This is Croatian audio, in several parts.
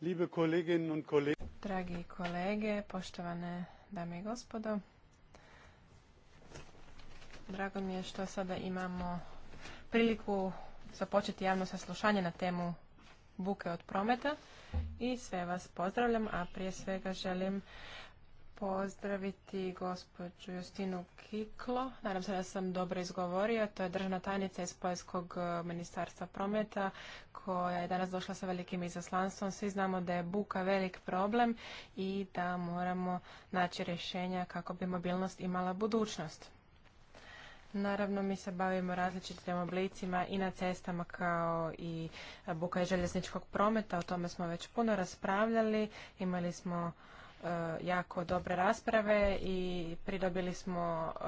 liebe Dragi kolege, poštovane dame i gospodo. Drago mi je što sada imamo priliku započeti javno saslušanje na temu buke od prometa i sve vas pozdravljam, a prije svega želim pozdraviti gospođu Justinu Kiklo. Nadam se da sam dobro izgovorio. To je državna tajnica iz Poljskog e, ministarstva prometa koja je danas došla sa velikim izaslanstvom. Svi znamo da je buka velik problem i da moramo naći rješenja kako bi mobilnost imala budućnost. Naravno, mi se bavimo različitim oblicima i na cestama kao i buka i željezničkog prometa. O tome smo već puno raspravljali. Imali smo E, jako dobre rasprave i pridobili smo e,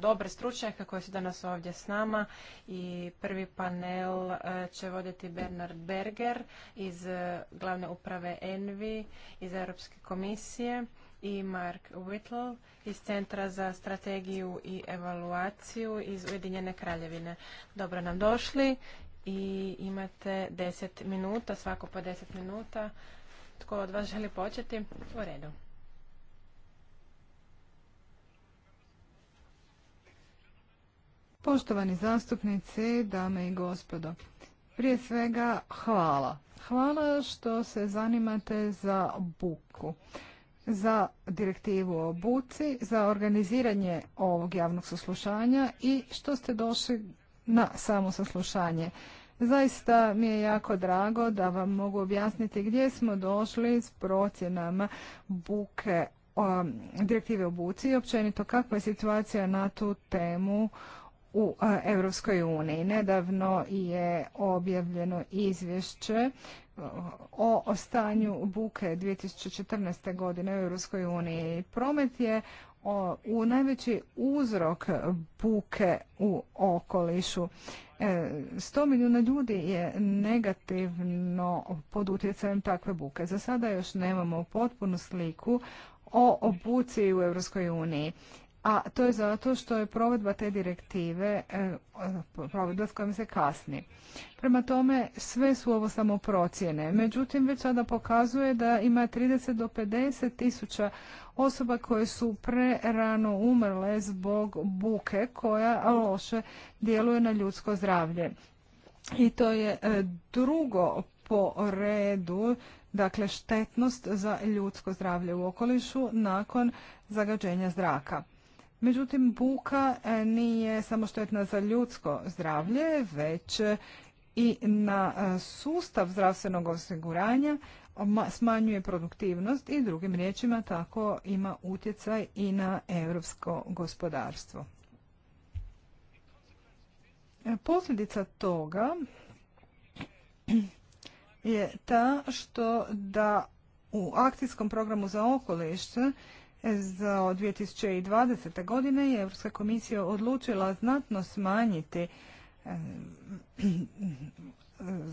dobre stručnjake koji su danas ovdje s nama i prvi panel e, će voditi Bernard Berger iz glavne uprave Envi iz Europske komisije i Mark Whittle iz Centra za strategiju i evaluaciju iz Ujedinjene kraljevine. Dobro nam došli i imate deset minuta, svako po deset minuta tko od vas želi početi? U redu. Poštovani zastupnici, dame i gospodo, prije svega hvala. Hvala što se zanimate za buku, za direktivu o buci, za organiziranje ovog javnog saslušanja i što ste došli na samo saslušanje. Zaista mi je jako drago da vam mogu objasniti gdje smo došli s procjenama buke direktive o buci i općenito kakva je situacija na tu temu u Europskoj uniji. Nedavno je objavljeno izvješće o stanju buke 2014. godine u Europskoj uniji. Promet je u najveći uzrok buke u okolišu. 100 e, milijuna ljudi je negativno pod utjecajem takve buke. Za sada još nemamo potpunu sliku o obuci u Europskoj uniji a to je zato što je provedba te direktive e, e, provedba s kojom se kasni. Prema tome, sve su ovo samo procjene. Međutim, već sada pokazuje da ima 30 do 50 tisuća osoba koje su prerano umrle zbog buke koja loše djeluje na ljudsko zdravlje. I to je e, drugo po redu dakle štetnost za ljudsko zdravlje u okolišu nakon zagađenja zraka. Međutim, buka e, nije samo štetna za ljudsko zdravlje, već e, i na e, sustav zdravstvenog osiguranja smanjuje produktivnost i drugim riječima tako ima utjecaj i na europsko gospodarstvo. Posljedica toga je ta što da u akcijskom programu za okoliš za 2020. godine je Europska komisija odlučila znatno smanjiti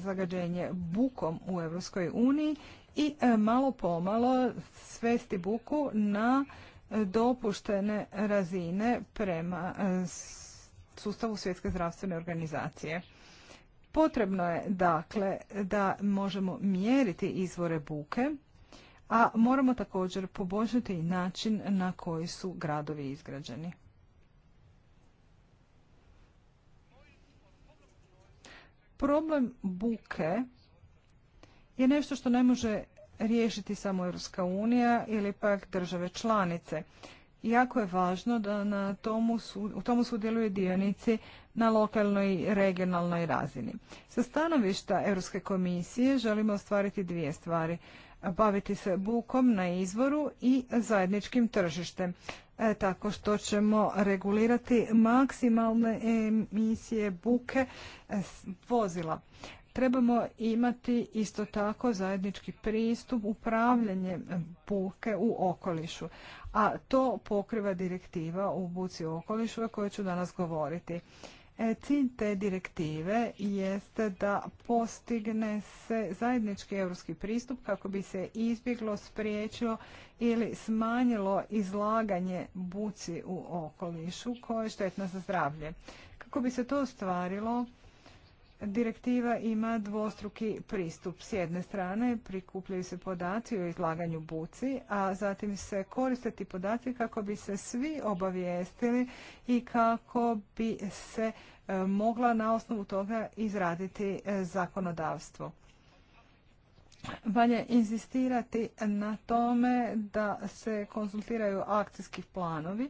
zagađenje bukom u Europskoj uniji i e, malo pomalo svesti buku na dopuštene razine prema e, sustavu Svjetske zdravstvene organizacije. Potrebno je dakle da možemo mjeriti izvore buke a moramo također poboljšati i način na koji su gradovi izgrađeni. Problem buke je nešto što ne može riješiti samo Europska unija ili pak države članice. Jako je važno da na tomu u tomu sudjeluju dionici na lokalnoj i regionalnoj razini. Sa stanovišta Europske komisije želimo ostvariti dvije stvari baviti se bukom na izvoru i zajedničkim tržištem e, tako što ćemo regulirati maksimalne emisije buke e, vozila. Trebamo imati isto tako zajednički pristup upravljanje buke u okolišu, a to pokriva direktiva u buci u okolišu o kojoj ću danas govoriti. E, cilj te direktive jeste da postigne se zajednički europski pristup kako bi se izbjeglo, spriječilo ili smanjilo izlaganje buci u okolišu koja je štetna za zdravlje. Kako bi se to ostvarilo, Direktiva ima dvostruki pristup. S jedne strane prikupljaju se podaci o izlaganju buci, a zatim se koriste ti podaci kako bi se svi obavijestili i kako bi se e, mogla na osnovu toga izraditi e, zakonodavstvo. Valje inzistirati na tome da se konsultiraju akcijski planovi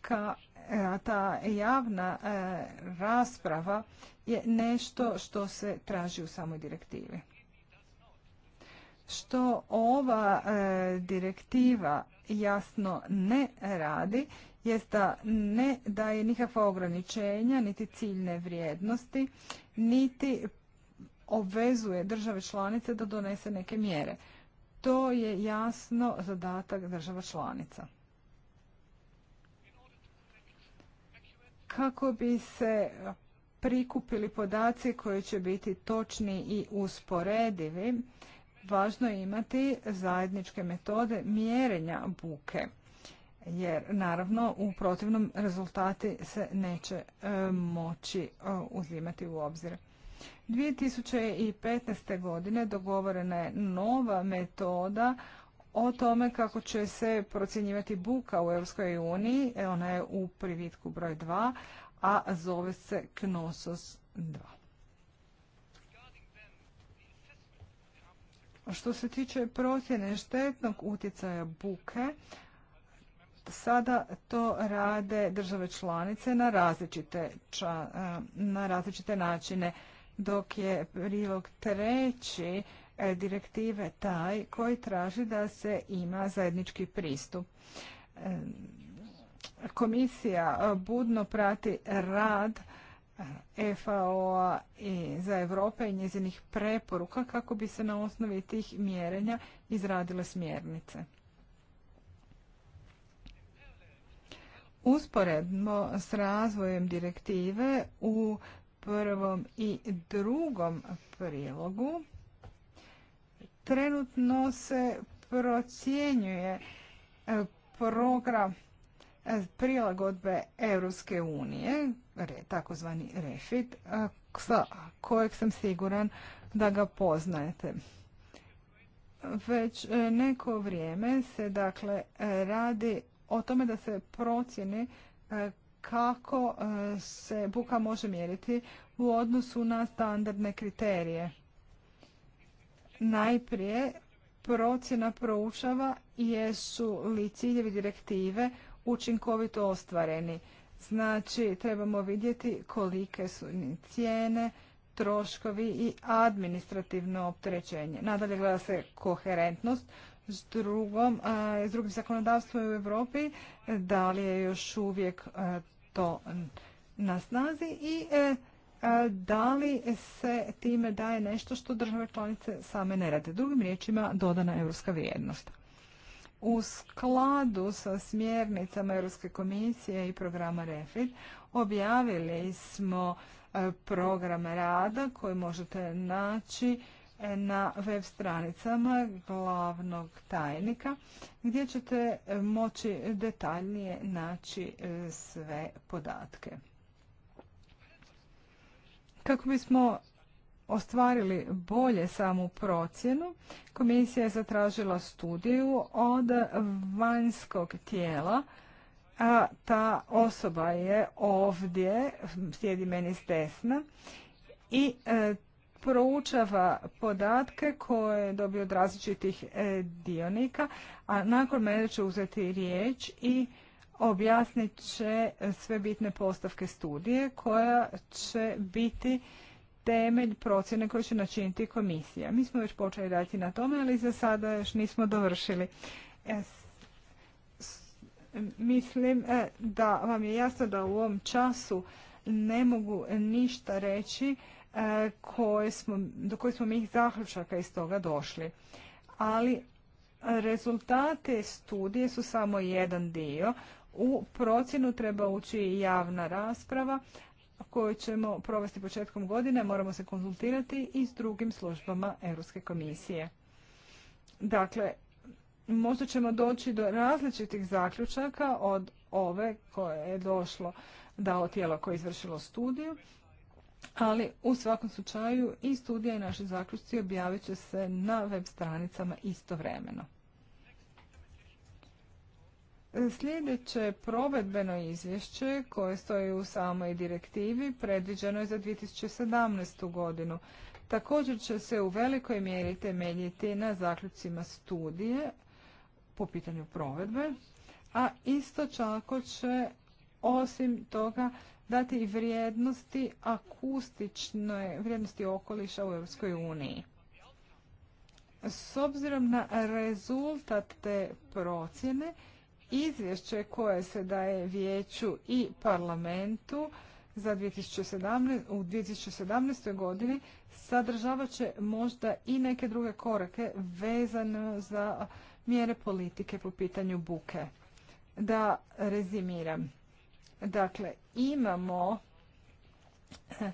ka E, ta javna e, rasprava je nešto što se traži u samoj direktivi. Što ova e, direktiva jasno ne radi jest da ne daje nikakva ograničenja, niti ciljne vrijednosti, niti obvezuje države članice da donese neke mjere. To je jasno zadatak država članica. kako bi se prikupili podaci koji će biti točni i usporedivi, važno je imati zajedničke metode mjerenja buke. Jer naravno u protivnom rezultati se neće e, moći e, uzimati u obzir. 2015. godine dogovorena je nova metoda o tome kako će se procjenjivati buka u EU. E, ona je u privitku broj 2, a zove se Knosos 2. Što se tiče procjene štetnog utjecaja buke, sada to rade države članice na različite, e, na različite načine, dok je prilog treći E, direktive taj koji traži da se ima zajednički pristup. E, komisija e, budno prati rad FAO-a za Europe i njezinih preporuka kako bi se na osnovi tih mjerenja izradile smjernice. Usporedno s razvojem direktive u prvom i drugom prilogu Trenutno se procjenjuje e, program e, prilagodbe Europske unije, takozvani REFIT, sa e, kojeg sam siguran da ga poznajete. Već neko vrijeme se dakle radi o tome da se procjeni kako se buka može mjeriti u odnosu na standardne kriterije. Najprije procjena proučava jesu li ciljevi direktive učinkovito ostvareni. Znači, trebamo vidjeti kolike su cijene, troškovi i administrativno opterećenje. Nadalje gleda se koherentnost s, drugom, s drugim zakonodavstvom u Europi, da li je još uvijek to na snazi i e, E, da li se time daje nešto što države članice same ne rade. Drugim riječima, dodana europska vrijednost. U skladu sa smjernicama Europske komisije i programa REFIT objavili smo e, program rada koji možete naći e, na web stranicama glavnog tajnika gdje ćete moći detaljnije naći sve podatke. Kako bismo ostvarili bolje samu procjenu, komisija je zatražila studiju od vanjskog tijela, a ta osoba je ovdje, sjedi meni s desna, i e, proučava podatke koje je dobio od različitih e, dionika, a nakon mene će uzeti riječ i objasnit će sve bitne postavke studije koja će biti temelj procjene koju će načiniti komisija. Mi smo već počeli raditi na tome, ali za sada još nismo dovršili. E, mislim e, da vam je jasno da u ovom času ne mogu ništa reći e, do kojih smo mi zaključaka iz toga došli. Ali rezultate studije su samo jedan dio. U procjenu treba ući i javna rasprava koju ćemo provesti početkom godine. Moramo se konzultirati i s drugim službama Europske komisije. Dakle, možda ćemo doći do različitih zaključaka od ove koje je došlo dao tijelo koje je izvršilo studiju, ali u svakom slučaju i studija i naši zaključci objavit će se na web stranicama istovremeno. Sljedeće provedbeno izvješće koje stoji u samoj direktivi predviđeno je za 2017. godinu. Također će se u velikoj mjeri temeljiti na zaključcima studije po pitanju provedbe, a isto čako će osim toga dati i vrijednosti akustične vrijednosti okoliša u Europskoj uniji. S obzirom na rezultate procjene, izvješće koje se daje vijeću i parlamentu za 2017, u 2017. godini sadržavat će možda i neke druge korake vezane za mjere politike po pitanju buke. Da rezimiram. Dakle, imamo eh,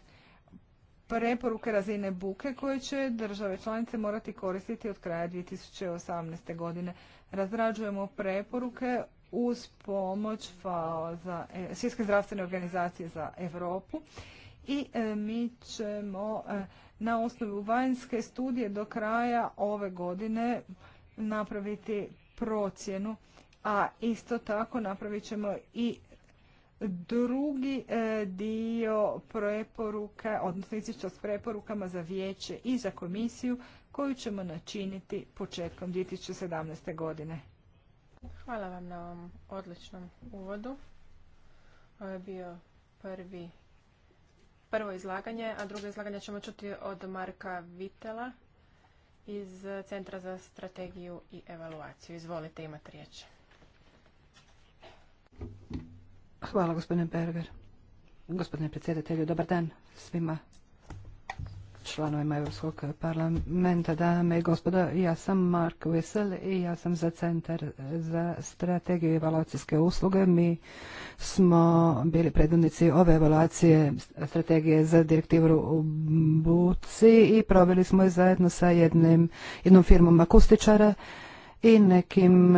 preporuke razine buke koje će države članice morati koristiti od kraja 2018. godine razrađujemo preporuke uz pomoć FAO za e, Svjetske zdravstvene organizacije za Europu i e, mi ćemo e, na osnovu vanjske studije do kraja ove godine napraviti procjenu, a isto tako napravit ćemo i drugi dio preporuke, odnosno izvješća s preporukama za vijeće i za komisiju koju ćemo načiniti početkom 2017. godine. Hvala vam na ovom odličnom uvodu. Ovo je bio prvi, prvo izlaganje, a drugo izlaganje ćemo čuti od Marka Vitela iz Centra za strategiju i evaluaciju. Izvolite, imate riječ. Hvala gospodine Berger. Gospodine predsjedatelju, dobar dan svima članovima Europskog parlamenta, dame i gospoda Ja sam Mark Wissel i ja sam za Centar za strategiju i evaluacijske usluge. Mi smo bili predvodnici ove evaluacije strategije za direktivu u Buci i proveli smo je zajedno sa jednim, jednom firmom akustičara i nekim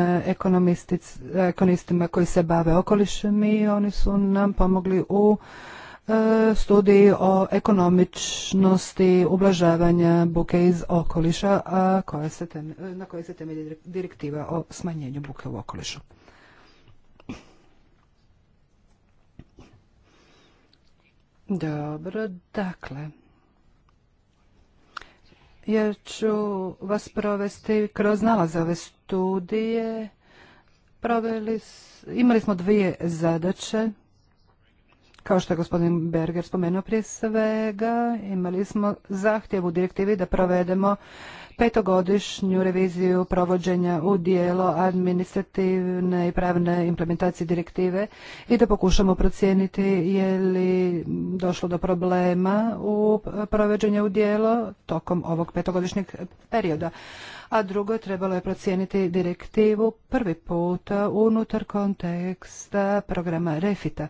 ekonomistima koji se bave okolišem i oni su nam pomogli u E, studiji o ekonomičnosti ublažavanja buke iz okoliša na kojoj se temelji direktiva o smanjenju buke u okolišu. Dobro, dakle, ja ću vas provesti kroz nalaze ove studije. Proveli, imali smo dvije zadaće kao što je gospodin Berger spomenuo prije svega, imali smo zahtjev u direktivi da provedemo petogodišnju reviziju provođenja u dijelo administrativne i pravne implementacije direktive i da pokušamo procijeniti je li došlo do problema u provođenju u dijelo tokom ovog petogodišnjeg perioda. A drugo, trebalo je procijeniti direktivu prvi puta unutar konteksta programa REFITA.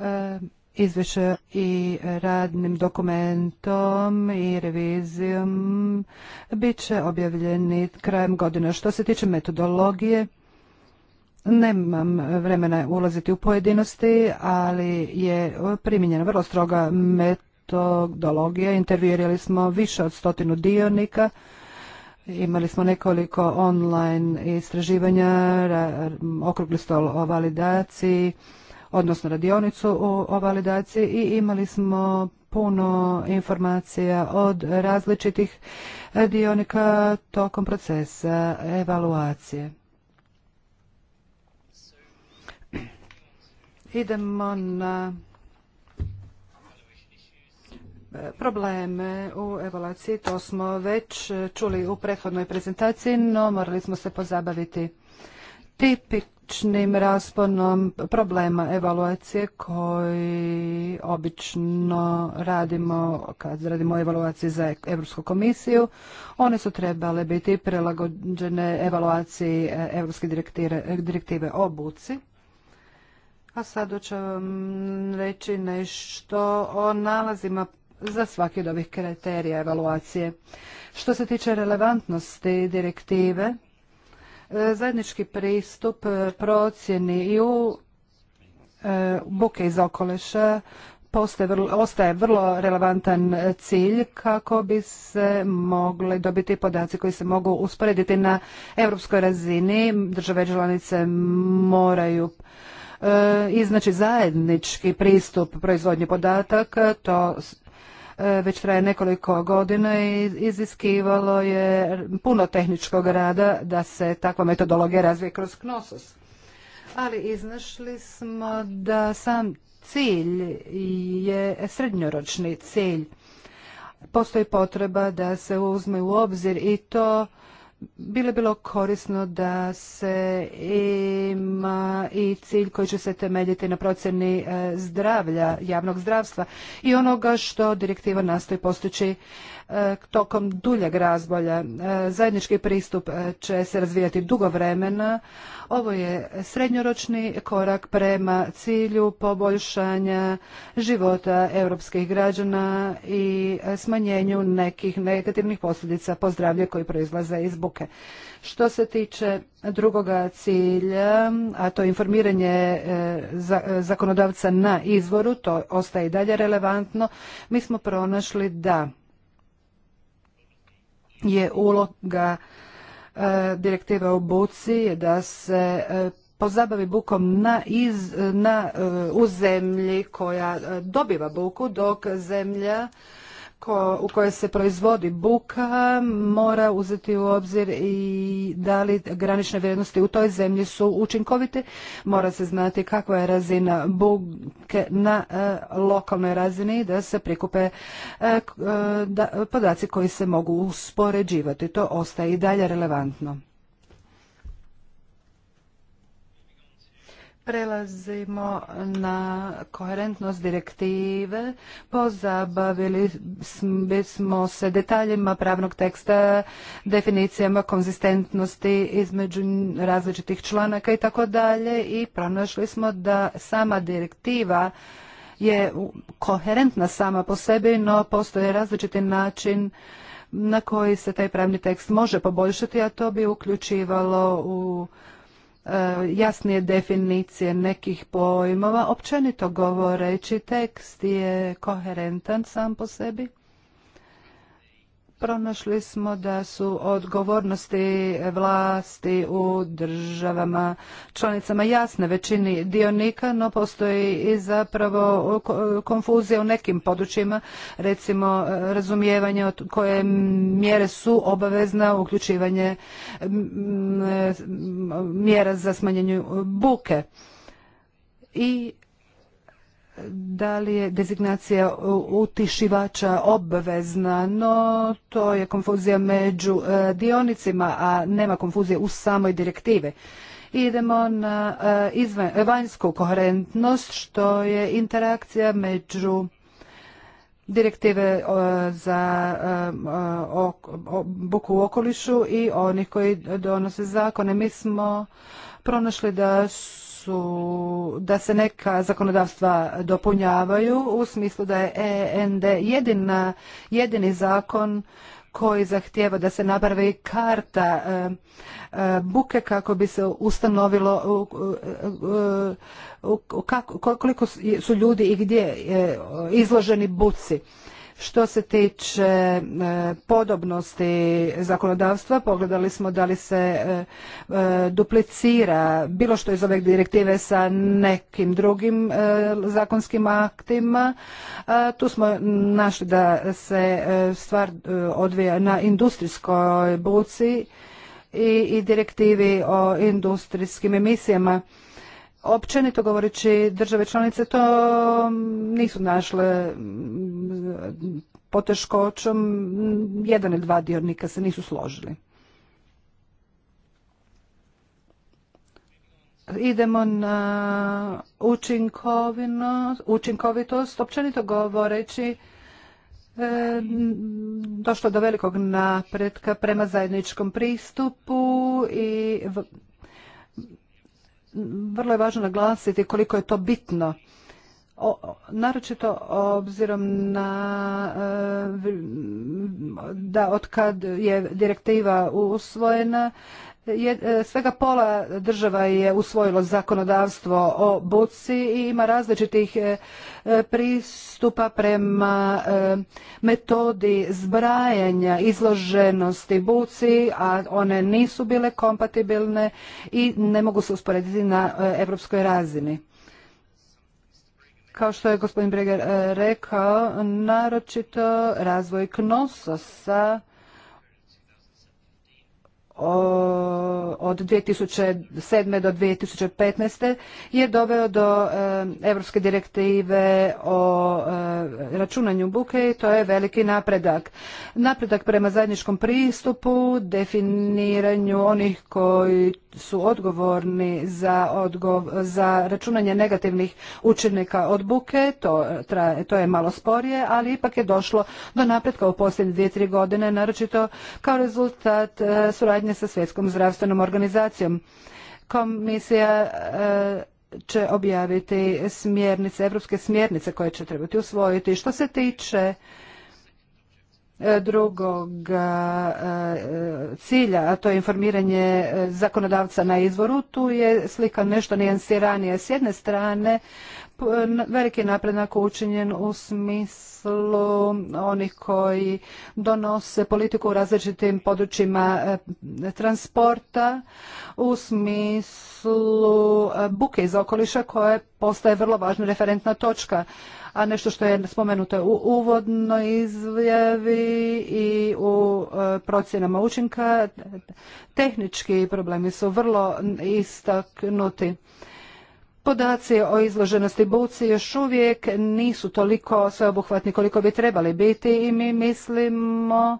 E, izvješće i radnim dokumentom i revizijom bit će objavljeni krajem godine. Što se tiče metodologije, nemam vremena ulaziti u pojedinosti, ali je primjenjena vrlo stroga metodologija. Intervjuirali smo više od stotinu dionika, Imali smo nekoliko online istraživanja, okrugli stol o validaciji, odnosno radionicu o validaciji i imali smo puno informacija od različitih dionika tokom procesa evaluacije. Idemo na e, probleme u evaluaciji. To smo već čuli u prethodnoj prezentaciji, no morali smo se pozabaviti tipi čnim rasponom problema evaluacije koji obično radimo kad radimo evaluacije za Europsku komisiju. One su trebale biti prilagođene evaluaciji e, Europske direktive o buci. A sad ću vam reći nešto o nalazima za svaki od ovih kriterija evaluacije. Što se tiče relevantnosti direktive, E, zajednički pristup e, procjeni i u e, buke iz okoliša ostaje vrlo relevantan cilj kako bi se mogli dobiti podaci koji se mogu usporediti na europskoj razini. Države članice moraju iznaći zajednički pristup proizvodnji podataka, to E, već traje nekoliko godina i iziskivalo je puno tehničkog rada da se takva metodologija razvije kroz Knosos. Ali iznašli smo da sam cilj je srednjoročni cilj. Postoji potreba da se uzme u obzir i to bilo bilo korisno da se ima i cilj koji će se temeljiti na procjeni e, zdravlja, javnog zdravstva i onoga što direktiva nastoji postići E, tokom duljeg razbolja. E, zajednički pristup e, će se razvijati dugo vremena. Ovo je srednjoročni korak prema cilju poboljšanja života europskih građana i smanjenju nekih negativnih posljedica po koji proizlaze iz buke. Što se tiče drugoga cilja, a to je informiranje zakonodavca na izvoru, to ostaje i dalje relevantno, mi smo pronašli da je uloga e, direktive o buci da se e, pozabavi bukom na, iz, na, e, u zemlji koja dobiva buku, dok zemlja u kojoj se proizvodi buka mora uzeti u obzir i da li granične vrijednosti u toj zemlji su učinkovite. Mora se znati kakva je razina buke na e, lokalnoj razini da se prikupe e, e, podaci koji se mogu uspoređivati. To ostaje i dalje relevantno. Prelazimo na koherentnost direktive. Pozabavili smo se detaljima pravnog teksta, definicijama konzistentnosti između različitih članaka i tako dalje i pronašli smo da sama direktiva je koherentna sama po sebi, no postoje različiti način na koji se taj pravni tekst može poboljšati, a to bi uključivalo u E, jasnije definicije nekih pojmova. Općenito govoreći, tekst je koherentan sam po sebi pronašli smo da su odgovornosti vlasti u državama članicama jasne većini dionika, no postoji i zapravo konfuzija u nekim područjima, recimo razumijevanje od koje mjere su obavezna uključivanje mjera za smanjenju buke i da li je dezignacija utišivača obvezna, no to je konfuzija među e, dionicima, a nema konfuzije u samoj direktive. Idemo na e, vanjsku koherentnost, što je interakcija među direktive e, za buku u okolišu i onih koji donose zakone. Mi smo pronašli da su su, da se neka zakonodavstva dopunjavaju u smislu da je END jedina, jedini zakon koji zahtjeva da se napravi karta e, e, buke kako bi se ustanovilo koliko su ljudi i gdje e, izloženi buci. Što se tiče e, podobnosti zakonodavstva, pogledali smo da li se e, e, duplicira bilo što iz ove direktive sa nekim drugim zakonskim aktima. Tu smo našli da se stvar odvija na industrijskoj buci i direktivi o industrijskim emisijama općenito govoreći države članice to nisu našle mm, poteškoćom, mm, jedan ili dva dionika se nisu složili. Idemo na učinkovitost, općenito govoreći e, došlo do velikog napretka prema zajedničkom pristupu i vrlo je važno naglasiti koliko je to bitno. naročito obzirom na e, da otkad je direktiva usvojena E, svega pola država je usvojilo zakonodavstvo o buci i ima različitih e, e, pristupa prema metodi zbrajanja izloženosti buci, a one nisu bile kompatibilne i ne mogu se usporediti na europskoj razini. Kao što je gospodin Breger rekao, naročito razvoj knososa od 2007. do 2015. je doveo do Europske direktive o računanju buke i to je veliki napredak. Napredak prema zajedničkom pristupu, definiranju onih koji su odgovorni za, odgov, za računanje negativnih učinaka od buke, to, to je malo sporije, ali ipak je došlo do napretka u posljednje dvije, tri godine, naročito kao rezultat e, suradnje sa Svjetskom zdravstvenom organizacijom. Komisija e, će objaviti smjernice, evropske smjernice koje će trebati usvojiti. Što se tiče E, drugog e, cilja, a to je informiranje e, zakonodavca na izvoru, tu je slika nešto nijansiranije. S jedne strane, veliki napredak učinjen u smislu onih koji donose politiku u različitim područjima transporta u smislu buke iz okoliša koje postaje vrlo važna referentna točka a nešto što je spomenuto u uvodnoj izjavi i u e, procjenama učinka. Tehnički problemi su vrlo istaknuti. Podaci o izloženosti buci još uvijek nisu toliko sveobuhvatni koliko bi trebali biti i mi mislimo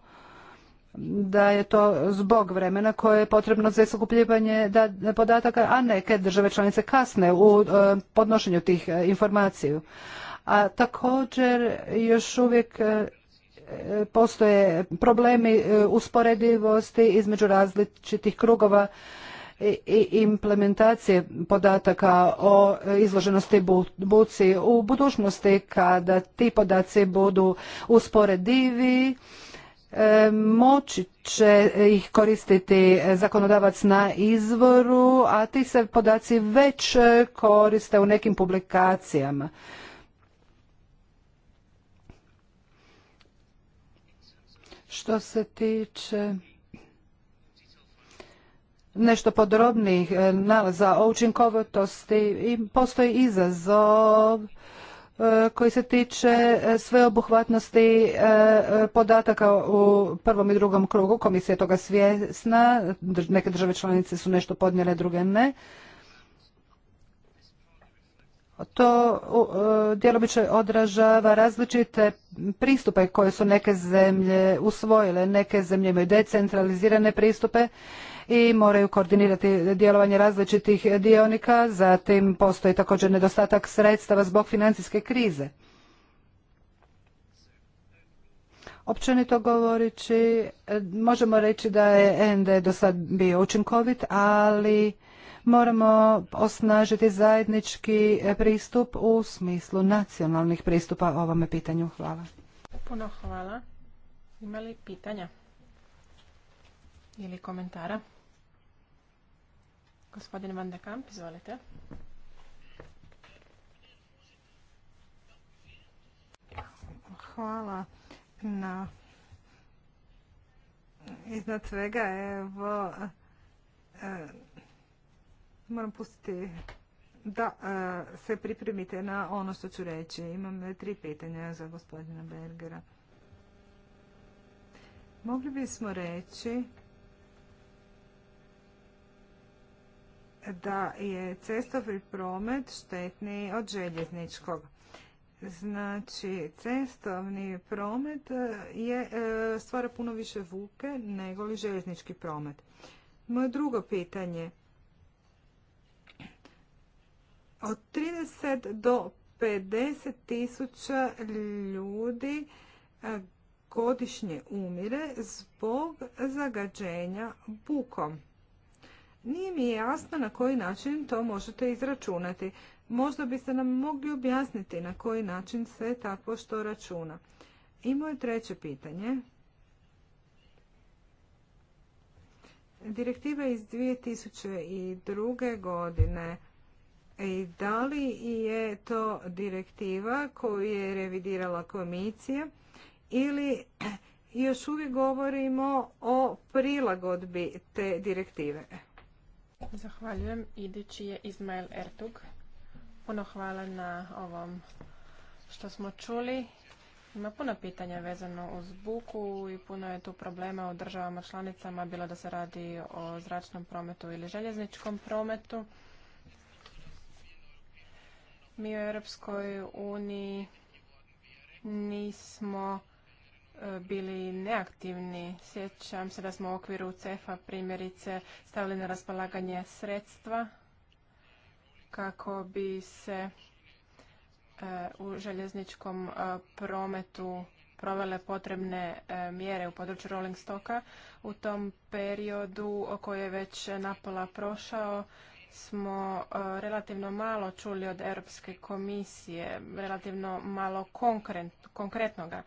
da je to zbog vremena koje je potrebno za sakupljivanje podataka, a neke države članice kasne u e, podnošenju tih e, informacija a također još uvijek e, postoje problemi e, usporedivosti između različitih krugova i implementacije podataka o izloženosti buci u budućnosti kada ti podaci budu usporedivi e, moći će ih koristiti zakonodavac na izvoru a ti se podaci već koriste u nekim publikacijama Što se tiče nešto podrobnijih e, nalaza o učinkovitosti i postoji izazov e, koji se tiče e, sveobuhvatnosti podataka u prvom i drugom krugu. Komisija je toga svjesna, neke države članice su nešto podnijele, druge ne to e, djelomično odražava različite pristupe koje su neke zemlje usvojile. Neke zemlje imaju decentralizirane pristupe i moraju koordinirati djelovanje različitih dionika, zatim postoji također nedostatak sredstava zbog financijske krize. Općenito govoreći, e, možemo reći da je ND do sad bio učinkovit, ali moramo osnažiti zajednički pristup u smislu nacionalnih pristupa ovome pitanju. Hvala. Puno hvala. Ima li pitanja ili komentara? Gospodin Van de Kamp, izvolite. Hvala na iznad svega evo e, moram pustiti da e, se pripremite na ono što ću reći. Imam tri pitanja za gospodina Bergera. Mogli bismo reći da je cestovni promet štetniji od željezničkog. Znači, cestovni promet je, e, stvara puno više vuke nego li željeznički promet. Moje drugo pitanje – od 30 do 50 tisuća ljudi e, godišnje umire zbog zagađenja bukom. Nije mi jasno na koji način to možete izračunati. Možda biste nam mogli objasniti na koji način se tako što računa. I moje treće pitanje. Direktiva iz 2002. godine E, I da li je to direktiva koju je revidirala komisija ili još uvijek govorimo o prilagodbi te direktive? Zahvaljujem. Idući je Izmael Ertug. Puno hvala na ovom što smo čuli. Ima puno pitanja vezano uz buku i puno je tu problema u državama članicama, bilo da se radi o zračnom prometu ili željezničkom prometu. Mi u Europskoj uniji nismo e, bili neaktivni. Sjećam se da smo u okviru CEFA primjerice stavili na raspolaganje sredstva kako bi se e, u željezničkom e, prometu provele potrebne mjere u području rolling stoka. U tom periodu koji je već napola prošao, smo e, relativno malo čuli od Europske komisije, relativno malo konkretnoga.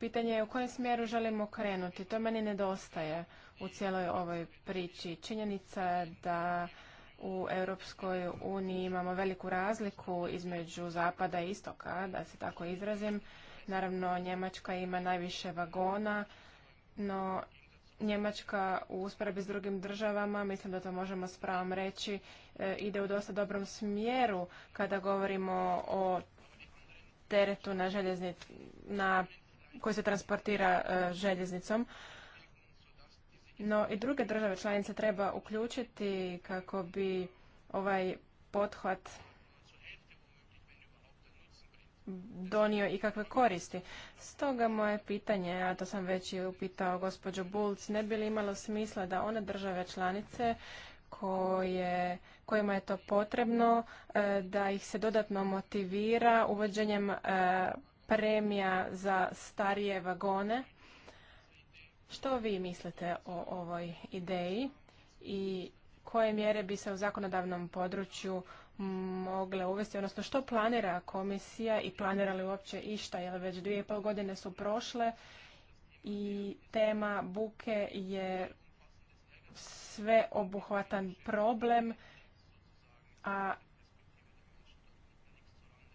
Pitanje je u kojem smjeru želimo krenuti. To meni nedostaje u cijeloj ovoj priči. Činjenica je da u Europskoj uniji imamo veliku razliku između zapada i istoka, da se tako izrazim. Naravno, Njemačka ima najviše vagona, no Njemačka u usporedbi s drugim državama, mislim da to možemo s pravom reći, e, ide u dosta dobrom smjeru kada govorimo o teretu na željeznic na, koji se transportira e, željeznicom. No i druge države članice treba uključiti kako bi ovaj pothvat donio ikakve koristi. Stoga moje pitanje, a to sam već i upitao gospođu Bulc, ne bi li imalo smisla da one države članice koje, kojima je to potrebno, e, da ih se dodatno motivira uvođenjem e, premija za starije vagone. Što vi mislite o ovoj ideji i koje mjere bi se u zakonodavnom području mogle uvesti, odnosno što planira komisija i planira li uopće išta, jer već dvije i pol godine su prošle i tema buke je sveobuhvatan problem, a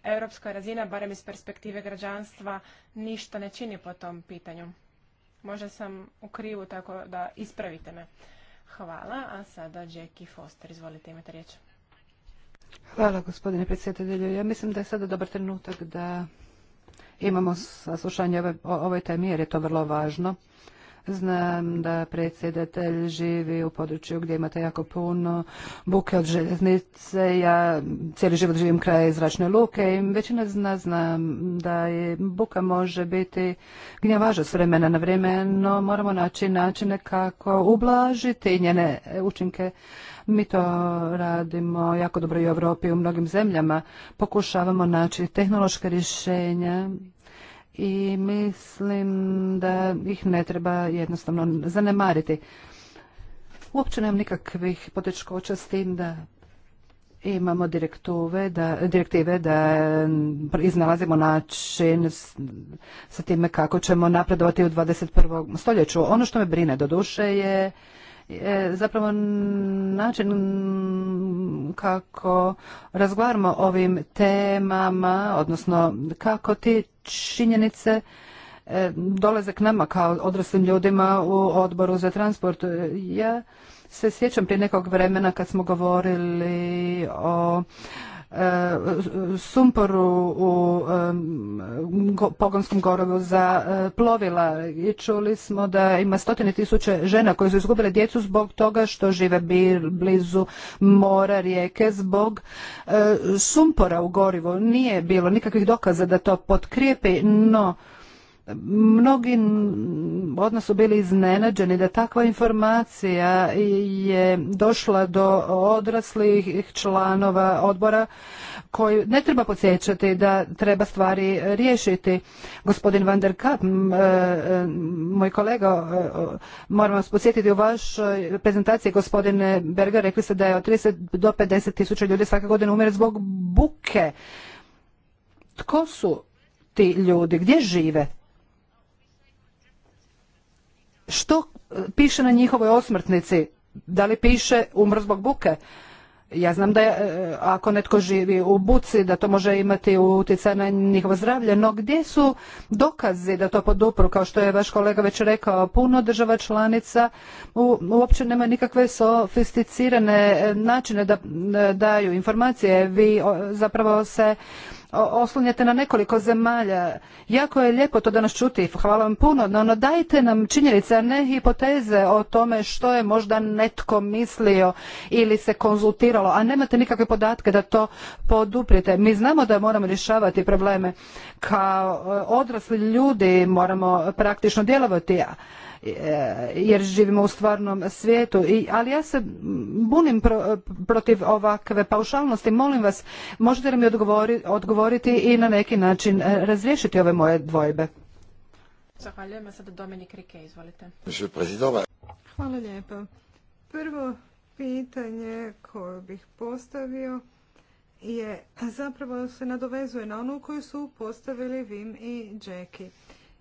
europska razina, barem iz perspektive građanstva, ništa ne čini po tom pitanju. Možda sam u krivu, tako da ispravite me. Hvala, a sada Jackie Foster, izvolite, imate riječ. Hvala gospodine predsjedatelju. Ja mislim da je sada dobar trenutak da imamo saslušanje ove, o ovoj temi jer je to vrlo važno. Znam da predsjedatelj živi u području gdje imate jako puno buke od željeznice. Ja cijeli život živim kraj zračne luke i većina zna znam da je buka može biti gnjavaža s vremena na vrijeme, no moramo naći načine kako ublažiti njene učinke mi to radimo jako dobro i u Europi i u mnogim zemljama. Pokušavamo naći tehnološka rješenja i mislim da ih ne treba jednostavno zanemariti. Uopće nemam nikakvih poteškoća s tim da imamo direktive da, direktive da iznalazimo način sa time kako ćemo napredovati u 21. stoljeću. Ono što me brine duše je E, zapravo način kako razgovaramo o ovim temama, odnosno kako ti činjenice e, dolaze k nama kao odraslim ljudima u odboru za transport. E, ja se sjećam prije nekog vremena kad smo govorili o E, sumporu u e, pogonskom gorovu za e, plovila i čuli smo da ima stotine tisuće žena koje su izgubile djecu zbog toga što žive blizu mora, rijeke, zbog sumpora u gorivu. Nije bilo nikakvih dokaza da to potkrijepi, no Mnogi nas su bili iznenađeni da takva informacija je došla do odraslih članova odbora koji ne treba podsjećati da treba stvari riješiti. Gospodin Van der Kapp, e, e, moj kolega, moram vas podsjetiti u vašoj prezentaciji gospodine Berger, rekli ste da je od 30 do 50 tisuća ljudi svake godine umire zbog buke. Tko su ti ljudi? Gdje žive? što e, piše na njihovoj osmrtnici? Da li piše umr zbog buke? Ja znam da je, ako netko živi u buci, da to može imati utjecaj na njihovo zdravlje, no gdje su dokazi da to podupru, kao što je vaš kolega već rekao, puno država članica uopće nema nikakve sofisticirane e, načine da e, daju informacije. Vi zapravo se oslanjate na nekoliko zemalja. Jako je lijepo to danas čuti, hvala vam puno, no, no dajte nam činjenice, a ne hipoteze o tome što je možda netko mislio ili se konzultiralo, a nemate nikakve podatke da to poduprite. Mi znamo da moramo rješavati probleme. Kao e, odrasli ljudi moramo praktično djelovati, E, jer živimo u stvarnom svijetu. I, ali ja se bunim protiv ovakve paušalnosti. Molim vas, možete li mi odgovoriti i na neki način e, razriješiti ove moje dvojbe? Zahvaljujem. sada Dominik Rike, izvolite. Hvala lijepa. Prvo pitanje koje bih postavio je zapravo se nadovezuje na ono koju su postavili Vim i Jackie.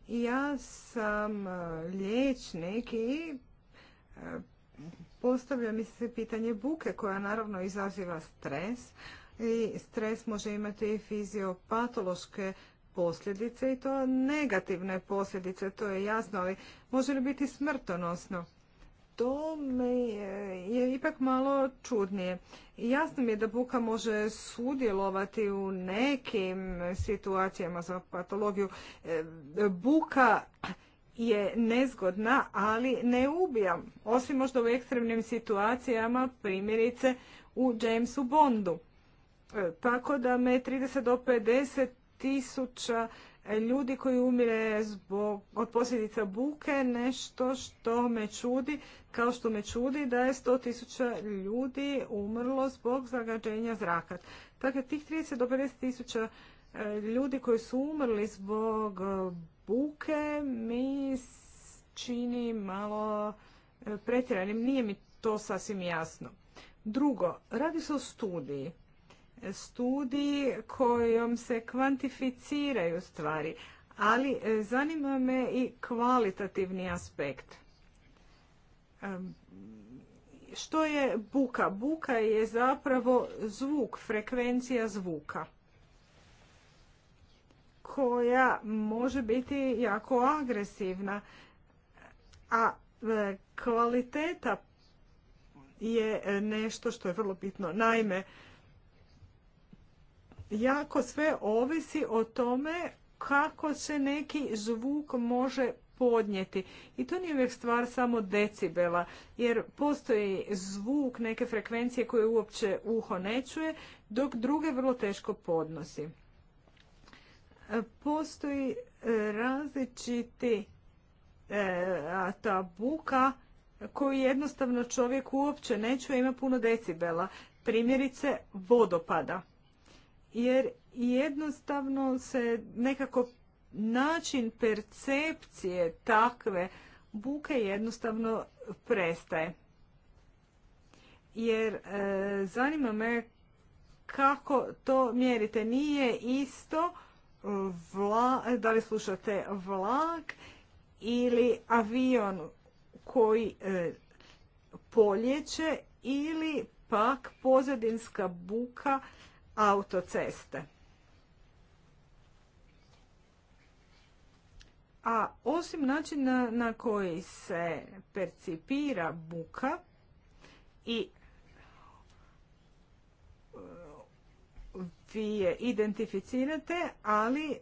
Ja sam e, liječnik i e, postavlja mi se pitanje buke koja naravno izaziva stres i stres može imati i fiziopatološke posljedice i to negativne posljedice, to je jasno, ali može li biti smrtonosno? to me je ipak malo čudnije. Jasno mi je da buka može sudjelovati u nekim situacijama za patologiju. E, buka je nezgodna, ali ne ubija. Osim možda u ekstremnim situacijama, primjerice u Jamesu Bondu. E, tako da me 30 do 50 tisuća ljudi koji umire zbog, od posljedica buke nešto što me čudi, kao što me čudi da je 100.000 ljudi umrlo zbog zagađenja zraka. Dakle, tih 30 do 50.000 e, ljudi koji su umrli zbog e, buke mi čini malo e, pretjeranim. Nije mi to sasvim jasno. Drugo, radi se o studiji studiji kojom se kvantificiraju stvari, ali e, zanima me i kvalitativni aspekt. Što je buka? Buka je zapravo zvuk, frekvencija zvuka koja može biti jako agresivna, a e, kvaliteta je nešto što je vrlo bitno. Naime, jako sve ovisi o tome kako se neki zvuk može podnijeti. I to nije uvijek stvar samo decibela, jer postoji zvuk neke frekvencije koje uopće uho ne čuje, dok druge vrlo teško podnosi. Postoji e, različiti e, ta buka koju jednostavno čovjek uopće ne čuje, ima puno decibela. Primjerice vodopada jer jednostavno se nekako način percepcije takve buke jednostavno prestaje. Jer e, zanima me kako to mjerite. Nije isto da li slušate vlak ili avion koji polječe poljeće ili pak pozadinska buka autoceste. A osim načina na koji se percipira buka i e, vi je identificirate, ali e,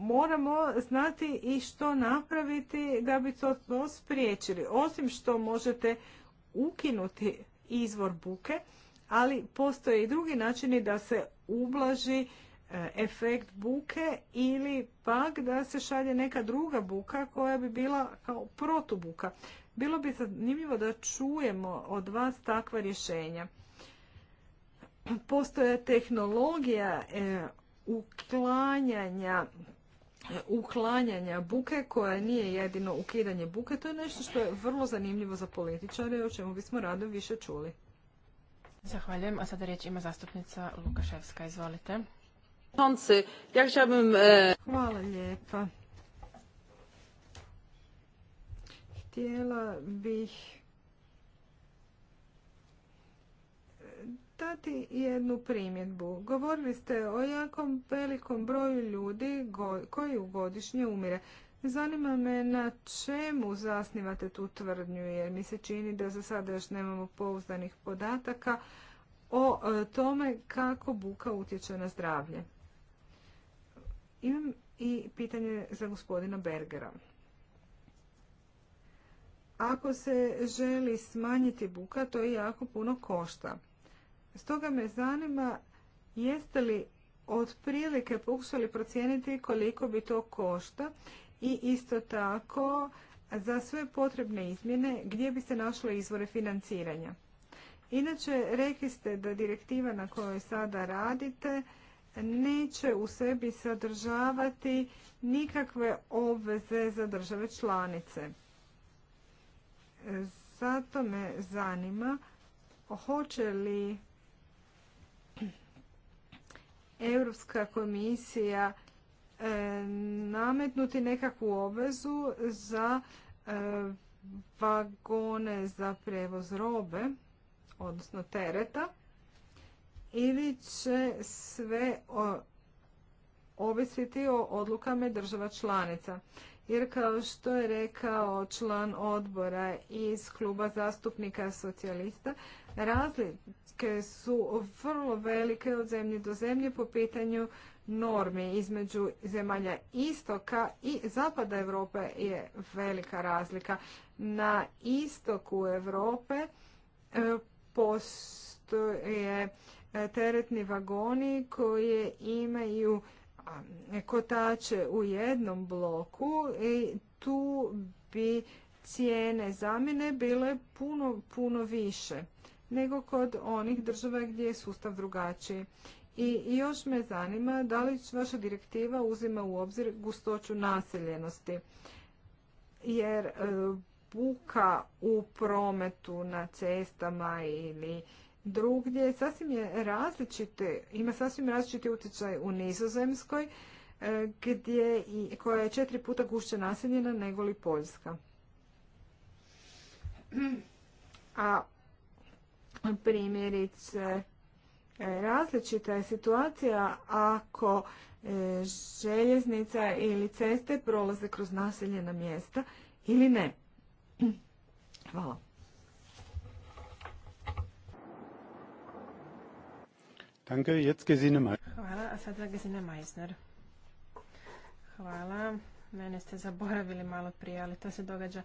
moramo znati i što napraviti da bi to, spriječili. Osim što možete ukinuti izvor buke, ali postoje i drugi načini da se ublaži e, efekt buke ili pak da se šalje neka druga buka koja bi bila kao protubuka. Bilo bi zanimljivo da čujemo od vas takva rješenja. Postoje tehnologija e, uklanjanja uklanjanja buke koja nije jedino ukidanje buke. To je nešto što je vrlo zanimljivo za političare i o čemu bismo rado više čuli. Zahvaljujem, a sada riječ ima zastupnica Lukaševska, izvolite. E, Hvala lijepa. Htjela bih dati jednu primjedbu. Govorili ste o jakom velikom broju ljudi koji godišnje umire. Zanima me na čemu zasnivate tu tvrdnju, jer mi se čini da za sada još nemamo pouzdanih podataka o e, tome kako buka utječe na zdravlje. Imam i pitanje za gospodina Bergera. Ako se želi smanjiti buka, to je jako puno košta. Stoga me zanima jeste li otprilike pokušali procijeniti koliko bi to košta i isto tako za sve potrebne izmjene gdje bi se našle izvore financiranja. Inače, rekli ste da direktiva na kojoj sada radite neće u sebi sadržavati nikakve obveze za države članice. Zato me zanima hoće li Europska komisija E, nametnuti nekakvu obvezu za e, vagone za prevoz robe, odnosno tereta, ili će sve ovisiti o odlukama država članica. Jer kao što je rekao član odbora iz kluba zastupnika socijalista, razlike su vrlo velike od zemlje do zemlje po pitanju normi između zemalja istoka i zapada Europe je velika razlika. Na istoku Europe e, postoje e, teretni vagoni koji imaju kotače u jednom bloku i tu bi cijene zamjene bile puno, puno više nego kod onih država gdje je sustav drugačiji. I još me zanima da li vaša direktiva uzima u obzir gustoću naseljenosti. Jer e, buka u prometu na cestama ili drugdje sasvim je različite, ima sasvim različiti utjecaj u Nizozemskoj e, gdje, koja je četiri puta gušće naseljena nego li Poljska. A primjerice E, različita je situacija ako e, željeznica ili ceste prolaze kroz naseljena mjesta ili ne. Hvala. Danke, jetzt Hvala, a sada Gesine Hvala, mene ste zaboravili malo prije, ali to se događa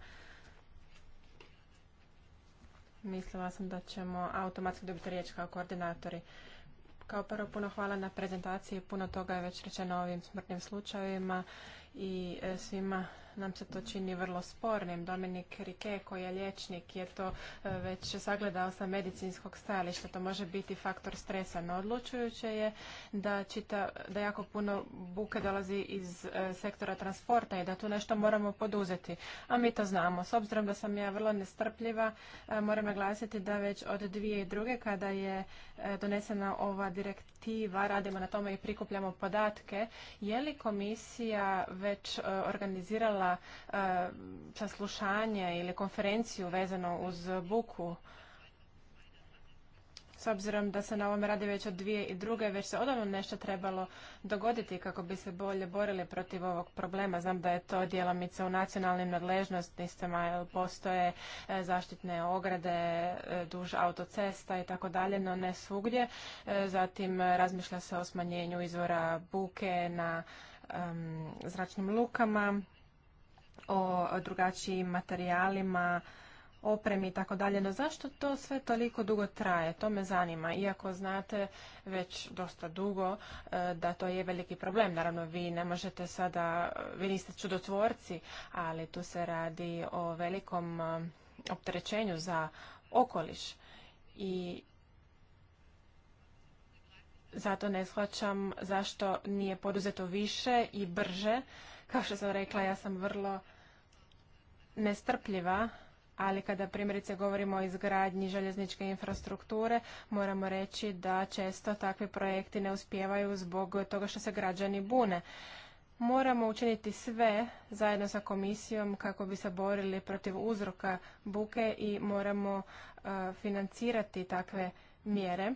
Mislila sam da ćemo automatski dobiti riječ kao koordinatori. Kao prvo puno hvala na prezentaciji, puno toga je već rečeno o ovim smrtnim slučajevima i e, svima nam se to čini vrlo spornim. Dominik Rike, koji je liječnik, je to e, već sagledao sa medicinskog stajališta. To može biti faktor stresa. No odlučujuće je da, čita, da jako puno buke dolazi iz e, sektora transporta i da tu nešto moramo poduzeti. A mi to znamo. S obzirom da sam ja vrlo nestrpljiva, e, moram naglasiti da već od dvije i druge, kada je donesena ova direktiva, tiva radimo na tome i prikupljamo podatke. Je li komisija već e, organizirala e, saslušanje ili konferenciju vezano uz buku? S obzirom da se na ovom radi već od dvije i druge, već se odavno nešto trebalo dogoditi kako bi se bolje borili protiv ovog problema. Znam da je to djelomica u nacionalnim nadležnostima, jer postoje e, zaštitne ograde, e, duž autocesta i tako dalje, no ne svugdje. E, zatim razmišlja se o smanjenju izvora buke na zračnim lukama, o drugačijim materijalima, opremi i tako dalje. No zašto to sve toliko dugo traje? To me zanima. Iako znate već dosta dugo e, da to je veliki problem. Naravno, vi ne možete sada, vi niste čudotvorci, ali tu se radi o velikom e, opterećenju za okoliš. I zato ne shvaćam zašto nije poduzeto više i brže. Kao što sam rekla, ja sam vrlo nestrpljiva ali kada primjerice govorimo o izgradnji željezničke infrastrukture, moramo reći da često takvi projekti ne uspijevaju zbog toga što se građani bune. Moramo učiniti sve zajedno sa komisijom kako bi se borili protiv uzroka buke i moramo e, financirati takve mjere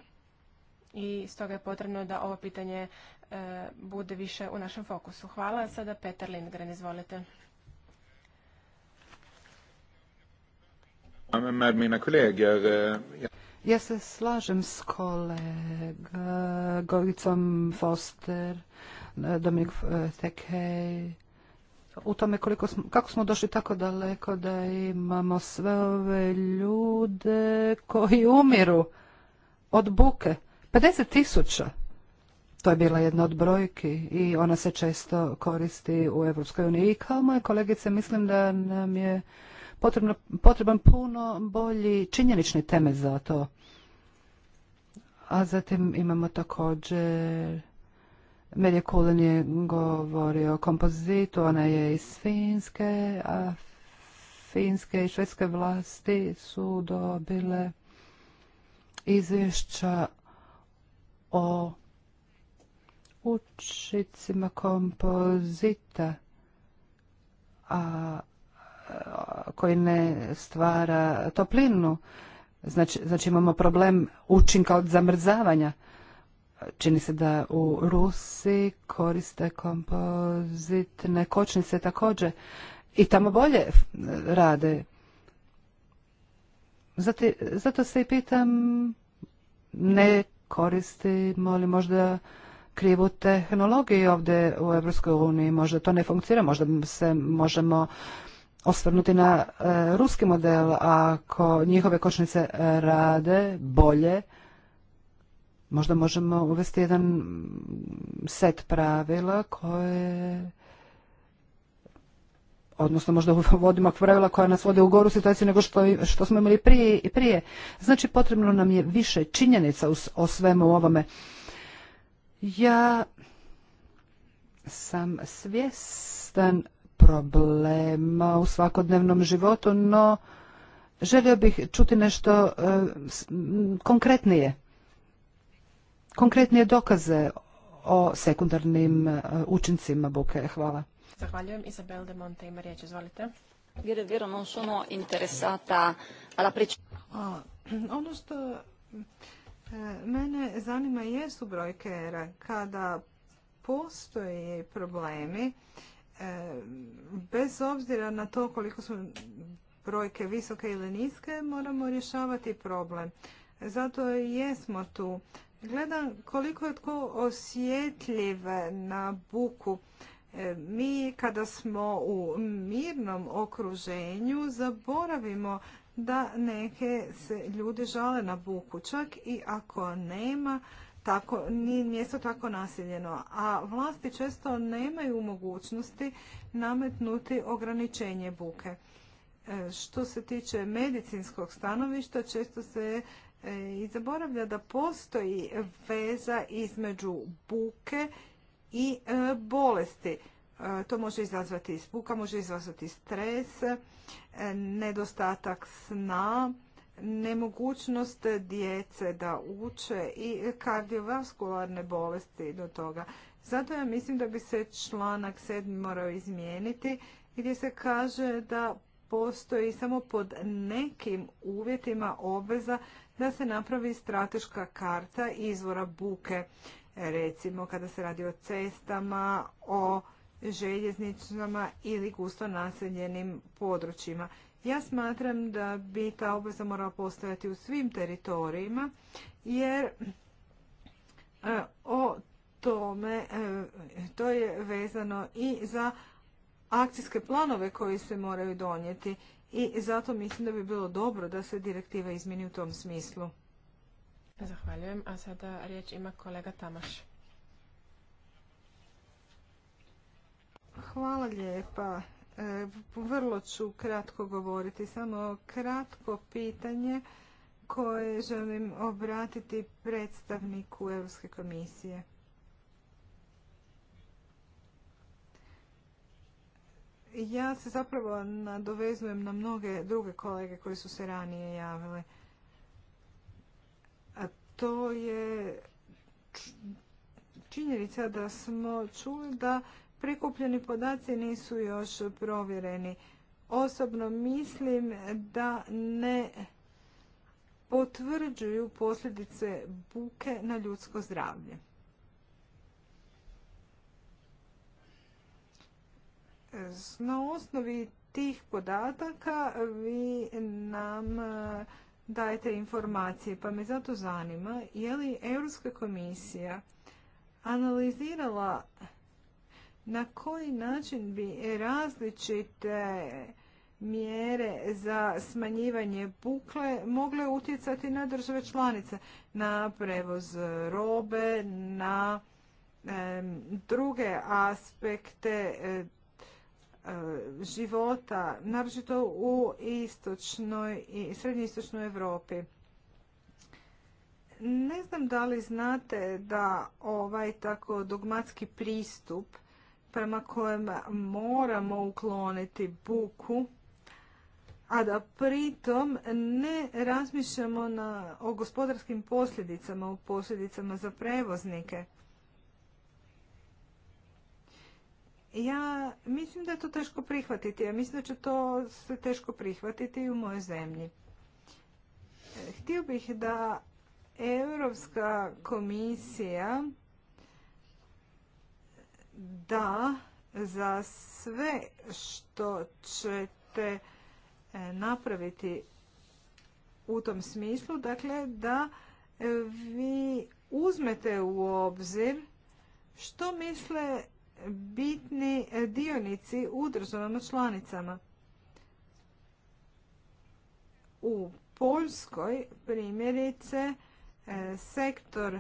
i stoga je potrebno da ovo pitanje e, bude više u našem fokusu. Hvala. Sada Petar Lindgren, izvolite. Eh, ja se slažem s kolega Goricom Foster, Dominik eh, Tekej, u tome koliko kako smo došli tako daleko da imamo sve ove ljude koji umiru od buke. 50 tisuća. To je bila jedna od brojki i ona se često koristi u Europskoj uniji. I kao moje kolegice mislim da nam je potrebno, potreban puno bolji činjenični teme za to. A zatim imamo također Merje Kulin je govorio o kompozitu, ona je iz Finske, a finske i švedske vlasti su dobile izvješća o učicima kompozita, a Eh, koji ne stvara toplinu. Znači, znači imamo problem učinka od zamrzavanja. Čini se da u Rusi koriste kompozitne kočnice također i tamo bolje rade. Zato, zato se i pitam ne koristimo li možda krivu tehnologiju ovdje u Europskoj uniji. Možda to ne funkcionira, možda se možemo osvrnuti na e, ruski model. Ako njihove kočnice e, rade bolje, možda možemo uvesti jedan set pravila koje odnosno možda uvodimo pravila koja nas vode u goru situaciju nego što, što smo imali prije i prije. Znači potrebno nam je više činjenica o, o svemu ovome. Ja sam svjestan problema u svakodnevnom životu, no želio bih čuti nešto e, konkretnije. Konkretnije dokaze o sekundarnim e, učincima buke. Hvala. Zahvaljujem. Isabel de Monte ima riječ. Izvolite. Vjero non sono interesata alla Ono što ono ono e, mene zanima jesu brojke kada postoje problemi E, bez obzira na to koliko su brojke visoke ili niske, moramo rješavati problem. Zato jesmo tu. Gledam koliko je tko osjetljiv na buku. E, mi kada smo u mirnom okruženju zaboravimo da neke se ljudi žale na buku, čak i ako nema tako, nije mjesto tako nasiljeno, a vlasti često nemaju mogućnosti nametnuti ograničenje buke. E, što se tiče medicinskog stanovišta, često se e, i zaboravlja da postoji veza između buke i e, bolesti. To može izazvati buka, može izazvati stres, nedostatak sna, nemogućnost djece da uče i kardiovaskularne bolesti do toga. Zato ja mislim da bi se članak 7. morao izmijeniti gdje se kaže da postoji samo pod nekim uvjetima obveza da se napravi strateška karta izvora buke. Recimo kada se radi o cestama, o željeznicama ili gusto naseljenim područjima. Ja smatram da bi ta obveza morala postojati u svim teritorijima jer e, o tome e, to je vezano i za akcijske planove koji se moraju donijeti i zato mislim da bi bilo dobro da se direktiva izmini u tom smislu. Zahvaljujem. A sada riječ ima kolega Tamaš. Hvala lijepa. E, vrlo ću kratko govoriti, samo kratko pitanje koje želim obratiti predstavniku Europske komisije. Ja se zapravo nadovezujem na mnoge druge kolege koji su se ranije javile. A to je činjenica da smo čuli da prikupljeni podaci nisu još provjereni. Osobno mislim da ne potvrđuju posljedice buke na ljudsko zdravlje. Na osnovi tih podataka vi nam e, dajete informacije, pa me zato zanima je li Europska komisija analizirala na koji način bi različite mjere za smanjivanje bukle mogle utjecati na države članice, na prevoz robe, na druge aspekte e, života, naročito u istočnoj i srednjoistočnoj Europi. Ne znam da li znate da ovaj tako dogmatski pristup prema kojem moramo ukloniti buku, a da pritom ne razmišljamo na, o gospodarskim posljedicama, o posljedicama za prevoznike. Ja mislim da je to teško prihvatiti. Ja mislim da će to se teško prihvatiti i u mojoj zemlji. Htio bih da Europska komisija da za sve što ćete e, napraviti u tom smislu, dakle da vi uzmete u obzir što misle bitni dionici u državama članicama. U Poljskoj primjerice e, sektor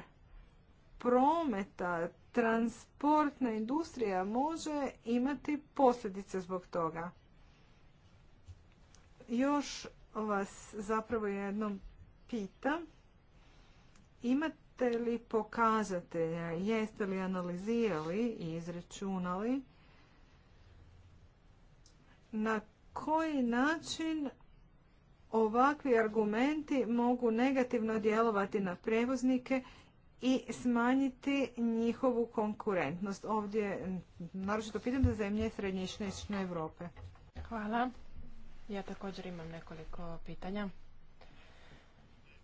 prometa transportna industrija može imati posljedice zbog toga. Još vas zapravo jednom pitam, imate li pokazatelja, jeste li analizirali i izračunali na koji način ovakvi argumenti mogu negativno djelovati na prevoznike i smanjiti njihovu konkurentnost. Ovdje naročito pitam za zemlje srednje i istočne Europe. Hvala. Ja također imam nekoliko pitanja.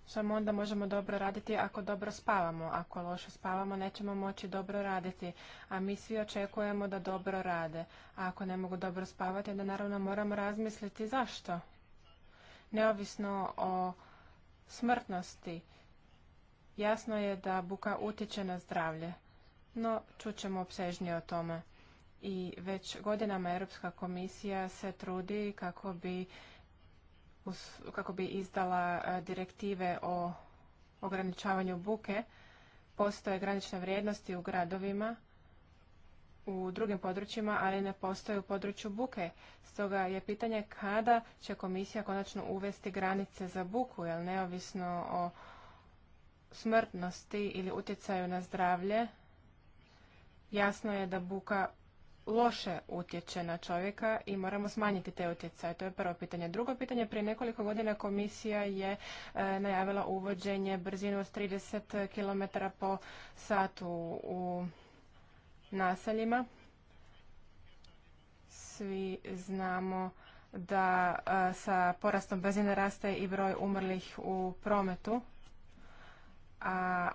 Samo onda možemo dobro raditi ako dobro spavamo. Ako loše spavamo, nećemo moći dobro raditi. A mi svi očekujemo da dobro rade. A ako ne mogu dobro spavati, onda naravno moramo razmisliti zašto. Neovisno o smrtnosti Jasno je da buka utječe na zdravlje, no čućemo obsežnije o tome. I već godinama Europska komisija se trudi kako bi, kako bi izdala e, direktive o ograničavanju buke. Postoje granične vrijednosti u gradovima, u drugim područjima, ali ne postoje u području buke. Stoga je pitanje kada će komisija konačno uvesti granice za buku, jer neovisno o smrtnosti ili utjecaju na zdravlje, jasno je da buka loše utječe na čovjeka i moramo smanjiti te utjecaje. To je prvo pitanje. Drugo pitanje, prije nekoliko godina komisija je e, najavila uvođenje brzinu od 30 km po satu u naseljima. Svi znamo da e, sa porastom brzine raste i broj umrlih u prometu a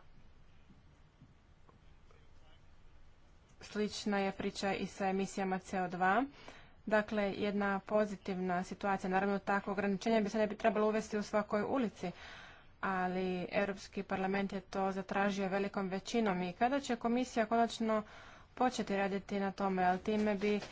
slična je priča i sa emisijama CO2. Dakle, jedna pozitivna situacija. Naravno, takvo ograničenje bi se ne bi trebalo uvesti u svakoj ulici, ali Europski parlament je to zatražio velikom većinom i kada će komisija konačno početi raditi na tome, ali time bi e,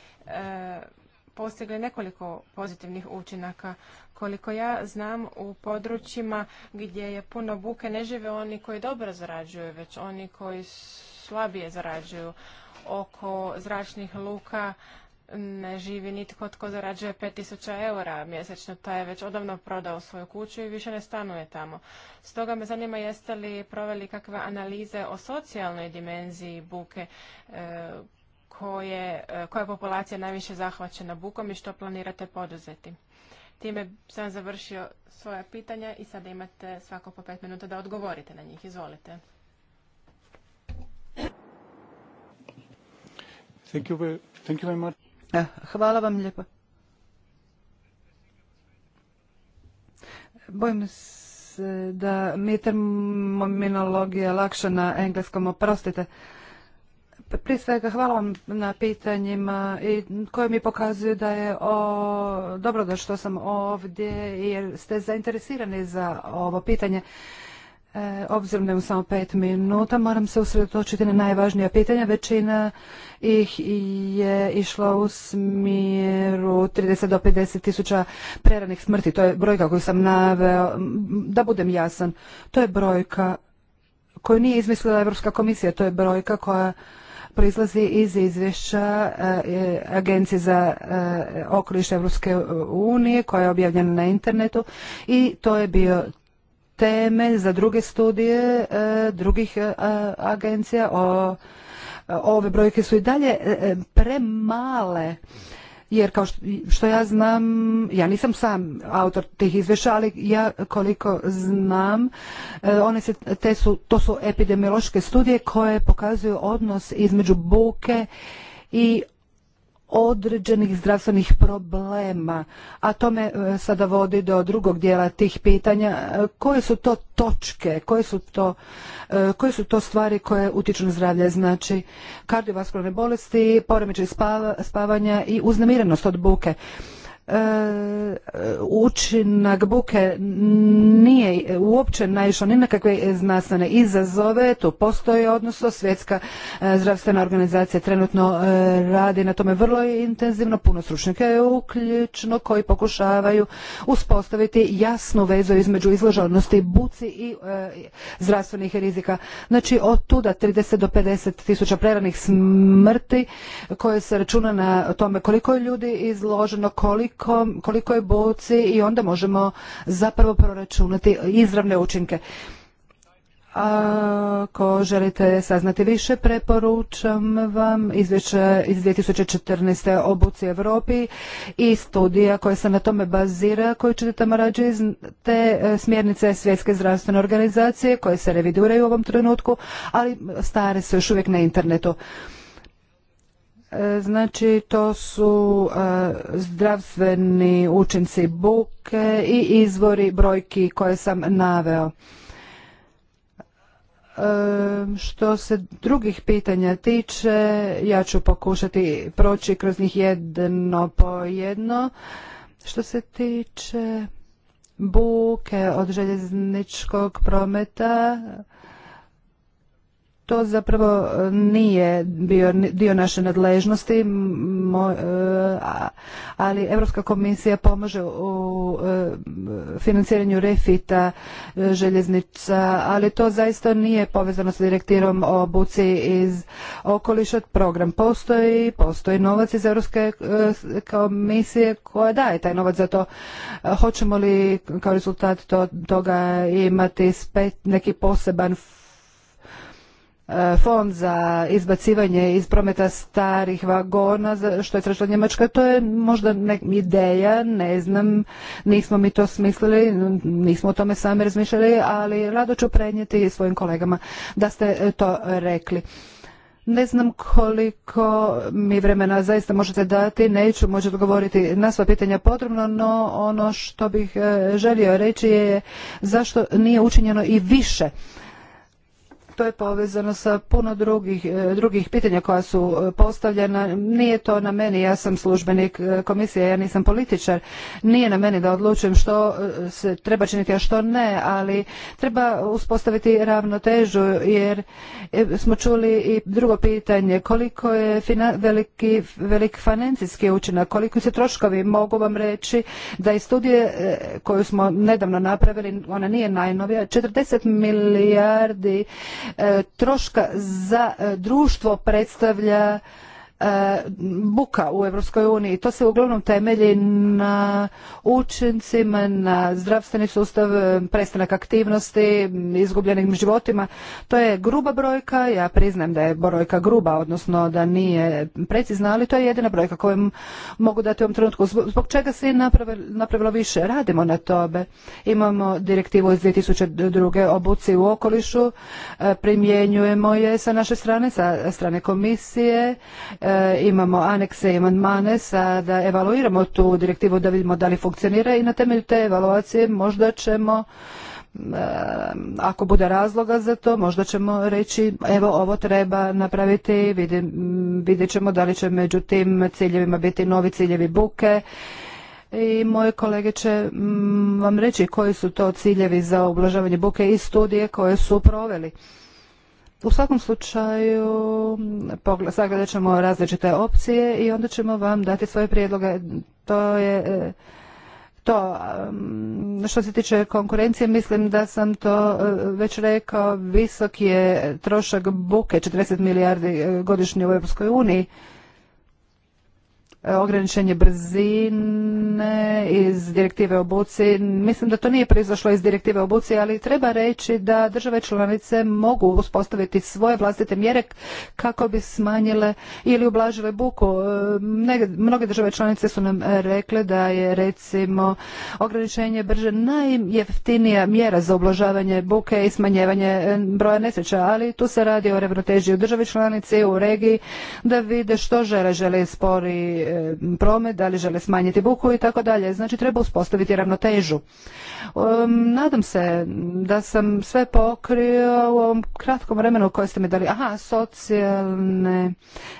postigli nekoliko pozitivnih učinaka. Koliko ja znam, u područjima gdje je puno buke ne žive oni koji dobro zarađuju, već oni koji slabije zarađuju. Oko zračnih luka ne živi nitko tko zarađuje 5000 eura mjesečno. Taj je već odavno prodao svoju kuću i više ne stanuje tamo. Stoga me zanima jeste li proveli kakve analize o socijalnoj dimenziji buke, e, koje, e, koja populacija najviše zahvaćena bukom i što planirate poduzeti. Time sam završio svoja pitanja i sada imate svako po pet minuta da odgovorite na njih. Izvolite. Thank you, eh, Hvala vam lijepo. Bojim se da mi je terminologija lakša na engleskom, oprostite. Prije svega hvala vam na pitanjima koje mi pokazuju da je dobro da što sam ovdje jer ste zainteresirani za ovo pitanje. E, obzirom da u samo pet minuta, moram se usredotočiti na najvažnija pitanja. Većina ih je išla u smjeru 30 do 50 tisuća preranih smrti. To je brojka koju sam naveo. Da budem jasan, to je brojka koju nije izmislila Europska komisija. To je brojka koja proizlazi iz izvješća e, e, Agencije za e, okoliš Evropske unije koja je objavljena na internetu i to je bio temelj za druge studije drugih agencija ove brojke su i dalje premale jer kao što ja znam, ja nisam sam autor tih izvješća, ali ja koliko znam, e, one se, te su, to su epidemiološke studije koje pokazuju odnos između buke i određenih zdravstvenih problema, a to me e, sada vodi do drugog dijela tih pitanja. E, koje su to točke, koje su to, e, su to stvari koje utiču na zdravlje, znači kardiovaskularne bolesti, poremećaj spavanja i uznemirenost od buke. E, e, učinak buke nije uopće naišao ni na kakve znanstvene izazove, tu postoji odnosno svjetska e, zdravstvena organizacija trenutno radi na tome vrlo intenzivno, puno stručnjaka je uključno koji pokušavaju uspostaviti jasnu vezu između izloženosti buci i zdravstvenih rizika. Znači od tuda 30 do 50 tisuća preranih smrti koje se računa na tome koliko je ljudi izloženo, koliko koliko, je buci i onda možemo zapravo proračunati izravne učinke. Ako želite saznati više, preporučam vam izvješće iz 2014. o buci Europi i studija koja se na tome bazira, koju ćete tamo rađe iz te e, smjernice svjetske zdravstvene organizacije koje se reviduraju u ovom trenutku, ali stare su još uvijek na internetu. E, znači, to su e, zdravstveni učinci buke i izvori brojki koje sam naveo. E, što se drugih pitanja tiče, ja ću pokušati proći kroz njih jedno po jedno. Što se tiče buke od željezničkog prometa, to zapravo e, nije bio dio naše nadležnosti, e, ali Europska komisija pomaže u e, financiranju refita željeznica, ali to zaista nije povezano sa direktivom o buci iz okoliša. Program postoji, postoji novac iz Evropske komisije koja daje taj novac za to. Hoćemo li kao rezultat toga imati neki poseban E, fond za izbacivanje iz prometa starih vagona što je tražila Njemačka, to je možda ideja, ne znam, nismo mi to smislili, nismo o tome sami razmišljali, ali rado ću prenijeti svojim kolegama da ste e, to rekli. Ne znam koliko mi vremena zaista možete dati, neću moći odgovoriti na sva pitanja potrebno, no ono što bih e, želio reći je zašto nije učinjeno i više to je povezano sa puno drugih, e, pitanja koja su e, postavljena. Nije to na meni, ja sam službenik e, komisije, ja nisam političar. Nije na meni da odlučujem što se treba činiti, a što ne, ali treba uspostaviti ravnotežu jer smo čuli i drugo pitanje koliko je veliki, velik financijski učinak, koliko se troškovi mogu vam reći da i studije koju smo nedavno napravili, ona nije najnovija, 40 milijardi E, troška za e, društvo predstavlja E, buka u Europskoj uniji. To se uglavnom temelji na učincima, na zdravstveni sustav, prestanak aktivnosti, izgubljenim životima. To je gruba brojka, ja priznam da je brojka gruba, odnosno da nije precizna, ali to je jedina brojka koju mogu dati u ovom trenutku. Zbog čega se napravilo više? Radimo na tobe. Imamo direktivu iz 2002. o buci u okolišu, e, primjenjujemo je sa naše strane, sa strane komisije, e, E, imamo anekse i amandmane, da evaluiramo tu direktivu da vidimo da li funkcionira i na temelju te evaluacije možda ćemo e, ako bude razloga za to, možda ćemo reći evo ovo treba napraviti, vidjet ćemo da li će među tim ciljevima biti novi ciljevi buke i moje kolege će vam reći koji su to ciljevi za ublažavanje buke i studije koje su proveli. U svakom slučaju sagledat ćemo različite opcije i onda ćemo vam dati svoje prijedloge. To je e, to mm, što se tiče konkurencije mislim da sam to e, već rekao visok je trošak buke 40 milijardi e, godišnje u Europskoj uniji E, ograničenje brzine iz direktive o buci. Mislim da to nije proizašlo iz direktive o buci, ali treba reći da države članice mogu uspostaviti svoje vlastite mjere kako bi smanjile ili ublažile buku. E, mnoge države članice su nam rekle da je recimo ograničenje brže najjeftinija mjera za ublažavanje buke i smanjevanje e, broja nesreća, ali tu se radi o ravnoteži u državi članici, u regiji, da vide što žele, žele spori E, promet, da li žele smanjiti buku i tako dalje. Znači treba uspostaviti ravnotežu. nadam se da sam sve pokrio u ovom kratkom vremenu koje ste mi dali. Aha, socijalne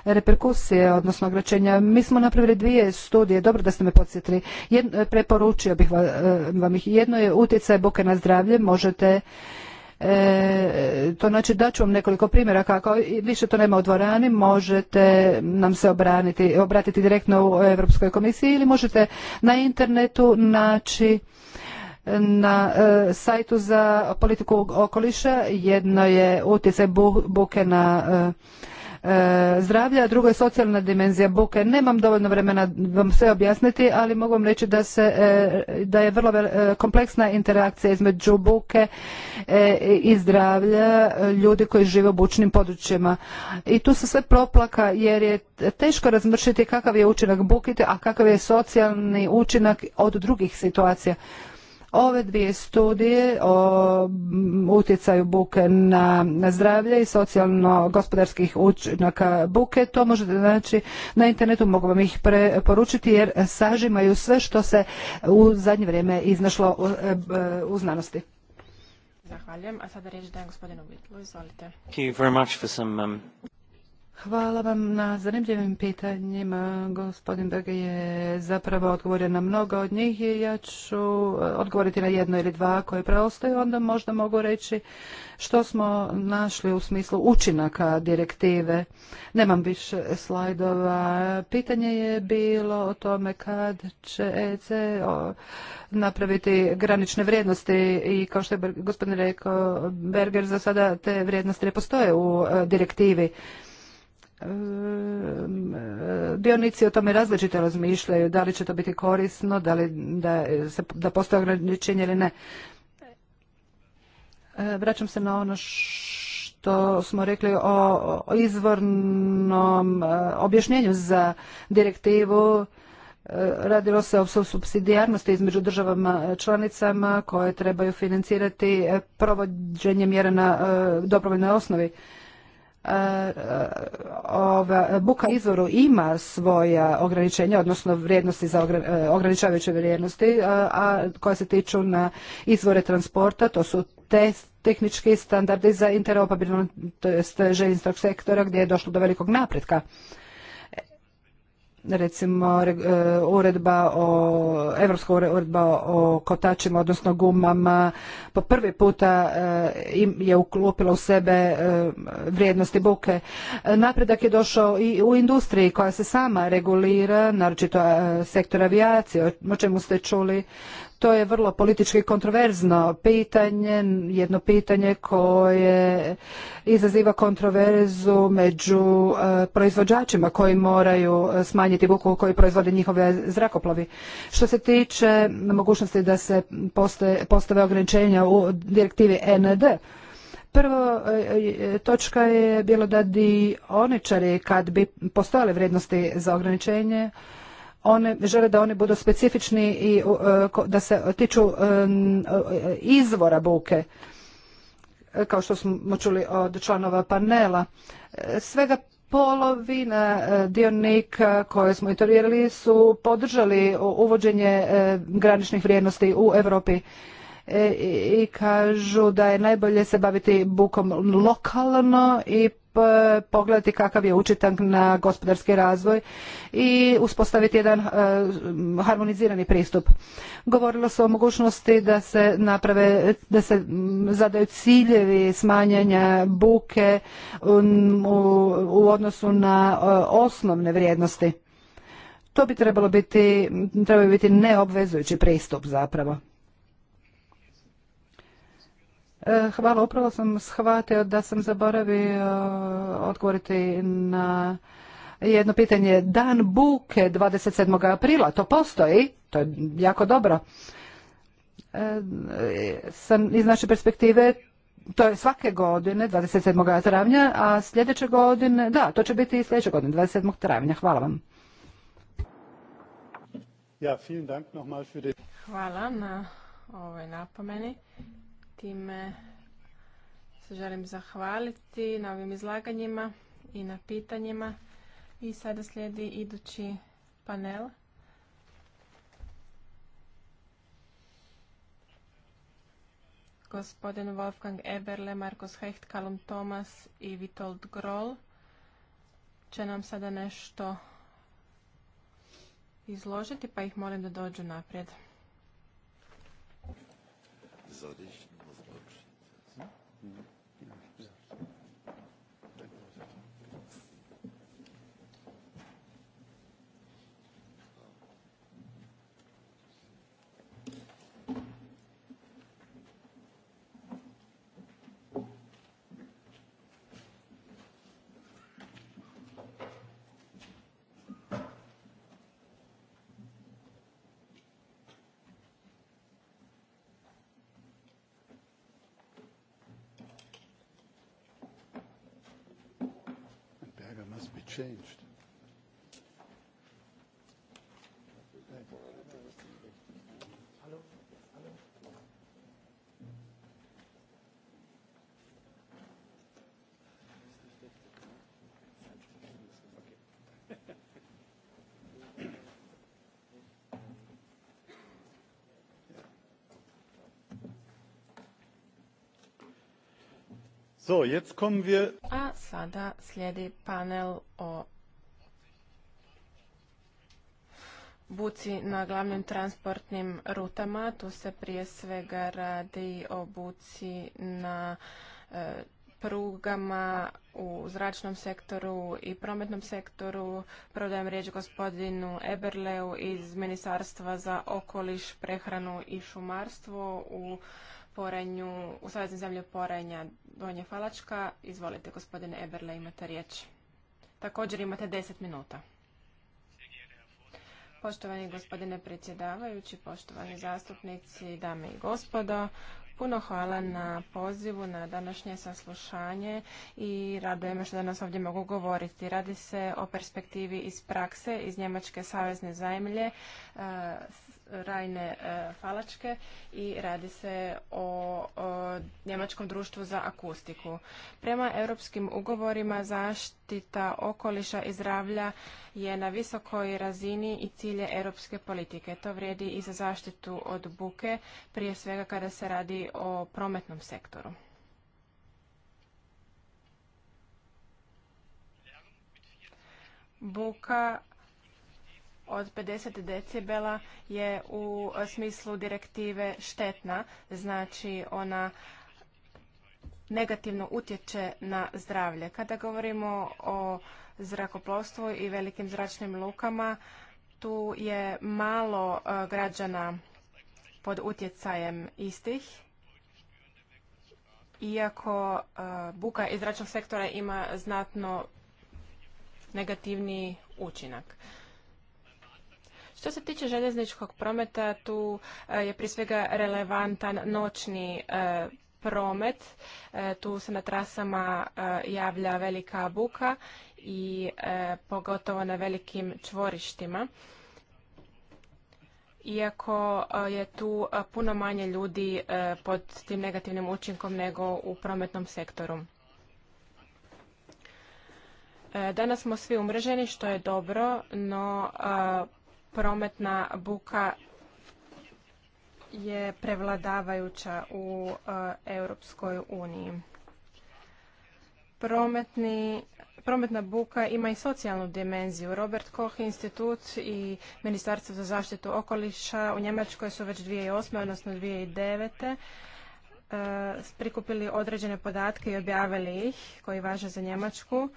reperkusije, odnosno ograničenja. Mi smo napravili dvije studije, dobro da ste me podsjetili. Jedno, preporučio bih e, vam ih. Jedno je utjecaj buke na zdravlje, možete E, to znači da ću vam nekoliko primjera kako više to nema u dvorani, možete nam se obraniti, obratiti direktno u Europskoj komisiji ili možete na internetu naći e, na e, sajtu za politiku okoliša jedno je utjecaj buke na e, E, zdravlja, a drugo je socijalna dimenzija buke. Nemam dovoljno vremena vam sve objasniti, ali mogu vam reći da, se, e, da je vrlo e, kompleksna interakcija između buke i zdravlja ljudi koji žive u bučnim područjima. I tu se sve proplaka jer je teško razmršiti kakav je učinak bukite, a kakav je socijalni učinak od drugih situacija. Ove dvije studije o mm, utjecaju buke na zdravlje i socijalno-gospodarskih učinaka buke, to možete znači na internetu, mogu vam ih preporučiti jer sažimaju sve što se u zadnje vrijeme iznašlo u, e, znanosti. Zahvaljujem. A sada riječ dajem gospodinu Bitlu. Izvolite. Um, Hvala vam na zanimljivim pitanjima. Gospodin Berger je zapravo odgovorio na mnogo od njih i ja ću e, odgovoriti na jedno ili dva koje preostaju. Onda možda mogu reći što smo našli u smislu učinaka direktive. Nemam više slajdova. Pitanje je bilo o tome kad će EC napraviti granične vrijednosti i kao što je gospodin rekao Berger, za sada te vrijednosti ne postoje u e, direktivi dionici o tome različito razmišljaju, da li će to biti korisno, da li da, se, da postoje ograničenje ili ne. E, vraćam se na ono što smo rekli o, izvornom e, objašnjenju za direktivu. E, radilo se o subsidijarnosti između državama članicama koje trebaju financirati provođenje mjera na dobrovoljnoj osnovi. E, e, buka izvoru ima svoja ograničenja, odnosno vrijednosti za e, ograničavajuće vrijednosti, a, koja se tiču na izvore transporta, to su te tehnički standardi za interoperabilnost željezničkog sektora gdje je došlo do velikog napretka recimo e, uredba o, Evropska uredba o kotačima, odnosno gumama, po prvi puta e, je uklopila u sebe e, vrijednosti buke. Napredak je došao i u industriji koja se sama regulira, naročito sektor avijacije, o čemu ste čuli to je vrlo politički kontroverzno pitanje, jedno pitanje koje izaziva kontroverzu među e, proizvođačima koji moraju e, smanjiti buku koju proizvode njihove zrakoplovi. Što se tiče mogućnosti da se postave ograničenja u direktivi ND, Prvo e, točka je bilo da dioničari kad bi postojale vrijednosti za ograničenje, one žele da oni budu specifični i e, da se tiču e, e, izvora buke kao što smo čuli od članova panela. Svega polovina dionika koje smo intervjerili su podržali uvođenje graničnih vrijednosti u Europi i kažu da je najbolje se baviti bukom lokalno i pogledati kakav je učitak na gospodarski razvoj i uspostaviti jedan e, harmonizirani pristup. Govorilo se o mogućnosti da se naprave, da se zadaju ciljevi smanjanja buke um, u odnosu na e, osnovne vrijednosti. To bi trebalo biti, trebao biti neobvezujući pristup zapravo. E, hvala, upravo sam shvatio da sam zaboravio e, odgovoriti na jedno pitanje. Dan buke 27. aprila, to postoji, to je jako dobro. E, iz naše perspektive to je svake godine 27. travnja, a sljedeće godine, da, to će biti i sljedeće godine 27. travnja. Hvala vam. Hvala na ovoj napomeni. Time se želim zahvaliti na ovim izlaganjima i na pitanjima. I sada slijedi idući panel. Gospodin Wolfgang Eberle, Markus Hecht, Kalum Thomas i Vitold Groll će nam sada nešto izložiti, pa ih molim da dođu naprijed. changed. So, jetzt kommen wir... A sada slijedi panel o buci na glavnim transportnim rutama. Tu se prije svega radi o buci na e, prugama u zračnom sektoru i prometnom sektoru. Prodajem riječ gospodinu Eberleu iz Ministarstva za okoliš, prehranu i šumarstvo u Poranju, u Saveznoj zemlji Poranja, Donje Falačka. Izvolite, gospodine Eberle, imate riječ. Također imate 10 minuta. Poštovani gospodine predsjedavajući, poštovani zastupnici, dame i gospodo, puno hvala na pozivu na današnje saslušanje i radujem što danas ovdje mogu govoriti. Radi se o perspektivi iz prakse iz Njemačke savezne zemlje eh, Rajne e, Falačke i radi se o Njemačkom društvu za akustiku. Prema europskim ugovorima zaštita okoliša i zdravlja je na visokoj razini i cilje europske politike. To vrijedi i za zaštitu od buke, prije svega kada se radi o prometnom sektoru. Buka od 50 decibela je u smislu direktive štetna, znači ona negativno utječe na zdravlje. Kada govorimo o zrakoplovstvu i velikim zračnim lukama, tu je malo e, građana pod utjecajem istih, iako e, buka iz zračnog sektora ima znatno negativni učinak. Što se tiče željezničkog prometa, tu e, je prije svega relevantan noćni e, promet. E, tu se na trasama javlja velika buka i pogotovo na velikim čvorištima. Iako je tu puno manje ljudi pod tim negativnim učinkom nego u prometnom sektoru. Danas smo svi umreženi, što je dobro, no prometna buka je prevladavajuća u e, Europskoj uniji. Prometni, prometna buka ima i socijalnu dimenziju. Robert Koch institut i Ministarstvo za zaštitu okoliša u Njemačkoj su već 2008. odnosno 2009 e, prikupili određene podatke i objavili ih koji važe za Njemačku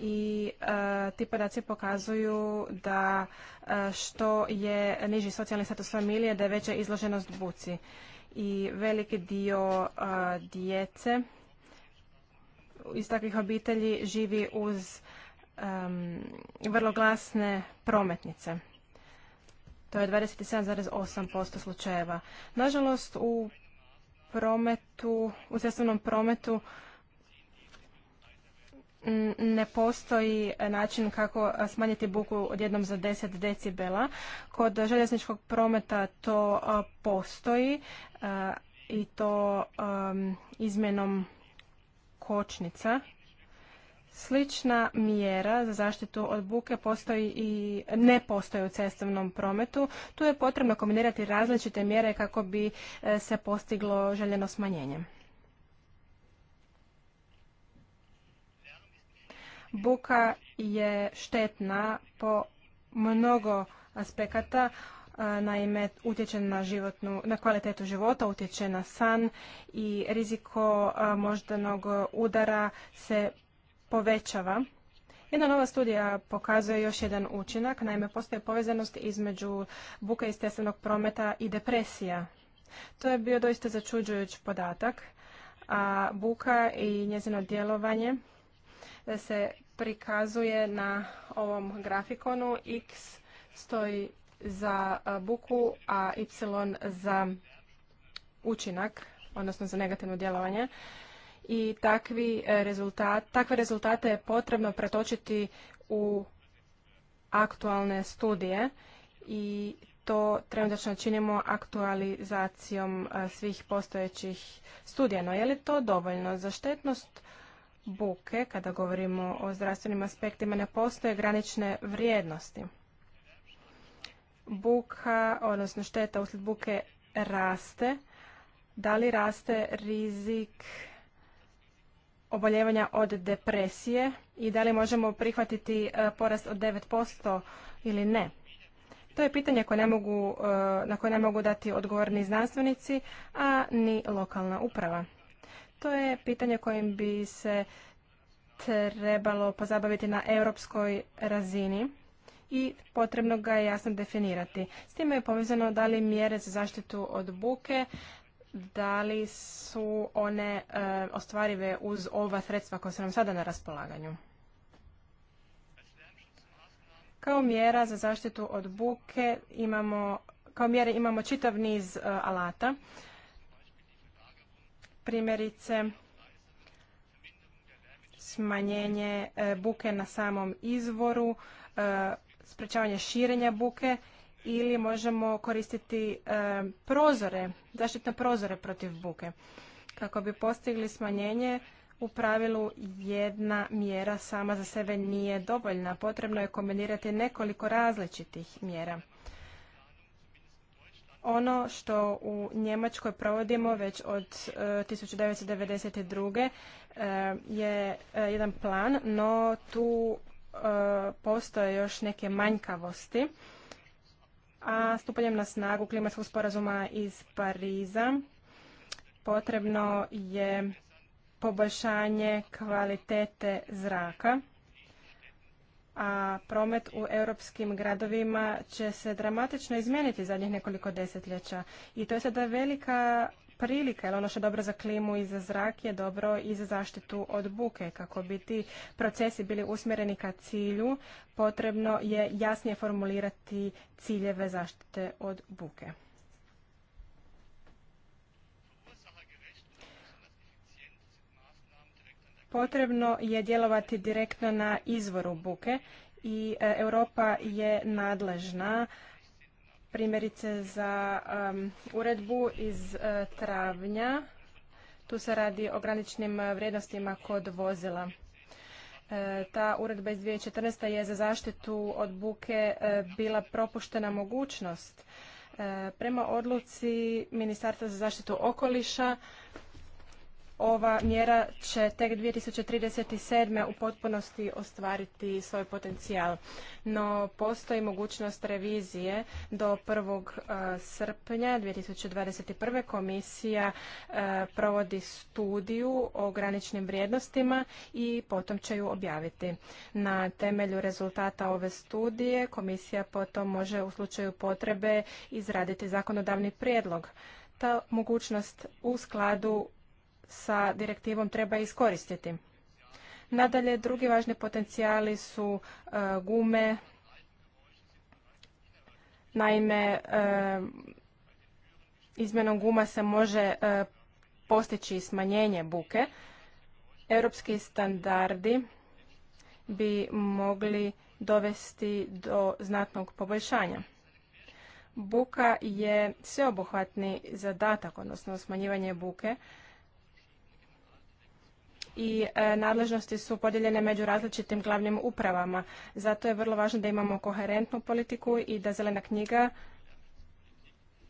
i e, ti podaci pokazuju da e, što je niži socijalni status familije, da je veća izloženost buci. I veliki dio e, djece iz takvih obitelji živi uz vrlo glasne prometnice. To je 27,8% slučajeva. Nažalost, u prometu, u cestovnom prometu ne postoji način kako smanjiti buku od jednom za 10 decibela. Kod željezničkog prometa to postoji i to izmjenom kočnica. Slična mjera za zaštitu od buke postoji i ne postoji u cestovnom prometu. Tu je potrebno kombinirati različite mjere kako bi e, se postiglo željeno smanjenje. Buka je štetna po mnogo aspekata, naime utječe na, životnu, na kvalitetu života, utječe na san i riziko moždanog udara se povećava. Jedna nova studija pokazuje još jedan učinak, naime postoje povezanost između buke iz tesanog prometa i depresija. To je bio doista začuđujuć podatak, a buka i njezino djelovanje se prikazuje na ovom grafikonu. X stoji za buku, a Y za učinak, odnosno za negativno djelovanje. I takvi e, takve rezultate je potrebno pretočiti u aktualne studije i to trenutačno činimo aktualizacijom svih postojećih studija. No je li to dovoljno? Za štetnost buke, kada govorimo o zdravstvenim aspektima, ne postoje granične vrijednosti. Buka, odnosno šteta uslijed buke, raste. Da li raste rizik oboljevanja od depresije i da li možemo prihvatiti e, porast od 9% ili ne? To je pitanje koje ne mogu, e, na koje ne mogu dati odgovorni znanstvenici, a ni lokalna uprava. To je pitanje kojim bi se trebalo pozabaviti na europskoj razini i potrebno ga je jasno definirati. S time je povezano da li mjere za zaštitu od buke, da li su one e, ostvarive uz ova sredstva koja su nam sada na raspolaganju. Kao mjera za zaštitu od buke imamo, kao mjere imamo čitav niz e, alata primjerice smanjenje e, buke na samom izvoru, e, sprečavanje širenja buke ili možemo koristiti e, prozore, zaštitne prozore protiv buke. Kako bi postigli smanjenje, u pravilu jedna mjera sama za sebe nije dovoljna. Potrebno je kombinirati nekoliko različitih mjera ono što u Njemačkoj provodimo već od 1992. E, e, je e, jedan plan, no tu postoje još neke manjkavosti. A stupanjem na snagu klimatskog sporazuma iz Pariza potrebno je poboljšanje kvalitete zraka a promet u europskim gradovima će se dramatično izmijeniti zadnjih nekoliko desetljeća. I to je sada velika prilika, jer ono što je dobro za klimu i za zrak je dobro i za zaštitu od buke. Kako bi ti procesi bili usmjereni ka cilju, potrebno je jasnije formulirati ciljeve zaštite od buke. Potrebno je djelovati direktno na izvoru buke i e, Europa je nadležna primjerice za uredbu iz e, travnja. Tu se radi o graničnim vrijednostima kod vozila. E, ta uredba iz 2014. je za zaštitu od buke bila propuštena mogućnost. prema odluci Ministarstva za zaštitu okoliša ova mjera će tek 2037. u potpunosti ostvariti svoj potencijal. No postoji mogućnost revizije do 1. E, srpnja 2021. komisija e, provodi studiju o graničnim vrijednostima i potom će ju objaviti. Na temelju rezultata ove studije komisija potom može u slučaju potrebe izraditi zakonodavni prijedlog. Ta mogućnost u skladu sa direktivom treba iskoristiti. Nadalje, drugi važni potencijali su e, gume. Naime, e, izmjenom guma se može e, postići smanjenje buke. Europski standardi bi mogli dovesti do znatnog poboljšanja. Buka je sveobuhvatni zadatak, odnosno smanjivanje buke, i e, nadležnosti su podijeljene među različitim glavnim upravama. Zato je vrlo važno da imamo koherentnu politiku i da zelena knjiga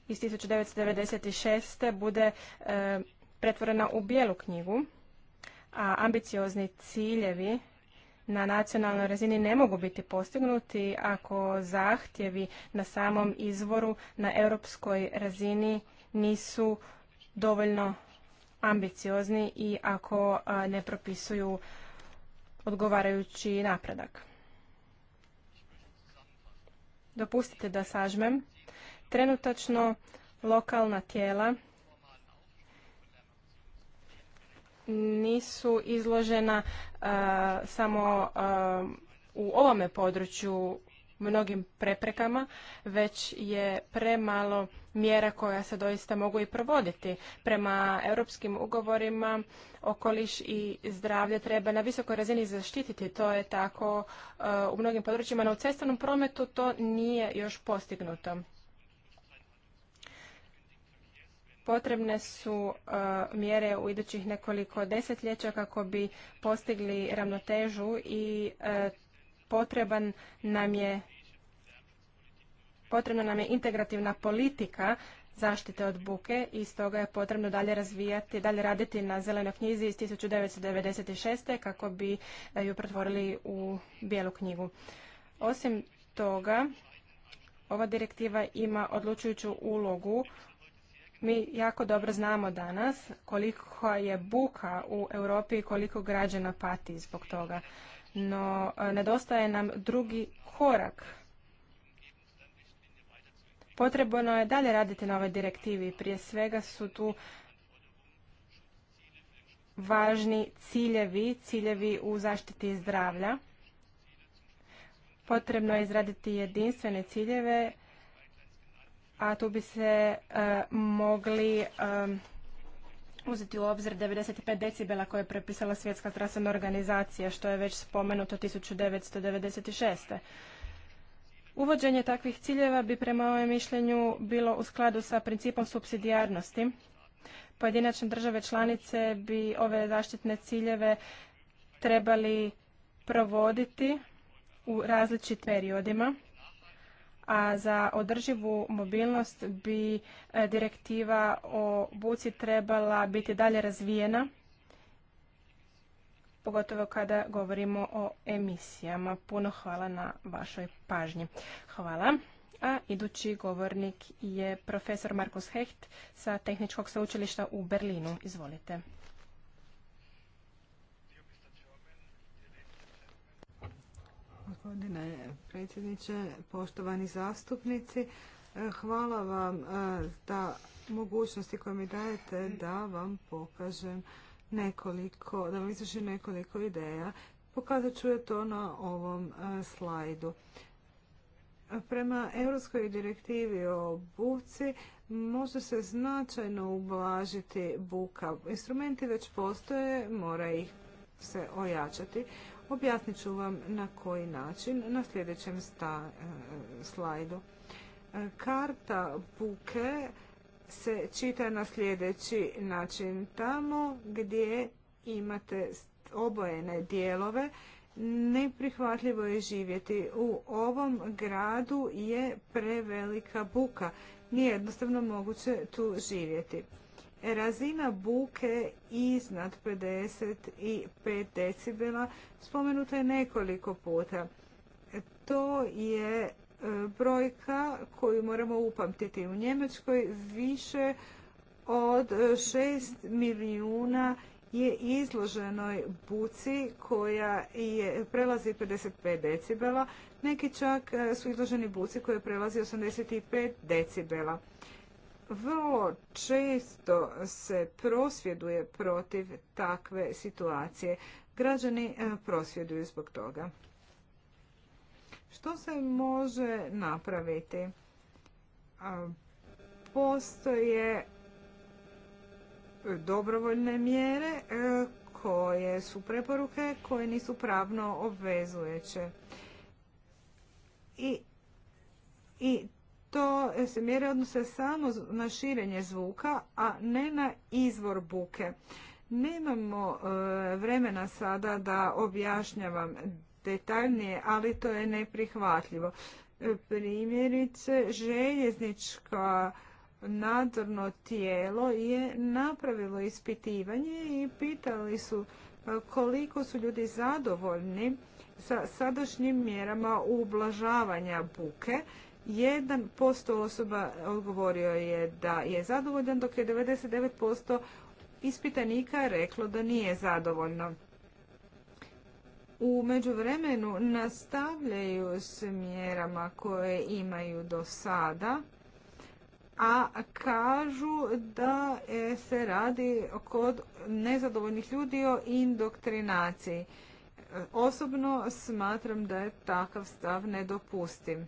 iz 1996. bude e, pretvorena u bijelu knjigu, a ambiciozni ciljevi na nacionalnoj razini ne mogu biti postignuti ako zahtjevi na samom izvoru na europskoj razini nisu dovoljno ambiciozni i ako ne propisuju odgovarajući napredak. Dopustite da sažmem. Trenutačno lokalna tijela nisu izložena samo u ovome području mnogim preprekama, već je premalo mjera koja se doista mogu i provoditi. Prema europskim ugovorima okoliš i zdravlje treba na visokoj razini zaštititi. To je tako uh, u mnogim područjima, no u cestovnom prometu to nije još postignuto. Potrebne su uh, mjere u idućih nekoliko desetljeća kako bi postigli ravnotežu i uh, potreban nam je potrebna nam je integrativna politika zaštite od buke i stoga je potrebno dalje razvijati, dalje raditi na zelenoj knjizi iz 1996. kako bi eh, ju pretvorili u bijelu knjigu. Osim toga, ova direktiva ima odlučujuću ulogu mi jako dobro znamo danas koliko je buka u Europi i koliko građana pati zbog toga no e, nedostaje nam drugi korak. Potrebno je dalje raditi na ovoj direktivi. Prije svega su tu važni ciljevi, ciljevi u zaštiti zdravlja. Potrebno je izraditi jedinstvene ciljeve, a tu bi se e, mogli e, uzeti u obzir 95 decibela koje je prepisala Svjetska zdravstvena organizacija, što je već spomenuto 1996. Uvođenje takvih ciljeva bi prema mojem mišljenju bilo u skladu sa principom subsidijarnosti. Pojedinačne države članice bi ove zaštitne ciljeve trebali provoditi u različitim periodima a za održivu mobilnost bi e, direktiva o buci trebala biti dalje razvijena, pogotovo kada govorimo o emisijama. Puno hvala na vašoj pažnji. Hvala. A idući govornik je profesor Markus Hecht sa Tehničkog sveučilišta u Berlinu. Izvolite. gospodine predsjedniče, poštovani zastupnici. Hvala vam e, da mogućnosti koje mi dajete da vam pokažem nekoliko, da vam izvršim nekoliko ideja. Pokazat ću je to na ovom e, slajdu. Prema Europskoj direktivi o buci može se značajno ublažiti buka. Instrumenti već postoje, mora ih se ojačati. Objasnit ću vam na koji način na sljedećem e, slajdu. E, karta buke se čita na sljedeći način. Tamo gdje imate obojene dijelove, neprihvatljivo je živjeti. U ovom gradu je prevelika buka. Nije jednostavno moguće tu živjeti razina buke iznad 55 decibela spomenuta je nekoliko puta. To je e, brojka koju moramo upamtiti. U Njemačkoj više od 6 milijuna je izloženoj buci koja je prelazi 55 decibela. Neki čak e, su izloženi buci koja prelazi 85 decibela vrlo često se prosvjeduje protiv takve situacije. Građani e, prosvjeduju zbog toga. Što se može napraviti? Postoje dobrovoljne mjere e, koje su preporuke koje nisu pravno obvezujeće. I, i to se mjere odnose samo na širenje zvuka, a ne na izvor buke. Nemamo e, vremena sada da objašnjavam detaljnije, ali to je neprihvatljivo. E, primjerice, željeznička nadzorno tijelo je napravilo ispitivanje i pitali su e, koliko su ljudi zadovoljni sa sadašnjim mjerama ublažavanja buke 1% osoba odgovorio je da je zadovoljan, dok je 99% ispitanika reklo da nije zadovoljno. U međuvremenu nastavljaju s mjerama koje imaju do sada, a kažu da e, se radi kod nezadovoljnih ljudi o indoktrinaciji. E, osobno smatram da je takav stav nedopustiv.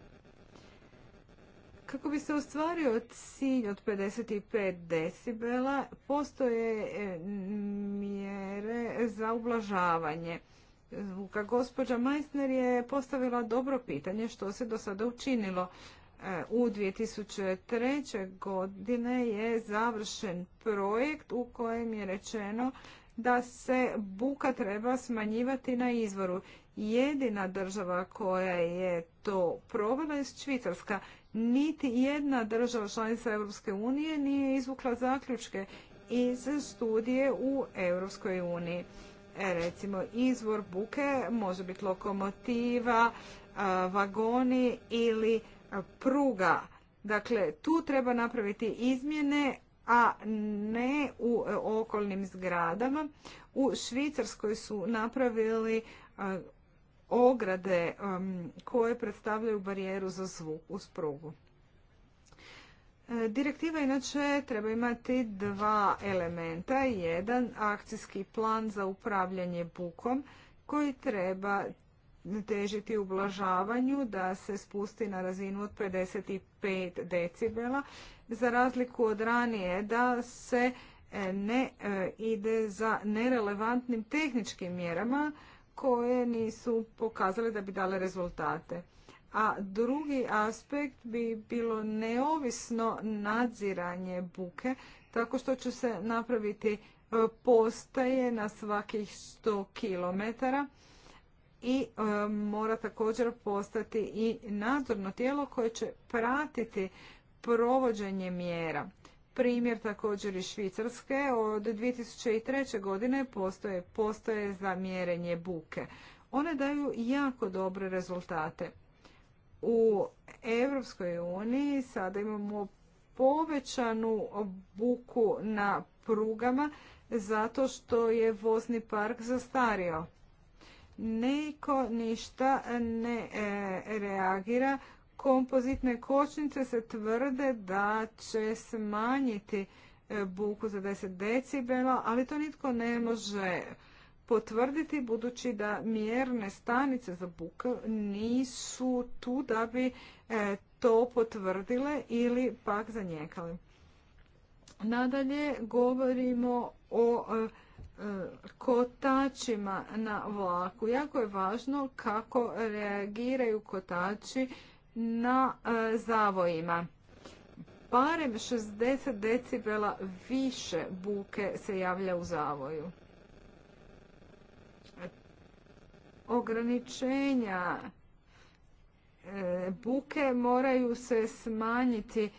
Kako bi se ostvario cilj od 55 decibela, postoje e, mjere za ublažavanje zvuka. Gospođa Meissner je postavila dobro pitanje što se do sada učinilo. E, u 2003. godine je završen projekt u kojem je rečeno da se buka treba smanjivati na izvoru. Jedina država koja je to provela je Švicarska. Niti jedna država članica Europske unije nije izvukla zaključke iz studije u Europskoj uniji. E, recimo, izvor buke može biti lokomotiva, vagoni ili pruga. Dakle, tu treba napraviti izmjene, a ne u e, okolnim zgradama. U Švicarskoj su napravili e, ograde koje predstavljaju barijeru za zvuk uz prugu. E, direktiva inače treba imati dva elementa. Jedan akcijski plan za upravljanje bukom koji treba težiti ublažavanju da se spusti na razinu od 55 decibela za razliku od ranije da se e, ne e, ide za nerelevantnim tehničkim mjerama koje nisu pokazale da bi dale rezultate. A drugi aspekt bi bilo neovisno nadziranje buke tako što će se napraviti e, postaje na svakih 100 km i mora također postati i nadzorno tijelo koje će pratiti provođenje mjera. Primjer također iz Švicarske, od 2003. godine postoje, postoje za mjerenje buke. One daju jako dobre rezultate. U Europskoj uniji sada imamo povećanu buku na prugama zato što je vozni park zastario. Niko ništa ne e, reagira kompozitne kočnice se tvrde da će smanjiti e, buku za 10 decibela, ali to nitko ne može potvrditi budući da mjerne stanice za buku nisu tu da bi e, to potvrdile ili pak zanijekali. Nadalje govorimo o e, kotačima na vlaku. Jako je važno kako reagiraju kotači na e, zavojima. Barem 60 decibela više buke se javlja u zavoju. Ograničenja e, buke moraju se smanjiti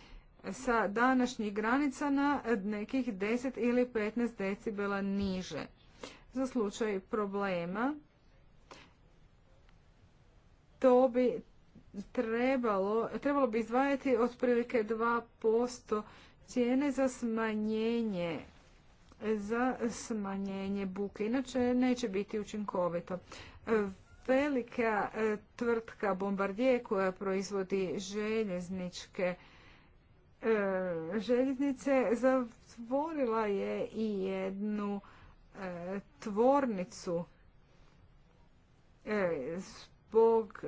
sa današnjih granica na nekih 10 ili 15 decibela niže. Za slučaj problema to bi trebalo, bi izdvajati otprilike 2% cijene za smanjenje za smanjenje buke. Inače neće biti učinkovito. Velika e, tvrtka bombardije koja proizvodi željezničke e, željeznice zatvorila je i jednu e, tvornicu zbog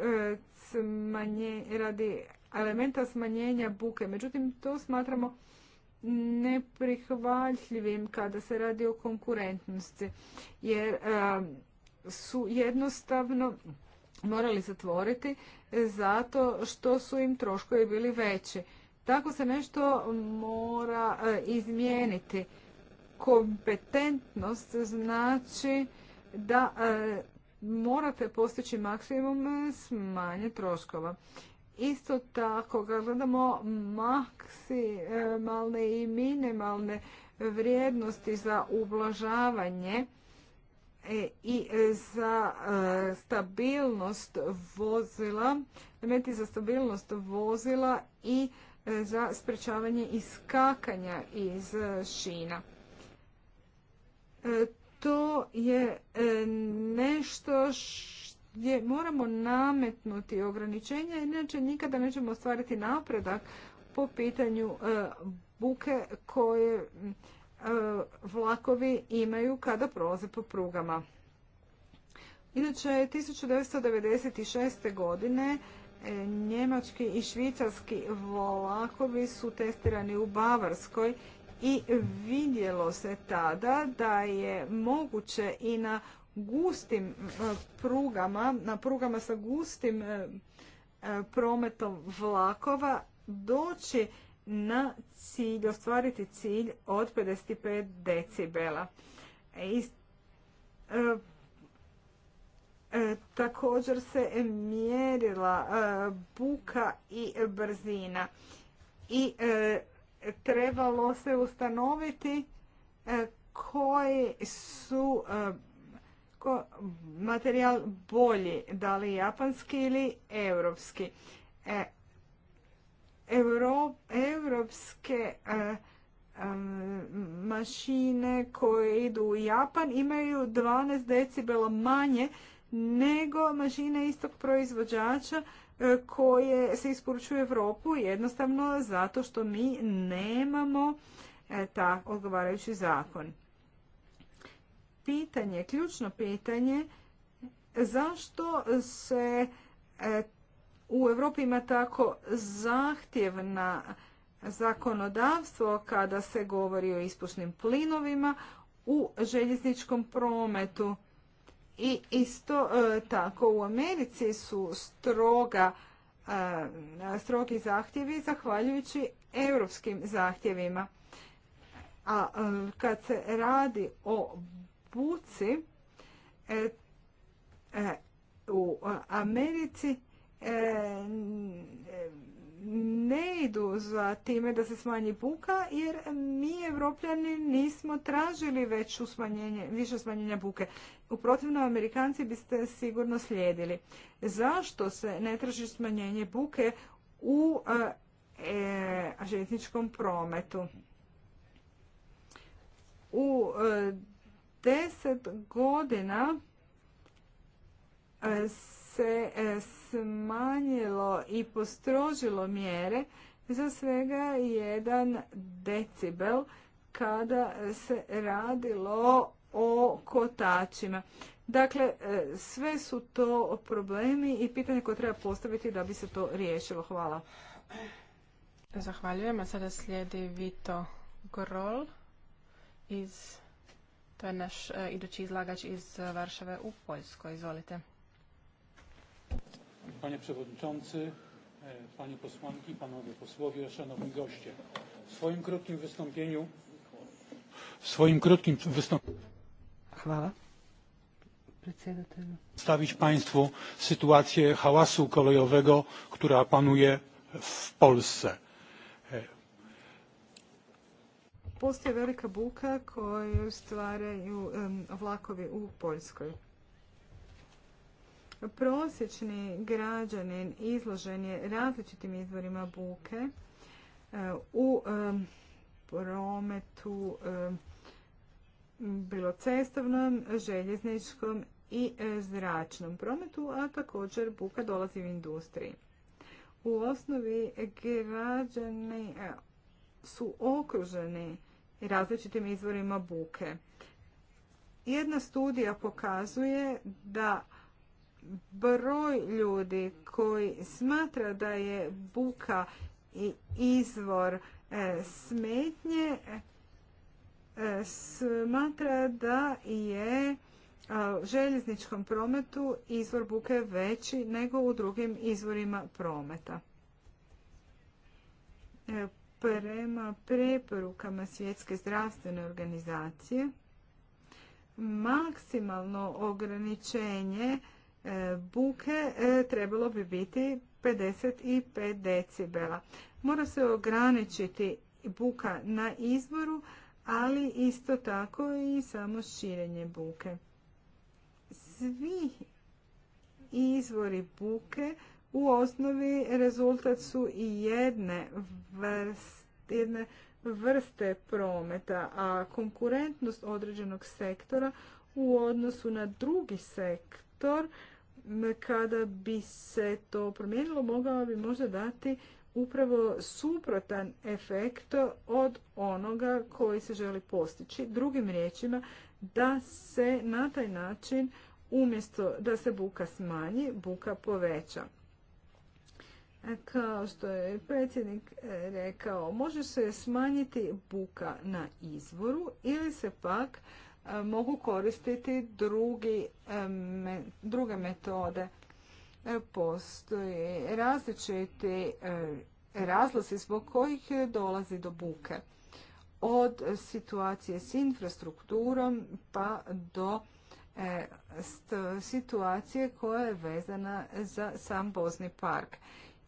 radi elementa smanjenja buke. Međutim, to smatramo neprihvaljljivim kada se radi o konkurentnosti. Jer um, su jednostavno morali zatvoriti zato što su im troškovi bili veći. Tako se nešto mora uh, izmijeniti. Kompetentnost znači da uh, morate postići maksimum e, smanje troškova. Isto tako, ga gledamo maksimalne e, i minimalne vrijednosti za ublažavanje e, i za stabilnost vozila, meti za stabilnost vozila i za sprečavanje iskakanja iz šina to je e, nešto gdje moramo nametnuti ograničenja, inače nikada nećemo ostvariti napredak po pitanju e, buke koje e, vlakovi imaju kada prolaze po prugama. Inače, 1996. godine njemački i švicarski vlakovi su testirani u Bavarskoj i vidjelo se tada da je moguće i na gustim e, prugama, na prugama sa gustim e, e, prometom vlakova doći na cilj, ostvariti cilj od 55 decibela. također se mjerila buka i brzina. I trebalo se ustanoviti e, koji su e, materijal bolji, da li japanski ili europski. E, evropske mašine koje idu u Japan imaju 12 decibela manje nego mašine istog proizvođača E, koje se isporučuju Europu jednostavno zato što mi nemamo e, ta odgovarajući zakon. Pitanje, ključno pitanje, zašto se e, u Europi ima tako zahtjevna zakonodavstvo kada se govori o ispušnim plinovima u željezničkom prometu. I isto e, tako u Americi su stroga, e, strogi zahtjevi zahvaljujući europskim zahtjevima. A e, kad se radi o buci, u Americi ne idu za time da se smanji buka jer mi evropljani nismo tražili već smanjenje, više smanjenja buke. U protivno Amerikanci biste sigurno slijedili. Zašto se ne traži smanjenje buke u e, e željezničkom prometu? U e, deset godina se se e, smanjilo i postrožilo mjere za svega jedan decibel kada se radilo o kotačima. Dakle, e, sve su to problemi i pitanje koje treba postaviti da bi se to riješilo. Hvala. Zahvaljujem, a sada slijedi Vito Grol iz to je naš e, idući izlagač iz Varšave u Poljskoj. Izvolite. Panie Przewodniczący, e, Panie Posłanki, Panowie Posłowie, Szanowni Goście. W swoim krótkim wystąpieniu w swoim krótkim wystąpieniu Chwała. Przedstawić Państwu sytuację hałasu kolejowego, która panuje w Polsce. E, Postoje velika buka koju stvaraju vlakovi u Poljskoj prosječni građanin izložen je različitim izvorima buke e, u prometu bilo cestovnom, željezničkom i e, zračnom prometu, a također buka dolazi u industriji. U osnovi građani e, su okruženi različitim izvorima buke. Jedna studija pokazuje da broj ljudi koji smatra da je buka i izvor e, smetnje e, smatra da je e, željezničkom prometu izvor buke veći nego u drugim izvorima prometa. Prema preporukama Svjetske zdravstvene organizacije maksimalno ograničenje E, buke e, trebalo bi biti 55 decibela. Mora se ograničiti buka na izvoru, ali isto tako i samo širenje buke. Svi izvori buke u osnovi rezultat su i jedne vrste, jedne vrste prometa, a konkurentnost određenog sektora u odnosu na drugi sektor kada bi se to promijenilo, mogao bi možda dati upravo suprotan efekt od onoga koji se želi postići. Drugim riječima, da se na taj način umjesto da se buka smanji, buka poveća. Kao što je predsjednik e, rekao, može se smanjiti buka na izvoru ili se pak E, mogu koristiti e, druge metode. E, postoji različiti razlozi zbog kojih dolazi do buke. Od situacije s infrastrukturom pa do situacije koja je vezana za sam Bozni park.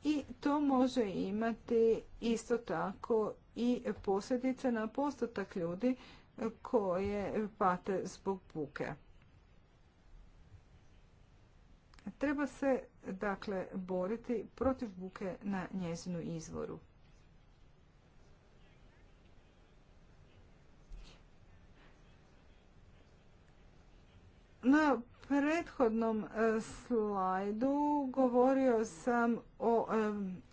I to može imati isto tako i posljedice na postotak ljudi koje pate zbog buke. Treba se dakle boriti protiv buke na njezinu izvoru. Na prethodnom e, slajdu govorio sam o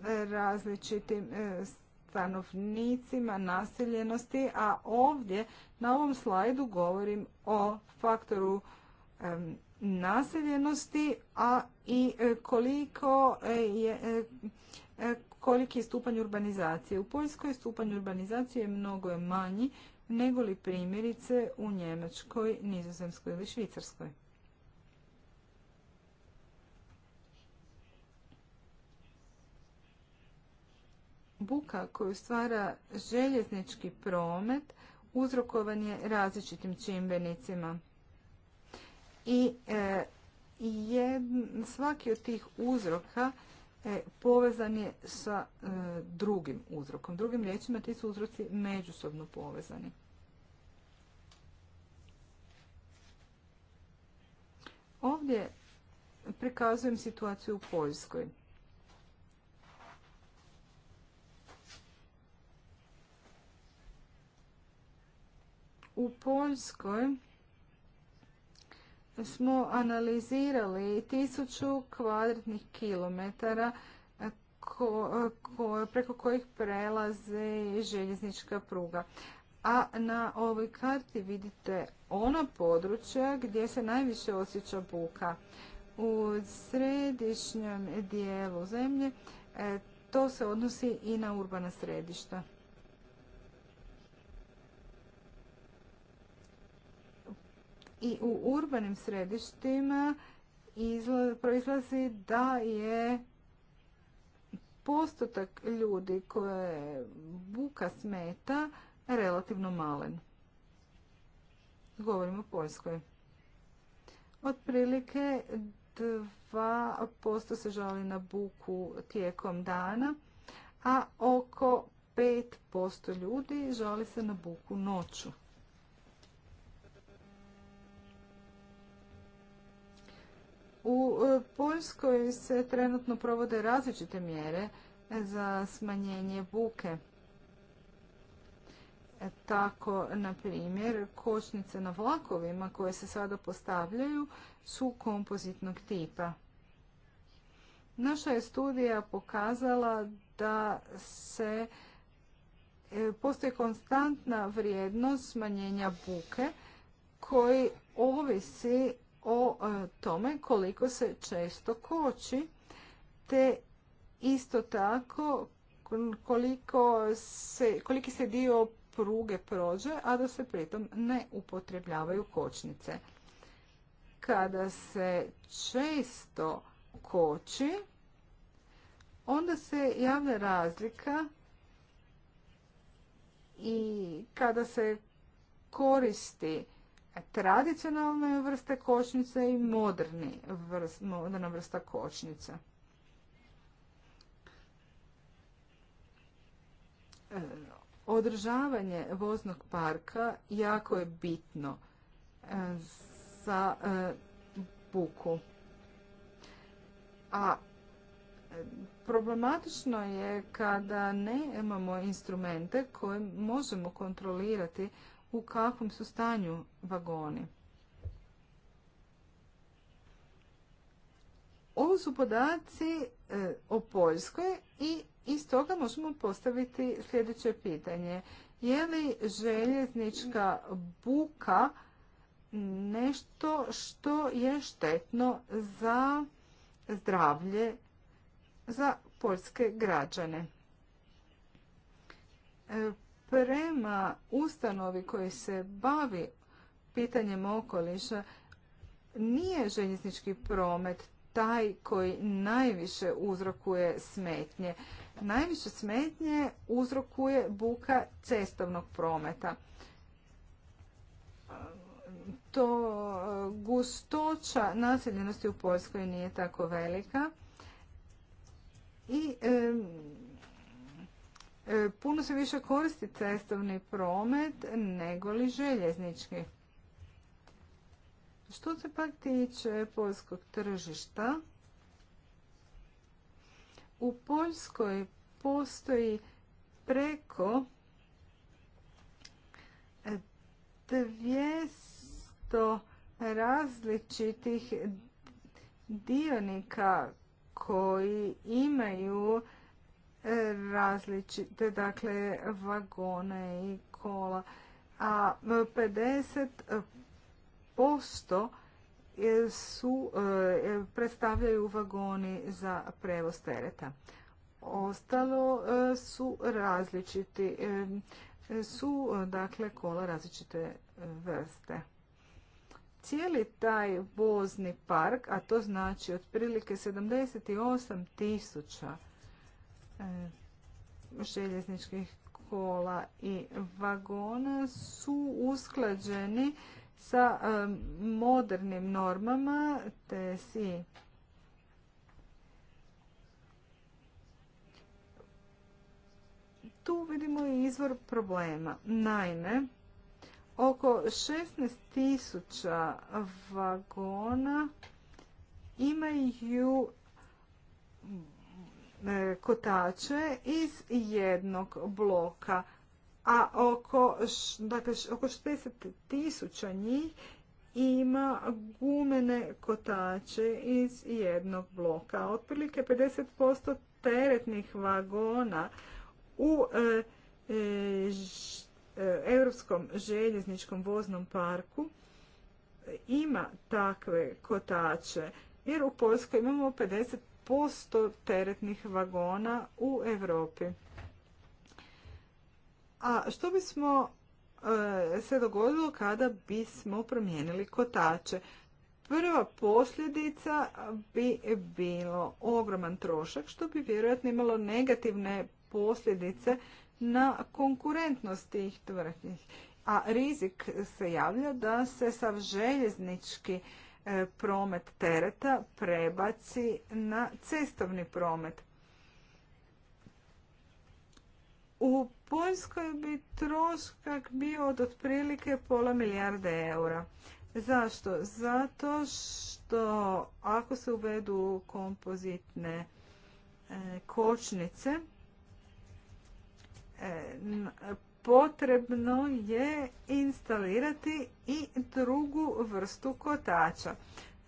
e, različitim e, stanovnicima naseljenosti, a ovdje na ovom slajdu govorim o faktoru naseljenosti, a i e, koliko e, je e, koliki je stupanj urbanizacije. U Poljskoj stupanj urbanizacije je mnogo manji nego li primjerice u Njemačkoj, Nizozemskoj ili Švicarskoj. Buka koju stvara željeznički promet uzrokovan je različitim čimbenicima. I e, svaki od tih uzroka e, povezan je sa e, drugim uzrokom. Drugim riječima ti su uzroci međusobno povezani. Ovdje prikazujem situaciju u Poljskoj. U Poljskoj smo analizirali tisuću kvadratnih kilometara preko kojih prelaze željeznička pruga. A na ovoj karti vidite ona područja gdje se najviše osjeća buka. U središnjem dijelu zemlje e, to se odnosi i na urbana središta. i u urbanim središtima proizlazi da je postotak ljudi koje buka smeta relativno malen. Govorimo o Poljskoj. Otprilike 2% se žali na buku tijekom dana, a oko 5% ljudi žali se na buku noću. U e, Poljskoj se trenutno provode različite mjere za smanjenje buke. E, tako, na primjer, kočnice na vlakovima koje se sada postavljaju su kompozitnog tipa. Naša je studija pokazala da se e, postoji konstantna vrijednost smanjenja buke koji ovisi o e, tome koliko se često koči, te isto tako koliko se, koliki se dio pruge prođe, a da se pritom ne upotrebljavaju kočnice. Kada se često koči, onda se javlja razlika i kada se koristi tradicionalne vrste kočnice i moderni moderna vrsta kočnica. E, održavanje voznog parka jako je bitno e, za e, buku. A problematično je kada ne imamo instrumente koje možemo kontrolirati u kakvom su stanju vagoni. Ovo su podaci e, o Poljskoj i iz toga možemo postaviti sljedeće pitanje. Je li željeznička buka nešto što je štetno za zdravlje za poljske građane? E, prema ustanovi koji se bavi pitanjem okoliša nije željeznički promet taj koji najviše uzrokuje smetnje. Najviše smetnje uzrokuje buka cestovnog prometa. To gustoća naseljenosti u Poljskoj nije tako velika i E, puno se više koristi cestovni promet nego li željeznički. Što se pak tiče poljskog tržišta, u Poljskoj postoji preko 200 različitih dionika koji imaju različite, dakle, vagone i kola. A 50% su, e, predstavljaju vagoni za prevoz tereta. Ostalo e, su različiti, e, su dakle kola različite vrste. Cijeli taj vozni park, a to znači otprilike 78 tisuća E, željezničkih kola i vagona su usklađeni sa e, modernim normama TSI. Tu vidimo i izvor problema. Naime, oko 16.000 vagona imaju E, kotače iz jednog bloka, a oko, 60 dakle, tisuća njih ima gumene kotače iz jednog bloka. Otprilike 50% teretnih vagona u e, e, europskom željezničkom voznom parku ima takve kotače. Jer u Poljskoj imamo posto teretnih vagona u Europi. A što bismo e, se dogodilo kada bismo promijenili kotače? Prva posljedica bi bilo ogroman trošak što bi vjerojatno imalo negativne posljedice na konkurentnost tih tvrtki. A rizik se javlja da se sav željeznički E, promet tereta prebaci na cestovni promet. U Poljskoj bi troškak bio od otprilike pola milijarde eura. Zašto? Zato što ako se uvedu kompozitne e, kočnice, e, potrebno je instalirati i drugu vrstu kotača,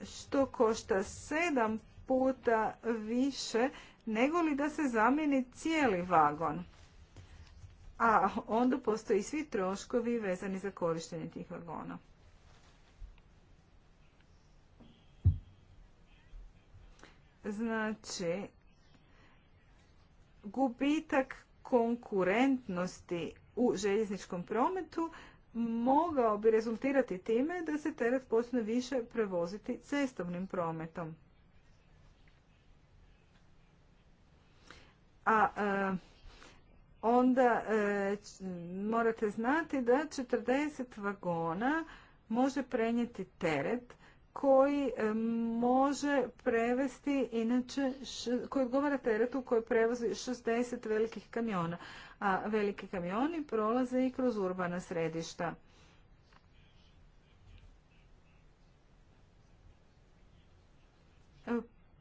što košta sedam puta više nego li da se zamijeni cijeli vagon. A onda postoji svi troškovi vezani za korištenje tih vagona. Znači, gubitak konkurentnosti u željezničkom prometu mogao bi rezultirati time da se teret počne više prevoziti cestovnim prometom. A e, onda e, morate znati da 40 vagona može prenijeti teret koji e, može prevesti inače koji odgovara teretu koji prevozi 60 velikih kamiona a veliki kamioni prolaze i kroz urbana središta.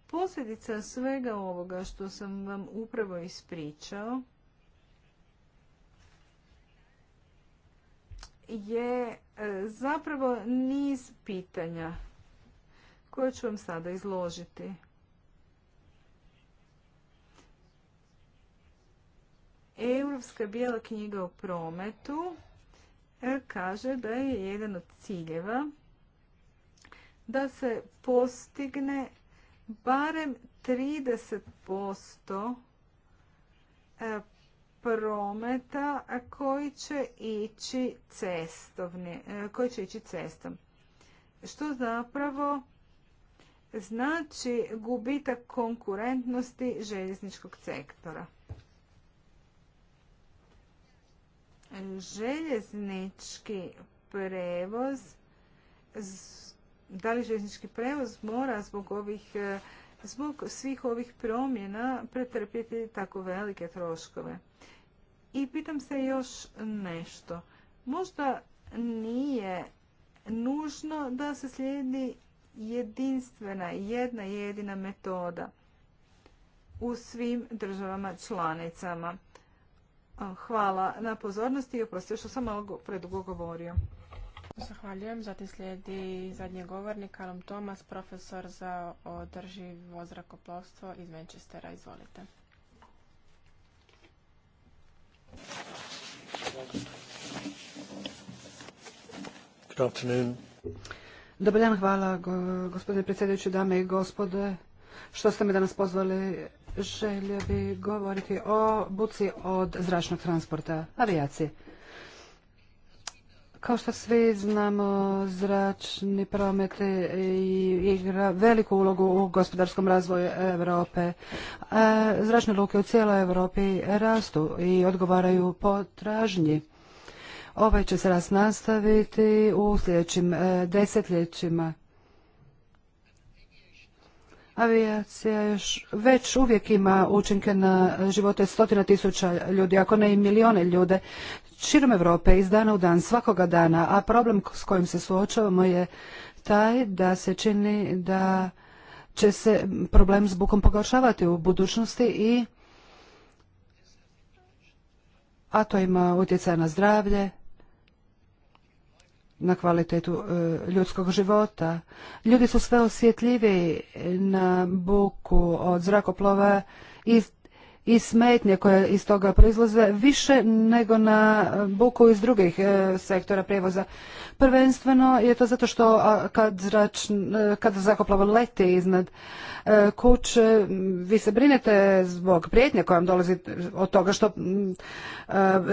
Posljedica svega ovoga što sam vam upravo ispričao je e, zapravo niz pitanja koje ću vam sada izložiti. Europska bijela knjiga o prometu e, kaže da je jedan od ciljeva da se postigne barem 30% e, prometa koji će ići e, koji će ići cestom. Što zapravo znači gubitak konkurentnosti željezničkog sektora. željeznički prevoz da li željeznički prevoz mora zbog ovih e, zbog svih ovih promjena pretrpjeti tako velike troškove. I pitam se još nešto. Možda nije nužno da se slijedi jedinstvena, jedna jedina metoda u svim državama članicama. Hvala na pozornosti i oprosti što sam malo predugo govorio. Zahvaljujem. Zatim slijedi zadnji govornik, Alom Tomas, profesor za održivo zrakoplovstvo iz Manchestera. Izvolite. Dobar dan, hvala gospodine predsjedajući, dame i gospode, što ste me danas pozvali želio bi govoriti o buci od zračnog transporta, avijacije. Kao što svi znamo, zračni promet igra veliku ulogu u gospodarskom razvoju Europe. E, zračne luke u cijeloj Europi rastu i odgovaraju potražnji. Ovaj će se rast nastaviti u sljedećim e, desetljećima. Avijacija još već uvijek ima učinke na živote stotina tisuća ljudi, ako ne i milijone ljude, širom Europe iz dana u dan, svakoga dana, a problem s kojim se suočavamo je taj da se čini da će se problem s bukom pogoršavati u budućnosti i a to ima utjecaj na zdravlje, na kvalitetu e, ljudskog života. Ljudi su sve osjetljivi na buku od zrakoplova iz i smetnje koje iz toga proizlaze više nego na buku iz drugih e, sektora prijevoza. Prvenstveno je to zato što kad, zakoplavan e, leti iznad e, kuće, vi se brinete zbog prijetnje koja vam dolazi od toga što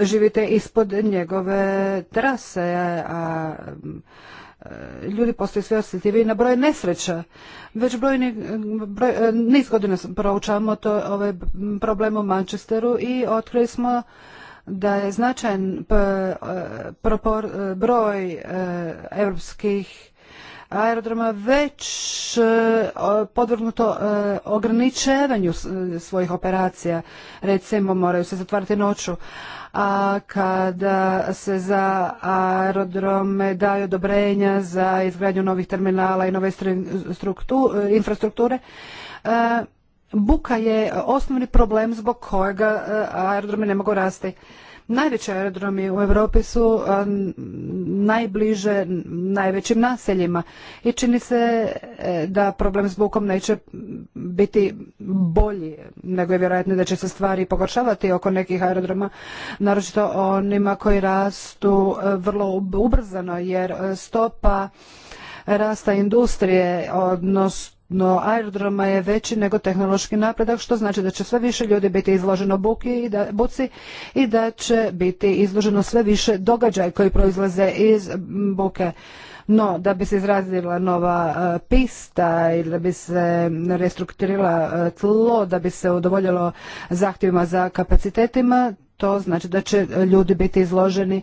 živite ispod njegove trase, a E, ljudi postaju sve na broj nesreća. Već brojni, broj, e, niz godina proučavamo to, ovaj problem u Manchesteru i otkrili smo da je značajan e, broj europskih aerodroma već podvrgnuto ograničavanju svojih operacija. Recimo moraju se zatvarati noću a kada se za aerodrome daju odobrenja za izgradnju novih terminala i nove infrastrukture, e, buka je osnovni problem zbog kojega e, aerodrome ne mogu rasti. Najveći aerodromi u Europi su najbliže najvećim naseljima i čini se e, da problem s bukom neće biti bolji nego je vjerojatno da će se stvari pogoršavati oko nekih aerodroma, naročito onima koji rastu e, vrlo ubrzano jer stopa rasta industrije odnosno no aerodroma je veći nego tehnološki napredak, što znači da će sve više ljudi biti izloženo buki i da, buci i da će biti izloženo sve više događaj koji proizlaze iz buke. No, da bi se izrazila nova e, pista ili da bi se restrukturirala e, tlo, da bi se udovoljilo zahtjevima za kapacitetima, to znači da će ljudi biti izloženi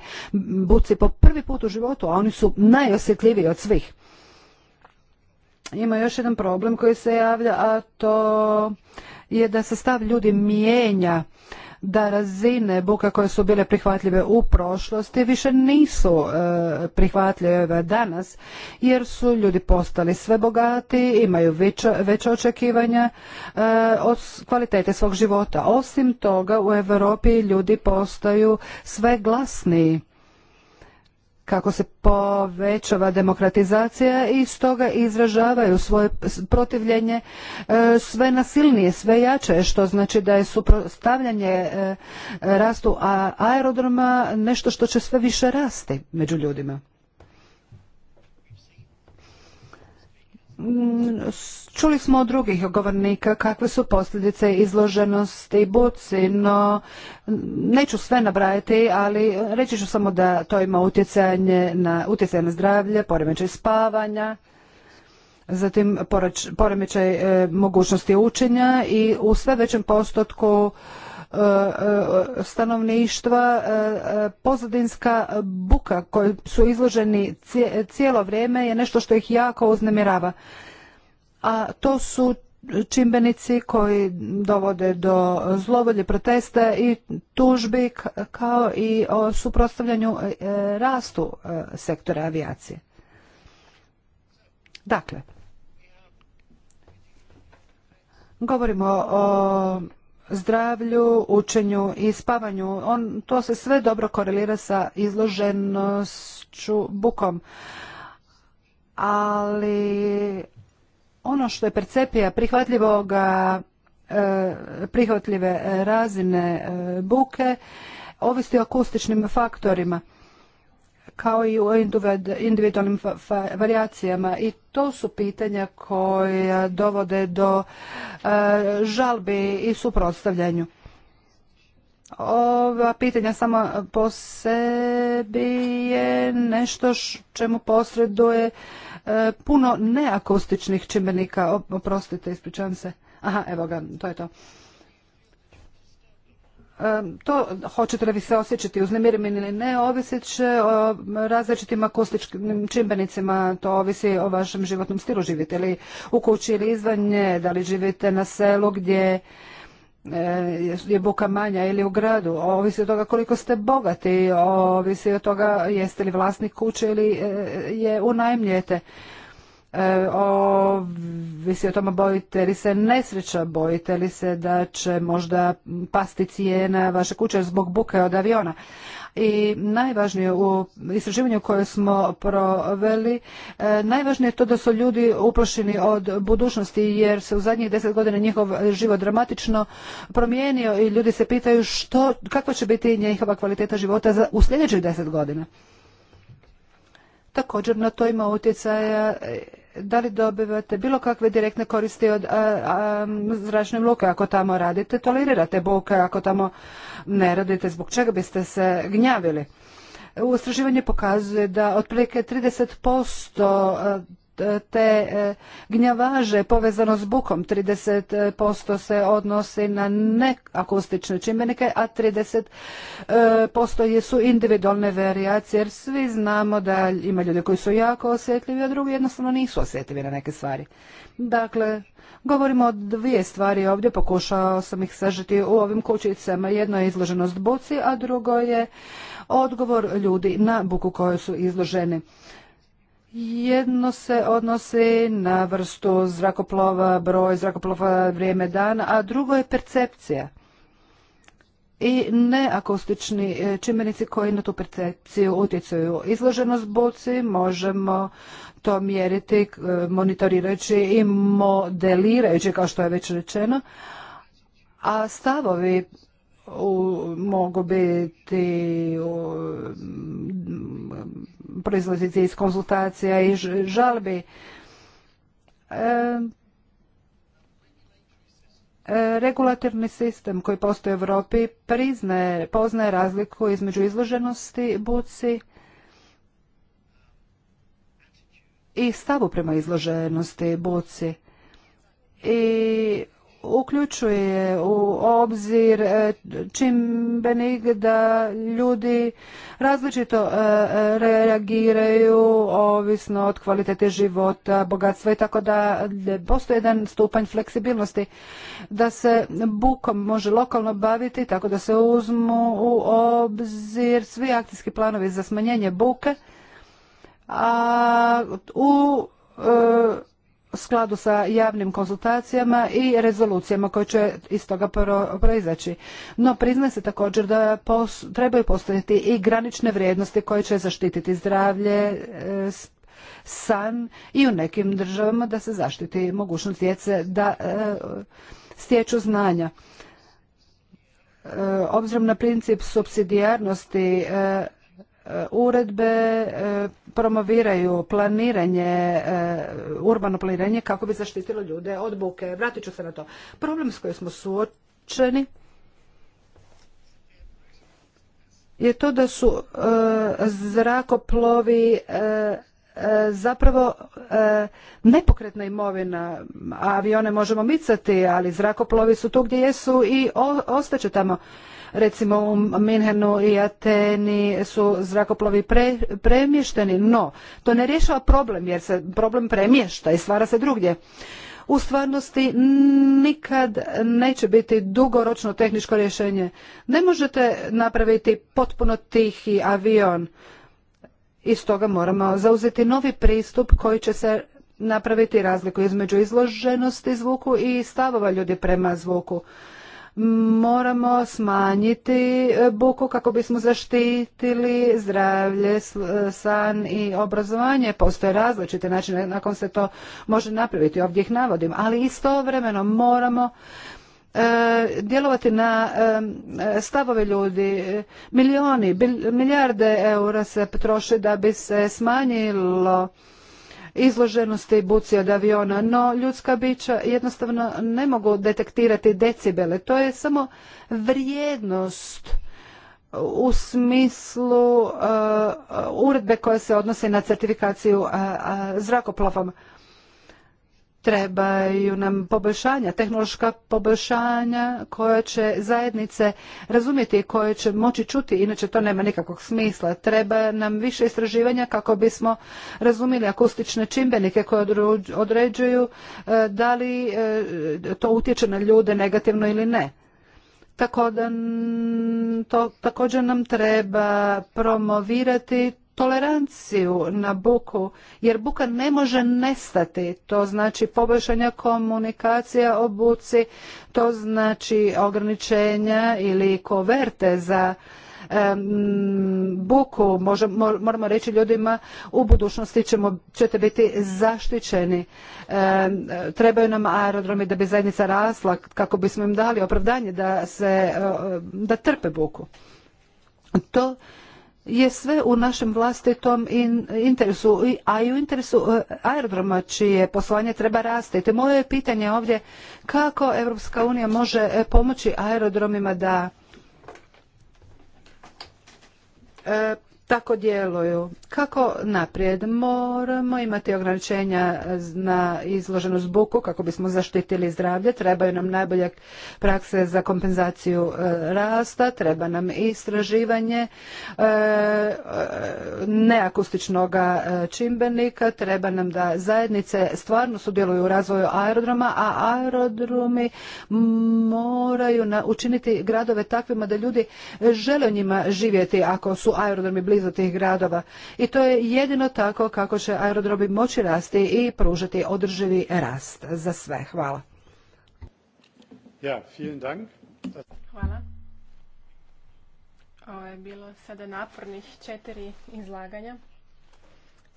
buci po prvi put u životu, a oni su najosjetljiviji od svih ima još jedan problem koji se javlja, a to je da se stav ljudi mijenja da razine buka koje su bile prihvatljive u prošlosti više nisu e, prihvatljive danas jer su ljudi postali sve bogati, imaju veća, očekivanja e, od kvalitete svog života. Osim toga u Europi ljudi postaju sve glasniji kako se povećava demokratizacija i stoga izražavaju svoje protivljenje e, sve nasilnije, sve jače, što znači da je suprotstavljanje e, rastu aerodroma nešto što će sve više rasti među ljudima. Mm, čuli smo od drugih govornika kakve su posljedice izloženosti buci, no neću sve nabrajati, ali reći ću samo da to ima utjecanje na, utjecaj na zdravlje, poremećaj spavanja, zatim poremećaj e, mogućnosti učenja i u sve većem postotku E, e, stanovništva e, pozadinska buka koju su izloženi cijelo vrijeme je nešto što ih jako uznemirava. A to su čimbenici koji dovode do zlovolje protesta i tužbi kao i o suprotstavljanju rastu sektora avijacije. Dakle, govorimo o zdravlju, učenju i spavanju. On, to se sve dobro korelira sa izloženošću bukom. Ali ono što je percepija prihvatljivog e, prihvatljive razine e, buke ovisi o akustičnim faktorima kao i u individualnim variacijama i to su pitanja koja dovode do e, žalbi i suprotstavljanju. Ova pitanja samo po sebi je nešto čemu posreduje e, puno neakustičnih čimbenika. Oprostite, ispričavam se. Aha, evo ga, to je to. To hoćete li vi se osjećati uznemireni ili ne, ovisit će o različitim akustičkim čimbenicima, to ovisi o vašem životnom stilu. Živite li u kući ili izvanje, da li živite na selu gdje e, je buka manja ili u gradu, ovisi od toga koliko ste bogati, ovisi od toga jeste li vlasnik kuće ili e, je unajmljete. E, o, vi se o tome bojite li se nesreća, bojite li se da će možda pasti cijena vaše kuće zbog buke od aviona. I najvažnije u istraživanju koje smo proveli, e, najvažnije je to da su ljudi uplašeni od budućnosti jer se u zadnjih deset godina njihov život dramatično promijenio i ljudi se pitaju što, kakva će biti njihova kvaliteta života za, u sljedećih deset godina. Također na to ima utjecaja da li dobivate bilo kakve direktne koristi od zračne luke ako tamo radite, tolerirate buke ako tamo ne radite, zbog čega biste se gnjavili? Istraživanje pokazuje da otprilike 30% te e, gnjavaže povezano s bukom. 30% se odnosi na neakustične čimbenike, a 30% su individualne varijacije, jer svi znamo da ima ljudi koji su jako osjetljivi, a drugi jednostavno nisu osjetljivi na neke stvari. Dakle, govorimo o dvije stvari ovdje, pokušao sam ih sažiti u ovim kućicama. Jedno je izloženost buci, a drugo je odgovor ljudi na buku koju su izloženi. Jedno se odnosi na vrstu zrakoplova, broj zrakoplova, vrijeme dana, a drugo je percepcija i neakustični e, čimbenici koji na tu percepciju utjecaju Izloženost buci možemo to mjeriti e, monitorirajući i modelirajući kao što je već rečeno, a stavovi mogu biti u, proizlaziti iz konzultacija i žalbi. E, e, regulatorni sistem koji postoji u Europi poznaje razliku između izloženosti buci i stavu prema izloženosti buci. I uključuje u obzir e, čimbenik da ljudi različito e, reagiraju ovisno od kvalitete života, bogatstva i tako da postoji jedan stupanj fleksibilnosti da se bukom može lokalno baviti tako da se uzmu u obzir svi akcijski planovi za smanjenje buke a u e, skladu sa javnim konsultacijama i rezolucijama koje će iz toga proizaći. No prizna se također da trebaju postojati i granične vrijednosti koje će zaštititi zdravlje, e, san i u nekim državama da se zaštiti mogućnost djece da e, stječu znanja. E, obzirom na princip subsidijarnosti E, uredbe e, promoviraju planiranje, e, urbano planiranje kako bi zaštitilo ljude od buke. Vratit ću se na to. Problem s kojim smo suočeni je to da su zrakoplovi zapravo nepokretna imovina. Avione možemo micati, ali zrakoplovi su tu gdje jesu i ostaće tamo recimo u Minhenu i Ateni su zrakoplovi premješteni, no to ne rješava problem jer se problem premješta i stvara se drugdje. U stvarnosti nikad neće biti dugoročno tehničko rješenje. Ne možete napraviti potpuno tihi avion. I stoga moramo zauzeti novi pristup koji će se napraviti razliku između izloženosti zvuku i stavova ljudi prema zvuku moramo smanjiti buku kako bismo zaštitili zdravlje, e, san i obrazovanje. Postoje različite načine na kom se to može napraviti, ovdje ih navodim, ali istovremeno moramo e, djelovati na e, stavove ljudi. Milioni, milijarde eura se potroši da bi se smanjilo izloženosti buci od aviona, no ljudska bića jednostavno ne mogu detektirati decibele. To je samo vrijednost u smislu e, e, uredbe koja se odnosi na certifikaciju uh, trebaju nam poboljšanja, tehnološka poboljšanja koja će zajednice razumjeti i koje će moći čuti, inače to nema nikakvog smisla. Treba nam više istraživanja kako bismo razumjeli akustične čimbenike koje određuju e, da li e, to utječe na ljude negativno ili ne. Tako da, to, također nam treba promovirati toleranciju na buku, jer buka ne može nestati. To znači poboljšanja komunikacija o buci, to znači ograničenja ili koverte za buku. moramo reći ljudima u budućnosti ćemo, ćete biti zaštićeni. trebaju nam aerodromi da bi zajednica rasla kako bismo im dali opravdanje da, se, da trpe buku. To je sve u našem vlastitom interesu, a i u interesu e, aerodroma čije poslovanje treba rasti. Moje je pitanje ovdje kako Europska unija može e, pomoći aerodromima da e, tako djeluju. Kako naprijed? Moramo imati ograničenja na izloženost buku kako bismo zaštitili zdravlje. Trebaju nam najbolje prakse za kompenzaciju e, rasta, treba nam istraživanje e, e, neakustičnog čimbenika, treba nam da zajednice stvarno sudjeluju u razvoju aerodroma, a aerodromi moraju učiniti gradove takvima da ljudi žele u njima živjeti ako su aerodromi blizu blizu tih gradova. I to je jedino tako kako će aerodromi moći rasti i pružati održivi rast za sve. Hvala. Ja, vielen Dank. Hvala. Ovo je bilo sada napornih četiri izlaganja.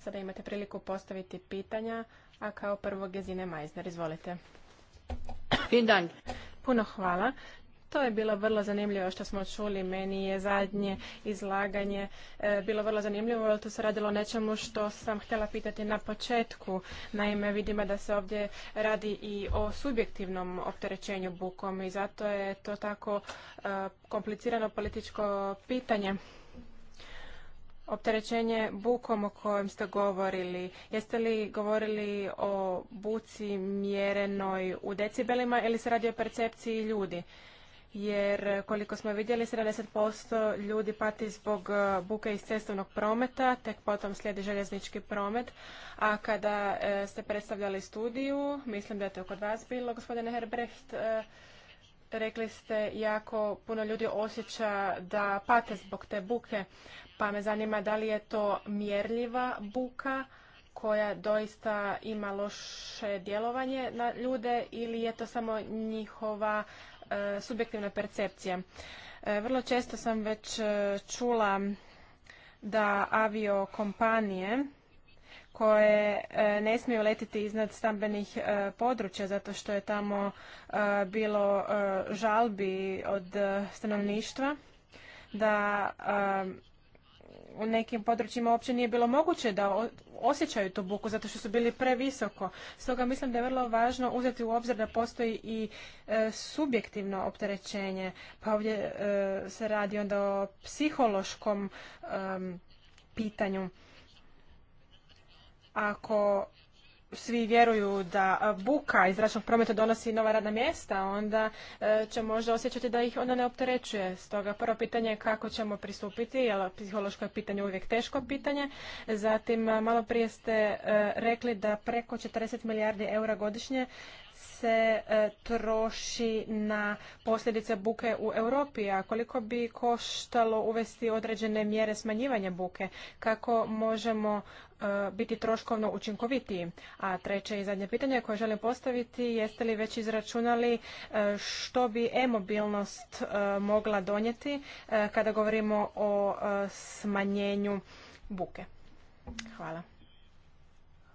Sada imate priliku postaviti pitanja, a kao prvo Gezine Majzner, izvolite. Vielen Dank. Puno hvala. To je bilo vrlo zanimljivo što smo čuli. Meni je zadnje izlaganje e, bilo vrlo zanimljivo, jer tu se radilo o nečemu što sam htjela pitati na početku. Naime, vidimo da se ovdje radi i o subjektivnom opterećenju bukom i zato je to tako e, komplicirano političko pitanje. Opterećenje bukom o kojem ste govorili, jeste li govorili o buci mjerenoj u decibelima ili se radi o percepciji ljudi? jer eh, koliko smo vidjeli 70% ljudi pati zbog eh, buke iz cestovnog prometa, tek potom slijedi željeznički promet. A kada eh, ste predstavljali studiju, mislim da je to kod vas bilo, gospodine Herbrecht, rekli ste jako puno ljudi osjeća da pate zbog te buke, pa me zanima da li je to mjerljiva buka koja doista ima loše djelovanje na ljude ili je to samo njihova E, subjektivna percepcija. E, vrlo često sam već e, čula da aviokompanije koje ne smiju letiti iznad stambenih područja zato što je tamo bilo žalbi od stanovništva da u nekim područjima uopće nije bilo moguće da osjećaju tu buku zato što su bili previsoko. Stoga mislim da je vrlo važno uzeti u obzir da postoji i e, subjektivno opterećenje. Pa ovdje e, se radi onda o psihološkom e, pitanju. Ako svi vjeruju da buka iz zračnog prometa donosi nova radna mjesta, onda e, će možda osjećati da ih ona ne opterećuje. Stoga prvo pitanje je kako ćemo pristupiti, jer psihološko je pitanje uvijek teško pitanje. Zatim, malo prije ste e, rekli da preko 40 milijardi eura godišnje se e, troši na posljedice buke u Europi, a koliko bi koštalo uvesti određene mjere smanjivanja buke? Kako možemo E, biti troškovno učinkovitiji? A treće i zadnje pitanje koje želim postaviti, jeste li već izračunali e, što bi e-mobilnost e, mogla donijeti kada govorimo o smanjenju buke? Hvala.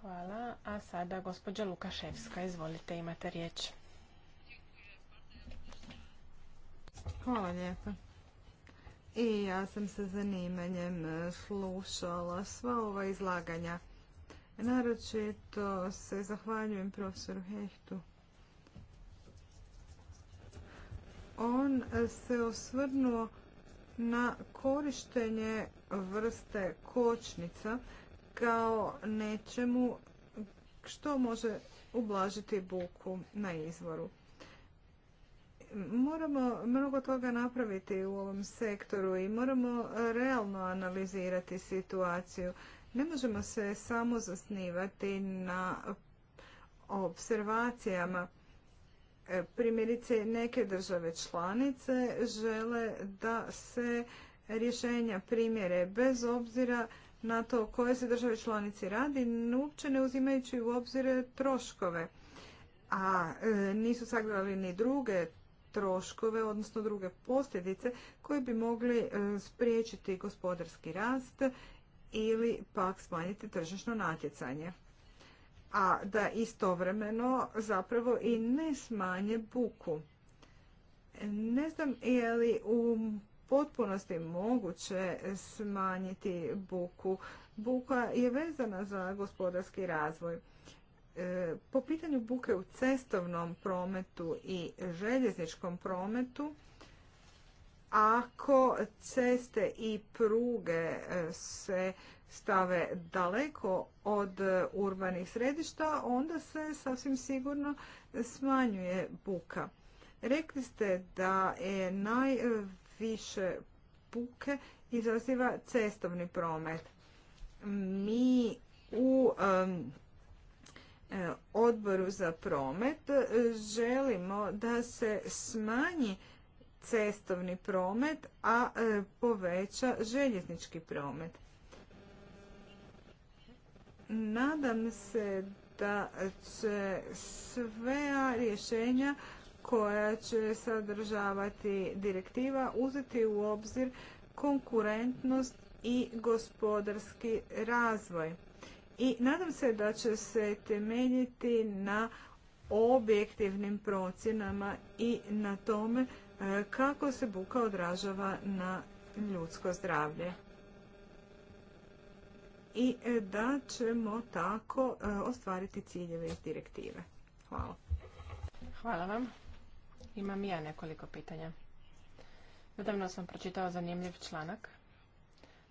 Hvala. A sada gospođa Lukaševska, izvolite, imate riječ. Hvala lijepa i ja sam sa zanimanjem e, slušala sva ova izlaganja. Naročito se zahvaljujem profesoru Hehtu. On se osvrnuo na korištenje vrste kočnica kao nečemu što može ublažiti buku na izvoru. Moramo mnogo toga napraviti u ovom sektoru i moramo e, realno analizirati situaciju. Ne možemo se samo zasnivati na observacijama. E, primjerice, neke države članice žele da se rješenja primjere bez obzira na to koje se države članici radi, uopće ne uzimajući u obzir troškove. A e, nisu sagledali ni druge troškove, odnosno druge posljedice koje bi mogli e, spriječiti gospodarski rast ili pak smanjiti tržišno natjecanje. A da istovremeno zapravo i ne smanje buku. Ne znam je li u potpunosti moguće smanjiti buku. Buka je vezana za gospodarski razvoj. E, po pitanju buke u cestovnom prometu i željezničkom prometu, ako ceste i pruge e, se stave daleko od urbanih središta, onda se sasvim sigurno smanjuje buka. Rekli ste da je najviše buke izaziva cestovni promet. Mi u E, odboru za promet e, želimo da se smanji cestovni promet, a e, poveća željeznički promet. Nadam se da će sve rješenja koja će sadržavati direktiva uzeti u obzir konkurentnost i gospodarski razvoj i nadam se da će se temeljiti na objektivnim procjenama i na tome e, kako se buka odražava na ljudsko zdravlje. I e, da ćemo tako e, ostvariti ciljeve iz direktive. Hvala. Hvala vam. Imam i ja nekoliko pitanja. Nedavno sam pročitao zanimljiv članak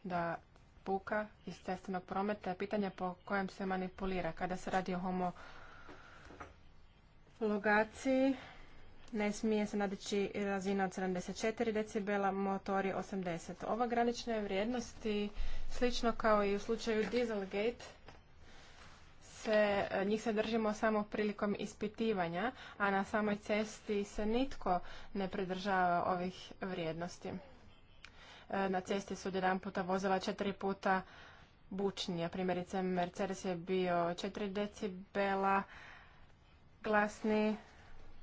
da puka iz cestovnog prometa je pitanje po kojem se manipulira. Kada se radi o homologaciji, ne smije se nadići razina od 74 decibela, motori 80. Ova granična je vrijednosti, slično kao i u slučaju Dieselgate, se, njih se držimo samo prilikom ispitivanja, a na samoj cesti se nitko ne pridržava ovih vrijednosti. E, na cesti su jedan puta vozila četiri puta bučnija. Primjerice, Mercedes je bio četiri decibela glasni,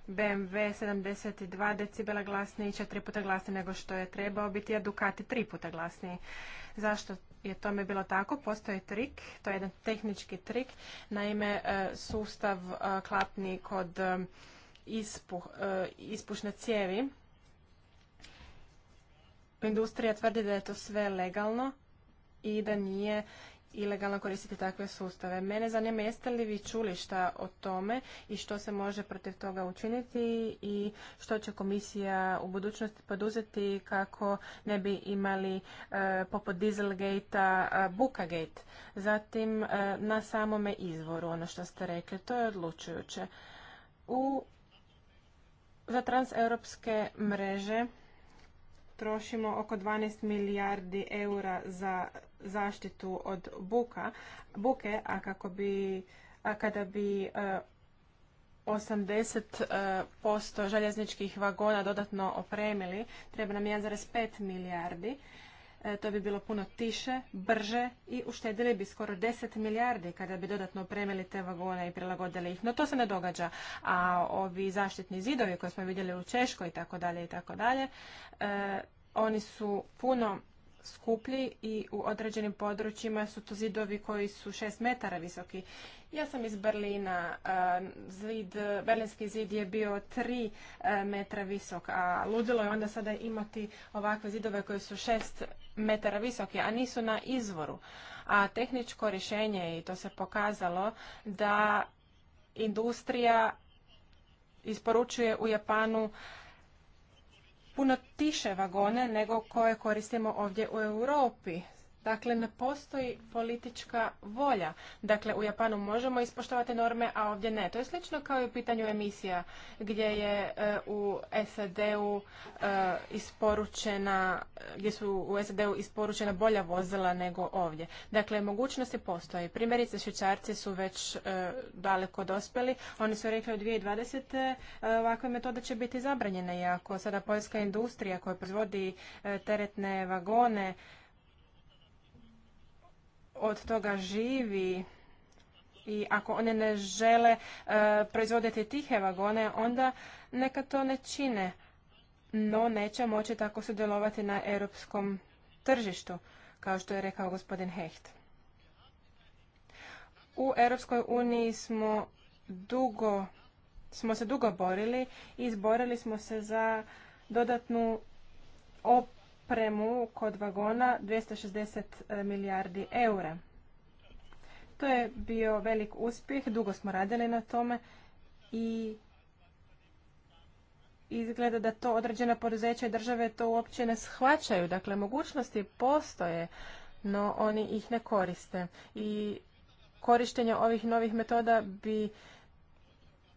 BMW 72 decibela i četiri puta glasniji nego što je trebao biti, a Ducati tri puta glasniji. Zašto je tome bilo tako? Postoji trik, to je jedan tehnički trik, naime e, sustav e, klapni kod ispušne cijevi, industrija tvrdi da je to sve legalno i da nije ilegalno koristiti takve sustave. Mene zanima jeste li vi čuli šta o tome i što se može protiv toga učiniti i što će komisija u budućnosti poduzeti kako ne bi imali e, poput Dieselgate-a e, Bukagate. Zatim e, na samome izvoru, ono što ste rekli, to je odlučujuće. U, za transeuropske mreže trošimo oko 12 milijardi eura za zaštitu od buka, buke, a kako bi, a kada bi 80% e, e, željezničkih vagona dodatno opremili, treba nam 1,5 milijardi E, to bi bilo puno tiše, brže i uštedili bi skoro 10 milijardi kada bi dodatno opremili te vagone i prilagodili ih. No to se ne događa. A ovi zaštitni zidovi koje smo vidjeli u Češkoj i tako dalje i tako dalje, e, oni su puno skuplji i u određenim područjima su to zidovi koji su 6 metara visoki. Ja sam iz Berlina, zid, berlinski zid je bio 3 metra visok, a ludilo je onda sada imati ovakve zidove koji su 6 metara visoki, a nisu na izvoru. A tehničko rješenje, i to se pokazalo, da industrija isporučuje u Japanu puno tiše vagone nego koje koristimo ovdje u Europi. Dakle, ne postoji politička volja. Dakle, u Japanu možemo ispoštovati norme, a ovdje ne. To je slično kao i u pitanju emisija, gdje je e, u SAD-u e, isporučena, gdje su u SAD-u isporučena bolja vozila nego ovdje. Dakle, mogućnosti postoje. Primjerice, švičarci su već e, daleko dospjeli. Oni su rekli u 2020. ovakve metode će biti zabranjene. Iako sada poljska industrija koja proizvodi teretne vagone, od toga živi i ako one ne žele e, proizvoditi tihe vagone, onda neka to ne čine. No neće moći tako sudjelovati na europskom tržištu, kao što je rekao gospodin Hecht. U Europskoj uniji smo dugo smo se dugo borili i izborili smo se za dodatnu op premu kod vagona 260 e, milijardi eura. To je bio velik uspjeh, dugo smo radili na tome i izgleda da to određena poduzeća i države to uopće ne shvaćaju. Dakle, mogućnosti postoje, no oni ih ne koriste. I korištenje ovih novih metoda bi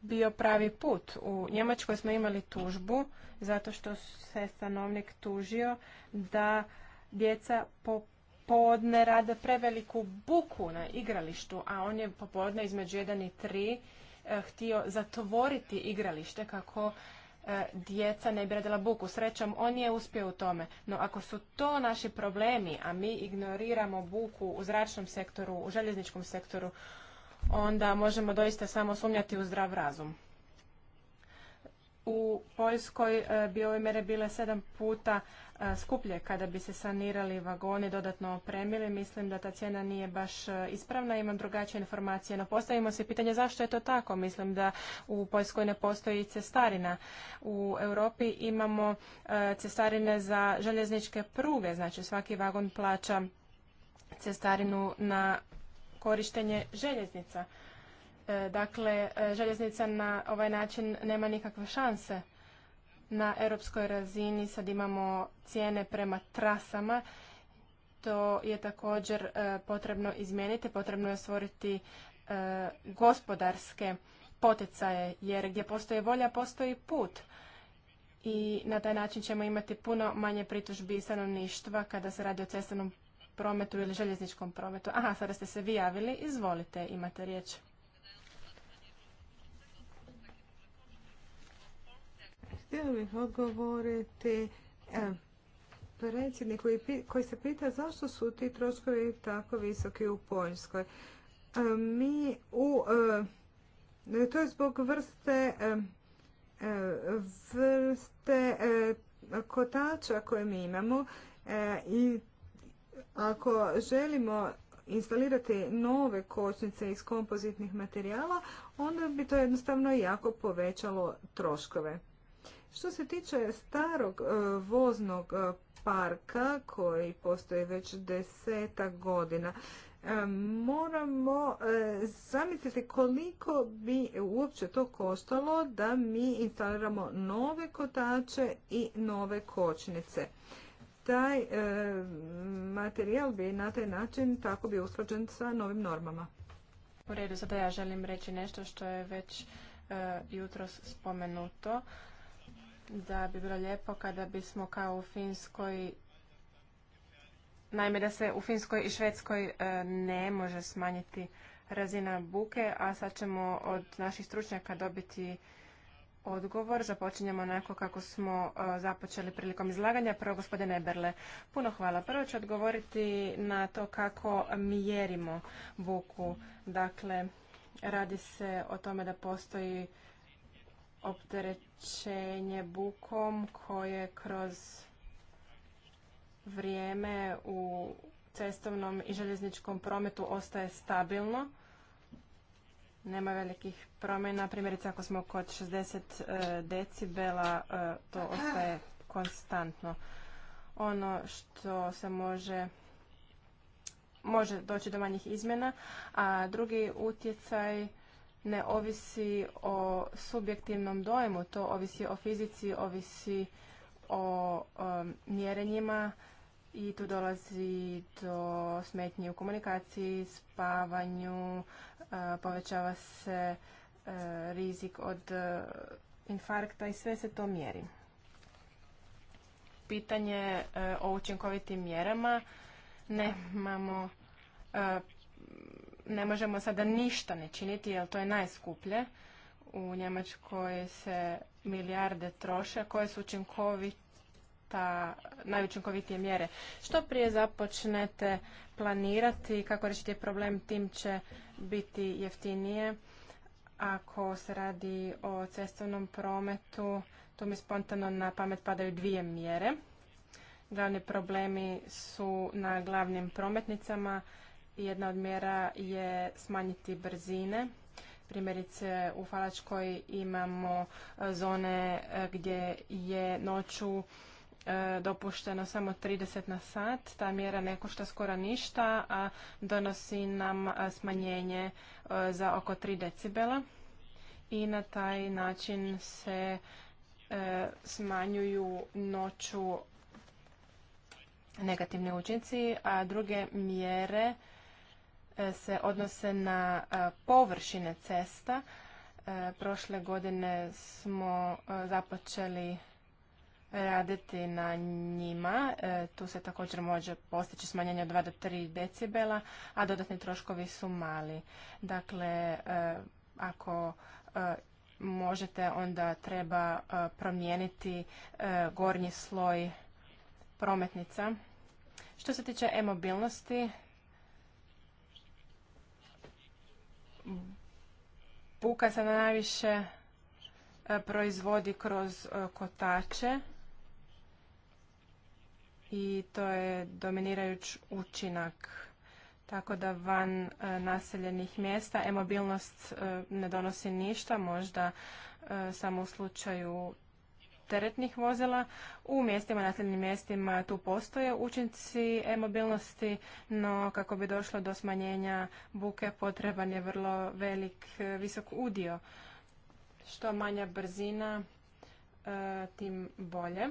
bio pravi put. U Njemačkoj smo imali tužbu zato što se stanovnik tužio da djeca popodne rade preveliku buku na igralištu, a on je popodne između 1 i 3 eh, htio zatvoriti igralište kako eh, djeca ne bi radila buku. Srećom, on je uspio u tome. No ako su to naši problemi, a mi ignoriramo buku u zračnom sektoru, u željezničkom sektoru, onda možemo doista samo sumnjati u zdrav razum. U Poljskoj e, bi ove mere bile sedam puta e, skuplje kada bi se sanirali vagoni, dodatno opremili. Mislim da ta cijena nije baš e, ispravna, imam drugačije informacije. No postavimo se pitanje zašto je to tako. Mislim da u Poljskoj ne postoji cestarina. U Europi imamo cestarine za željezničke pruge, znači svaki vagon plaća cestarinu na korištenje željeznica. E, dakle, e, željeznica na ovaj način nema nikakve šanse. Na europskoj razini sad imamo cijene prema trasama. To je također e, potrebno izmijeniti, potrebno je stvoriti gospodarske poticaje, jer gdje postoje volja, postoji put. I na taj način ćemo imati puno manje pritužbi stanovništva kada se radi o cestovnom prometu ili željezničkom prometu. Aha, sada ste se vi javili. Izvolite, imate riječ. Htjela bih odgovoriti e, predsjedniku koji se pita zašto su ti troškovi tako visoki u Poljskoj. E, mi u... E, to je zbog vrste vrste kotača koje mi imamo i ako želimo instalirati nove kočnice iz kompozitnih materijala, onda bi to jednostavno jako povećalo troškove. Što se tiče starog e, voznog e, parka koji postoji već deseta godina, e, moramo zamisliti koliko bi uopće to koštalo da mi instaliramo nove kotače i nove kočnice. Taj e, materijal bi na taj način tako bio usklađen sa novim normama. U redu, sada ja želim reći nešto što je već e, jutros spomenuto da bi bilo lijepo kada bismo kao u Finskoj naime da se u Finskoj i Švedskoj e, ne može smanjiti razina buke, a sad ćemo od naših stručnjaka dobiti odgovor. Započinjemo onako kako smo e, započeli prilikom izlaganja. Prvo, gospodine Eberle, puno hvala. Prvo ću odgovoriti na to kako mjerimo buku. Dakle, radi se o tome da postoji opterećenje bukom koje kroz vrijeme u cestovnom i željezničkom prometu ostaje stabilno nema velikih promjena. Primjerice, ako smo kod 60 e, decibela, e, to ostaje konstantno. Ono što se može može doći do manjih izmjena, a drugi utjecaj ne ovisi o subjektivnom dojmu, to ovisi o fizici, ovisi o e, mjerenjima i tu dolazi do smetnje u komunikaciji, spavanju, e, povećava se e, rizik od e, infarkta i sve se to mjeri. Pitanje o učinkovitim mjerama nemamo ne možemo sada ništa ne činiti jer to je najskuplje. U Njemačkoj se milijarde troše koje su učinkovite najučinkovitije mjere. Što prije započnete planirati, kako riješiti problem, tim će biti jeftinije. Ako se radi o cestovnom prometu, tu mi spontano na pamet padaju dvije mjere. Glavni problemi su na glavnim prometnicama. Jedna od mjera je smanjiti brzine. Primjerice u Falačkoj imamo e, zone e, gdje je noću E, dopušteno samo 30 na sat. Ta mjera ne košta skoro ništa, a donosi nam e, smanjenje e, za oko 3 decibela i na taj način se smanjuju noću negativni učinci, a druge mjere se odnose na površine cesta. Prošle godine smo započeli raditi na njima. E, tu se također može postići smanjenje od 2 do 3 decibela, a dodatni troškovi su mali. Dakle, e, ako e, možete, onda treba promijeniti gornji sloj prometnica. Što se tiče e-mobilnosti, buka se najviše proizvodi kroz kotače i to je dominirajuć učinak. Tako da van e, naseljenih mjesta e-mobilnost e, ne donosi ništa, možda e, samo u slučaju teretnih vozila. U mjestima, naseljenim mjestima tu postoje učinci e-mobilnosti, no kako bi došlo do smanjenja buke potreban je vrlo velik, visok udio. Što manja brzina, tim bolje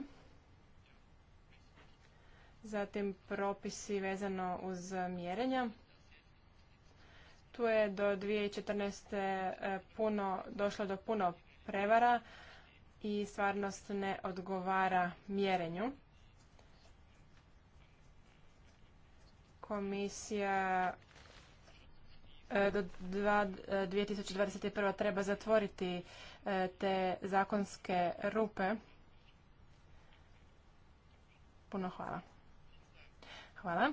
zatim propisi vezano uz mjerenja. Tu je do 2014. E, puno, došlo do puno prevara i stvarnost ne odgovara mjerenju. Komisija e, do 2021. E, treba zatvoriti te zakonske rupe. Puno hvala. Hvala.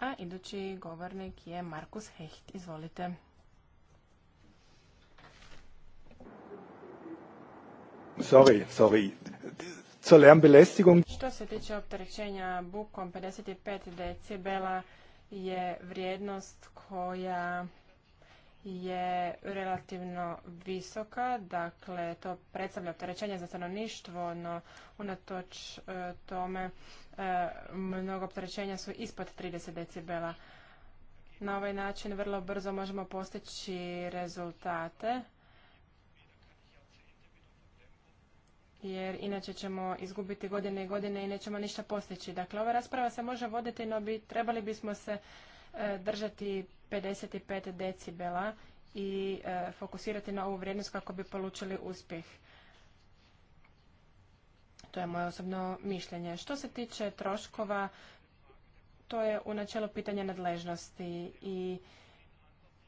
A idući govornik je Markus Hecht. Izvolite. Sorry, sorry. Lärmbelästigung. Što se tiče opterećenja bukom, 55 decibela je vrijednost koja je relativno visoka, dakle to predstavlja opterećenje za stanovništvo, no unatoč e, tome E, mnogo opterećenja su ispod 30 decibela. Na ovaj način vrlo brzo možemo postići rezultate, jer inače ćemo izgubiti godine i godine i nećemo ništa postići. Dakle, ova rasprava se može voditi, no bi, trebali bismo se e, držati 55 decibela i e, fokusirati na ovu vrijednost kako bi polučili uspjeh. To je moje osobno mišljenje. Što se tiče troškova, to je u načelu pitanje nadležnosti i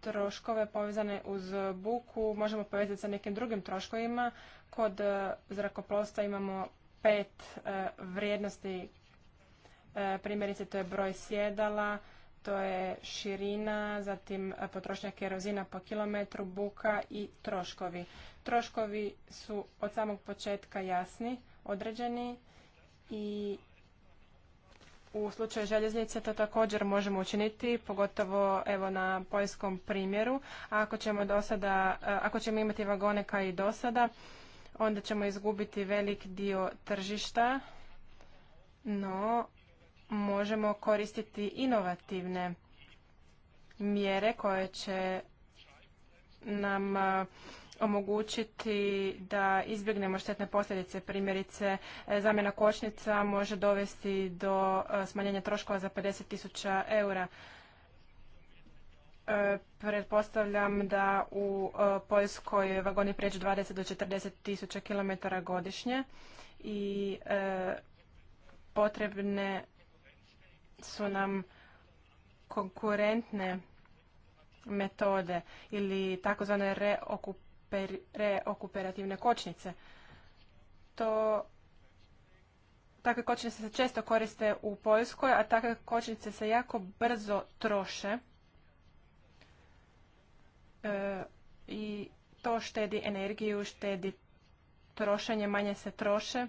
troškove povezane uz buku možemo povezati sa nekim drugim troškovima. Kod e, zrakoplosta imamo pet e, vrijednosti. E, primjerice to je broj sjedala, to je širina, zatim potrošnja kerozina po kilometru, buka i troškovi. Troškovi su od samog početka jasni određeni i u slučaju željeznice to također možemo učiniti, pogotovo evo na poljskom primjeru. ako ćemo do sada, ako ćemo imati vagone kao i do sada, onda ćemo izgubiti velik dio tržišta, no možemo koristiti inovativne mjere koje će nam omogućiti da izbjegnemo štetne posljedice. Primjerice, e, zamjena kočnica može dovesti do e, smanjenja troškova za 50.000 tisuća eura. E, pretpostavljam da u Poljskoj vagoni pređu 20 do 40.000 tisuća godišnje i potrebne su nam konkurentne metode ili takozvane reokupacije preokuperativne kočnice. To takve kočnice se često koriste u Poljskoj, a takve kočnice se jako brzo troše e, i to štedi energiju, štedi trošenje, manje se troše.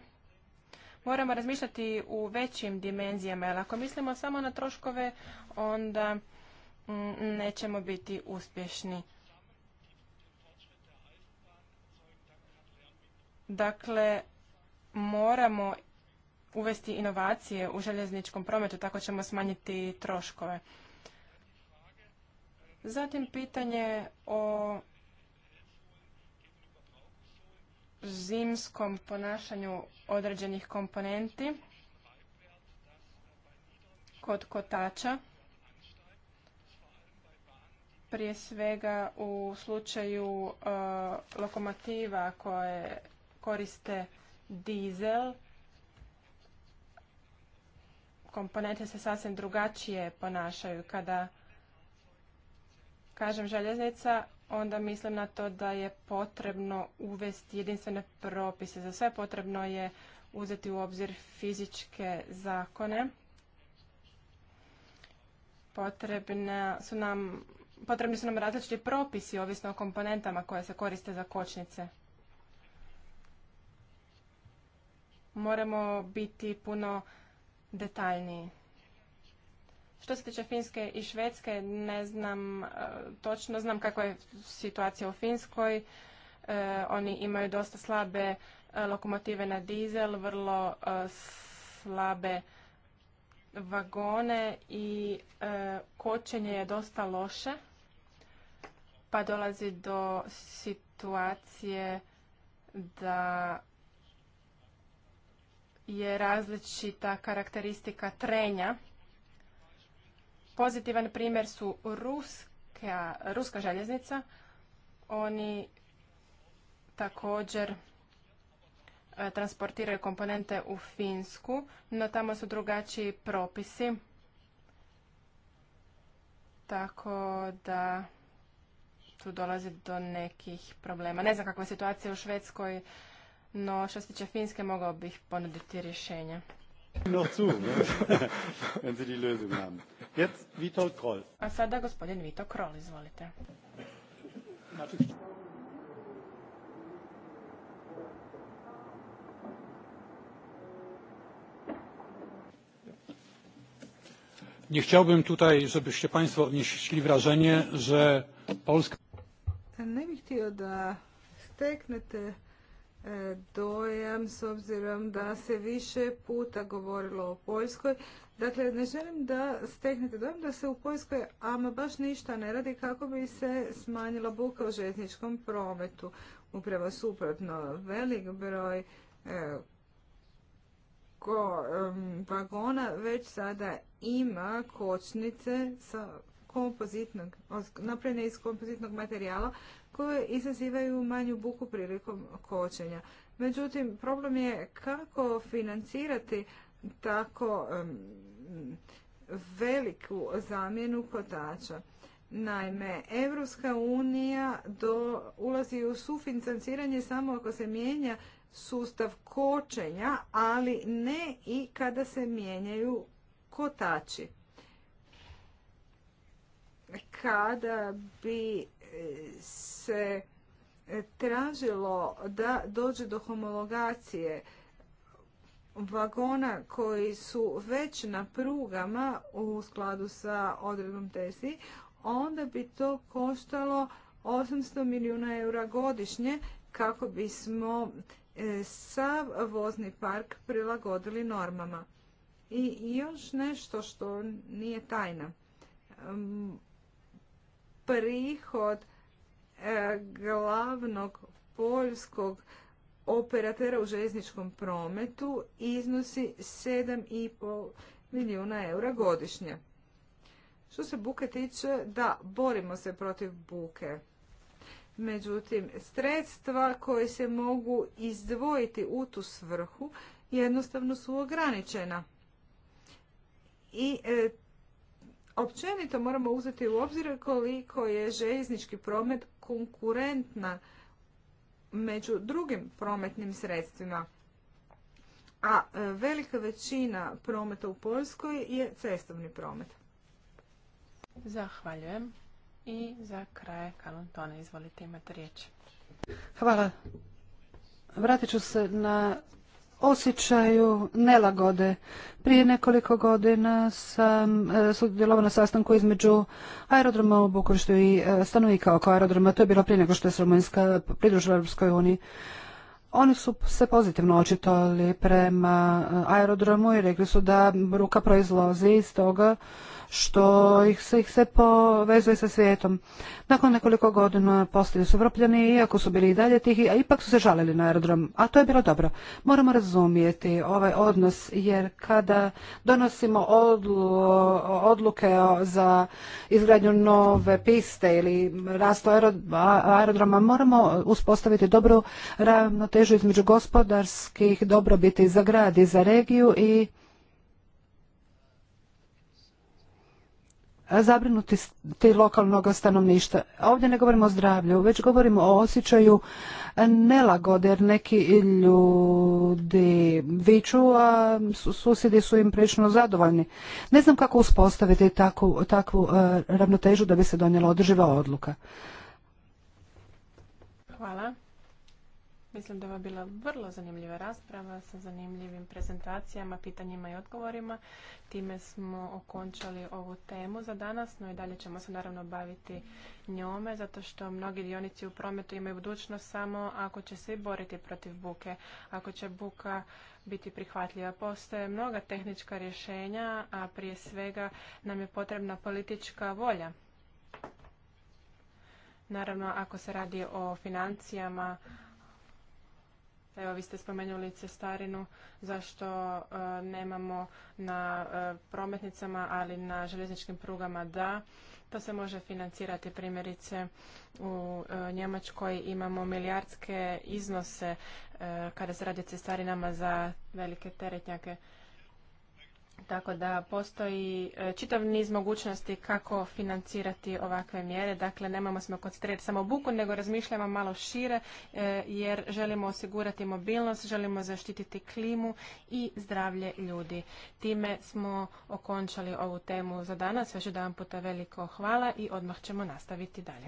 Moramo razmišljati u većim dimenzijama, jer ako mislimo samo na troškove, onda mm, nećemo biti uspješni. Dakle, moramo uvesti inovacije u željezničkom prometu, tako ćemo smanjiti troškove. Zatim pitanje o zimskom ponašanju određenih komponenti kod kotača. Prije svega u slučaju e, lokomotiva koje koriste dizel, komponente se sasvim drugačije ponašaju. Kada kažem željeznica, onda mislim na to da je potrebno uvesti jedinstvene propise. Za sve potrebno je uzeti u obzir fizičke zakone. su nam, potrebni su nam različiti propisi, ovisno o komponentama koje se koriste za kočnice. moramo biti puno detaljniji. Što se tiče Finske i Švedske, ne znam e, točno, znam kako je situacija u Finskoj. E, oni imaju dosta slabe e, lokomotive na dizel, vrlo slabe vagone i kočenje je dosta loše, pa dolazi do situacije da je različita karakteristika trenja. Pozitivan primjer su ruska, ruska željeznica. Oni također e, transportiraju komponente u Finsku, no tamo su drugačiji propisi. Tako da tu dolazi do nekih problema. Ne znam kakva je situacija u Švedskoj, no što se tiče Finske mogao bih ponuditi rješenje. No zu, wenn Sie die Lösung haben. Jetzt Vito Kroll. A sada gospodin Vito Kroll, izvolite. Nie chciałbym tutaj, żebyście Państwo odnieśli wrażenie, że Polska... Nie bym chciał, da steknete E, dojam s obzirom da se više puta govorilo o Poljskoj. Dakle, ne želim da steknete dojam da se u Poljskoj ama baš ništa ne radi kako bi se smanjila buka u žetničkom prometu. Upravo suprotno, velik broj e, vagona već sada ima kočnice sa kompozitnog, napravljene iz kompozitnog materijala koje izazivaju manju buku prilikom kočenja. Međutim, problem je kako financirati tako veliku zamjenu kotača. Naime, Evropska unija do, ulazi u sufinanciranje samo ako se mijenja sustav kočenja, ali ne i kada se mijenjaju kotači kada bi e, se e, tražilo da dođe do homologacije vagona koji su već na prugama u skladu sa odredbom TSI, onda bi to koštalo 800 milijuna eura godišnje kako bismo e, sav vozni park prilagodili normama. I još nešto što nije tajna prihod e, glavnog poljskog operatera u željezničkom prometu iznosi 7,5 milijuna eura godišnje. Što se buke tiče, da, borimo se protiv buke. Međutim, sredstva koje se mogu izdvojiti u tu svrhu jednostavno su ograničena. I e, Općenito moramo uzeti u obzir koliko je željeznički promet konkurentna među drugim prometnim sredstvima. A e, velika većina prometa u Poljskoj je cestovni promet. Zahvaljujem. I za kraj, izvolite imate riječ. Hvala. Vratit ću se na osjećaju nelagode. Prije nekoliko godina sam e, sudjelovao na sastanku između aerodroma u bukurštu i e, stanovnika oko aerodroma. To je bilo prije nego što je Srumunjska pridružila Europskoj uniji. Oni su se pozitivno očitovali prema eh, aerodromu i rekli su da ruka proizlozi iz toga što ih se, ih se povezuje sa svijetom. Nakon nekoliko godina postali su vrpljani, iako su bili i dalje tihi, a ipak su se žalili na aerodrom. A to je bilo dobro. Moramo razumijeti ovaj odnos, jer kada donosimo odlu, odluke za izgradnju nove piste ili rastu aerodroma, moramo uspostaviti dobru ravnotežu ravnotežu između gospodarskih dobrobiti za grad i za regiju i zabrinuti lokalnog stanovništva. Ovdje ne govorimo o zdravlju, već govorimo o osjećaju nelagode, jer neki ljudi viču, a susjedi su im prilično zadovoljni. Ne znam kako uspostaviti takvu, takvu e, ravnotežu da bi se donijela održiva odluka. Hvala. Mislim da je ovo bila vrlo zanimljiva rasprava sa zanimljivim prezentacijama, pitanjima i odgovorima. Time smo okončali ovu temu za danas, no i dalje ćemo se naravno baviti njome, zato što mnogi dionici u prometu imaju budućnost samo ako će se boriti protiv buke, ako će buka biti prihvatljiva. Postoje mnoga tehnička rješenja, a prije svega nam je potrebna politička volja. Naravno, ako se radi o financijama, Evo, vi ste spomenuli cestarinu, zašto e, nemamo na e, prometnicama, ali na željezničkim prugama da. To se može financirati primjerice u e, Njemačkoj imamo milijardske iznose kada se radi o cestarinama za velike teretnjake. Tako da postoji e, čitav niz mogućnosti kako financirati ovakve mjere. Dakle, nemamo smo koncentrirati samo buku, nego razmišljamo malo šire e, jer želimo osigurati mobilnost, želimo zaštititi klimu i zdravlje ljudi. Time smo okončali ovu temu za danas. Još jedan puta veliko hvala i odmah ćemo nastaviti dalje.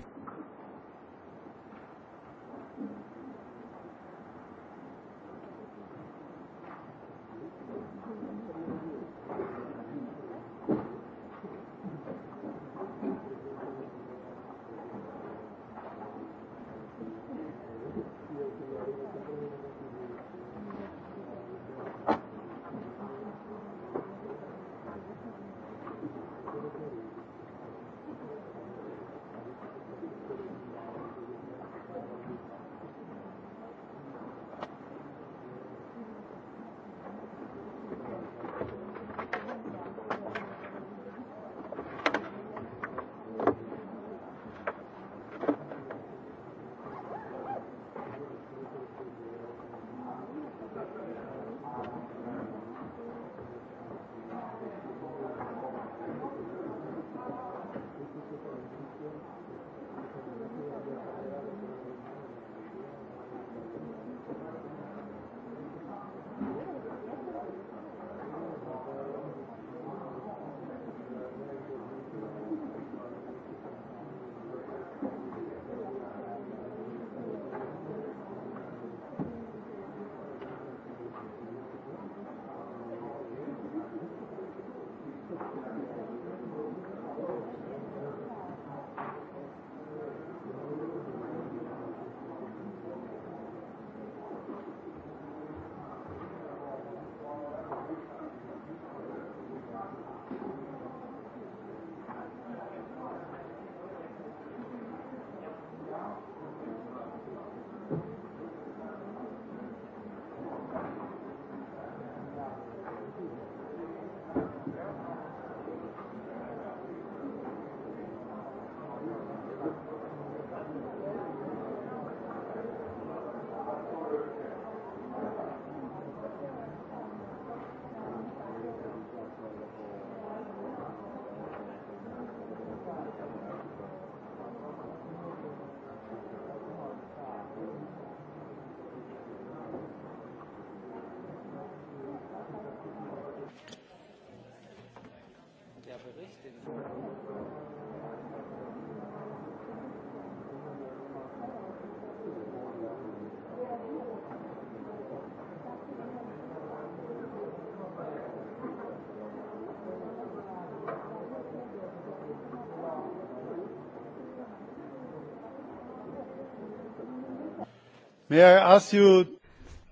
May I ask you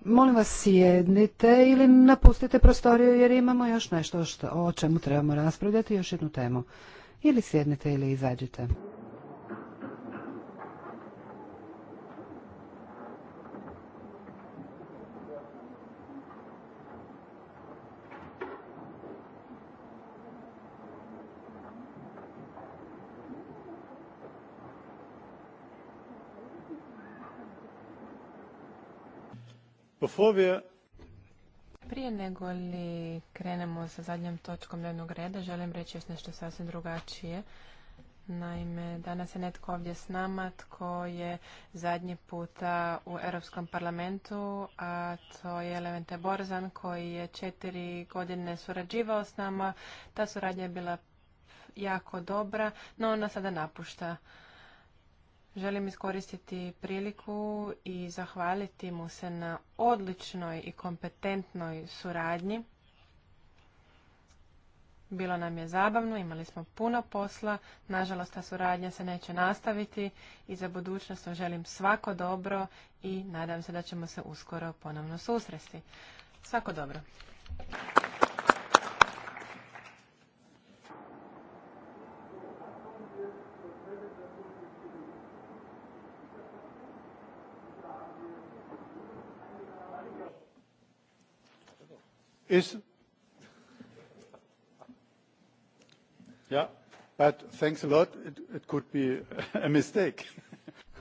Molim vas sjednite ili napustite prostoriju jer imamo još nešto o čemu trebamo raspravljati, još jednu temu. Ili sjednite ili izađite. Prije nego li krenemo sa zadnjom točkom dnevnog reda, želim reći još nešto sasvim drugačije. Naime, danas je netko ovdje s nama tko je zadnji puta u Europskom parlamentu, a to je Elemente Borzan koji je četiri godine surađivao s nama. Ta suradnja je bila jako dobra, no ona sada napušta Želim iskoristiti priliku i zahvaliti mu se na odličnoj i kompetentnoj suradnji. Bilo nam je zabavno, imali smo puno posla, nažalost ta suradnja se neće nastaviti i za budućnost želim svako dobro i nadam se da ćemo se uskoro ponovno susresti. Svako dobro. is Ja, but thanks a lot it, could be a mistake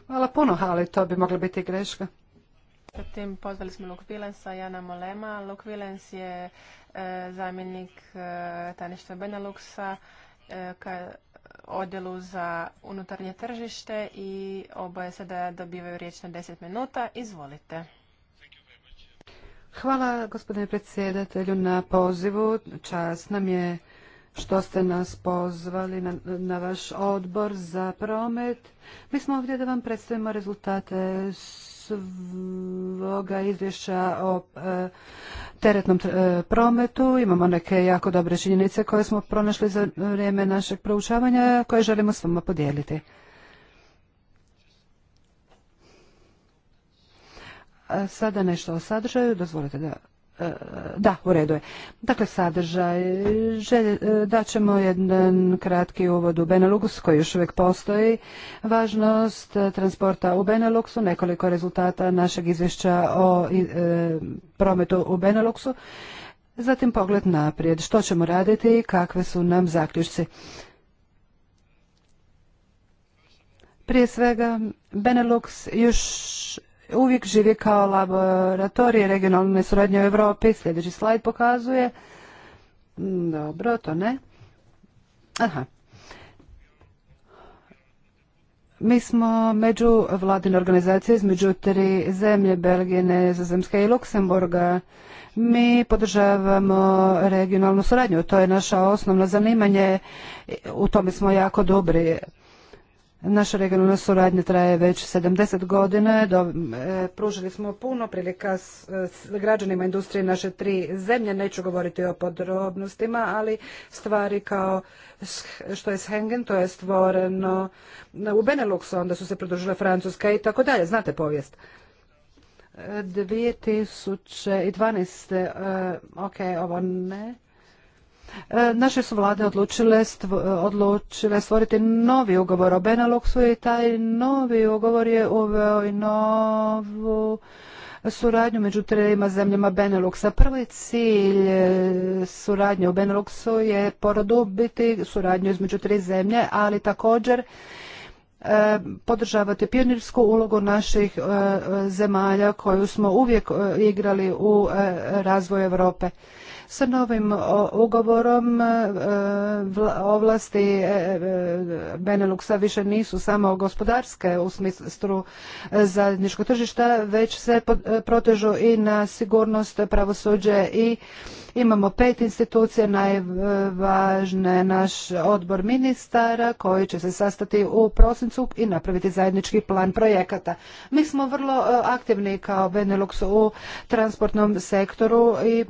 Hvala puno, ali to bi mogla biti greška. Zatim pozvali smo Luke Vilensa, Jana Molema. Luke Vilens je e, zamjenik e, tajništva e, ka odjelu za unutarnje tržište i oboje sada dobivaju riječ na 10 minuta. Izvolite. Hvala gospodine predsjedatelju na pozivu. Čast nam je što ste nas pozvali na, vaš odbor za promet. Mi smo ovdje da vam predstavimo rezultate svoga izvješća o e, teretnom e, prometu. Imamo neke jako dobre činjenice koje smo pronašli za vrijeme našeg proučavanja koje želimo s vama podijeliti. Sada nešto o sadržaju, dozvolite da e, da, u redu je. Dakle, sadržaj, e, daćemo jedan kratki uvod u Benelux koji još uvijek postoji. Važnost e, transporta u Beneluxu, nekoliko rezultata našeg izvješća o prometu u Beneluxu. Zatim pogled naprijed, što ćemo raditi i kakve su nam zaključci. Prije svega, Benelux još uvijek živi kao laboratorij regionalne suradnje u Europi. Sljedeći slajd pokazuje. Mm, dobro, to ne. Aha. Mi smo među vladine organizacije između tri zemlje, Belgije, Nezazemske i Luksemburga. Mi podržavamo regionalnu suradnju, to je naša osnovna zanimanje, u tome smo jako dobri. Naša regionalna suradnja traje već 70 godina. E, pružili smo puno prilika s građanima industrije naše tri zemlje. Neću govoriti o podrobnostima, ali stvari kao što je Schengen, to je stvoreno u Beneluxu, onda su se produžile Francuska i tako dalje. Znate povijest. 2012. E, e, ok, ovo ne. E, naše su vlade odlučile, e, odlučile stvoriti novi ugovor o Beneluxu i taj novi ugovor je uveo i novu suradnju među trema zemljama Beneluxa. Prvi cilj e, suradnje u Beneluxu je porodubiti suradnju između tri zemlje, ali također podržavati pionirsku ulogu naših zemalja koju smo uvijek igrali u razvoju Europe. Sa novim ugovorom e, ovlasti e, e, Beneluxa više nisu samo gospodarske u smislu zajedničkog tržišta, već se protežu i na sigurnost pravosuđe i Imamo pet institucija, najvažne naš odbor ministara koji će se sastati u prosincu i napraviti zajednički plan projekata. Mi smo vrlo e, aktivni kao Benelux u transportnom sektoru i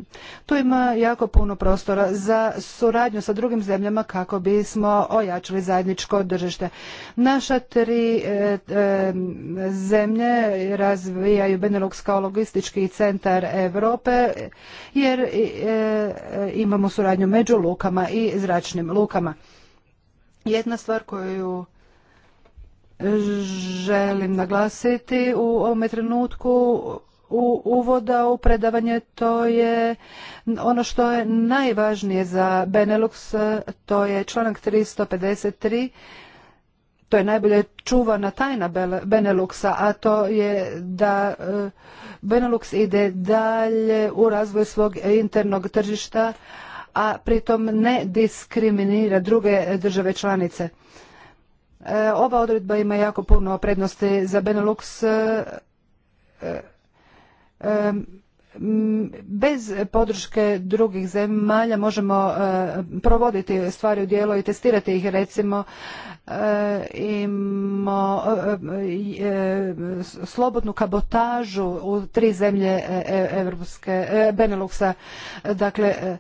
tu ima jako puno prostora za suradnju sa drugim zemljama kako bismo ojačali zajedničko držište. Naša tri e, e, zemlje razvijaju Benelux kao logistički centar Europe jer E, imamo suradnju među lukama i zračnim lukama. Jedna stvar koju želim naglasiti u ovome trenutku u uvoda u predavanje to je ono što je najvažnije za Benelux, to je članak 353 to je najbolje čuvana tajna Beneluxa, a to je da e, Benelux ide dalje u razvoj svog internog tržišta, a pritom ne diskriminira druge države članice. E, ova odredba ima jako puno prednosti za Benelux e, bez podrške drugih zemalja možemo provoditi stvari u dijelo i testirati ih recimo E, imamo e, e, slobodnu kabotažu u tri zemlje Evropske, Beneluxa. Dakle,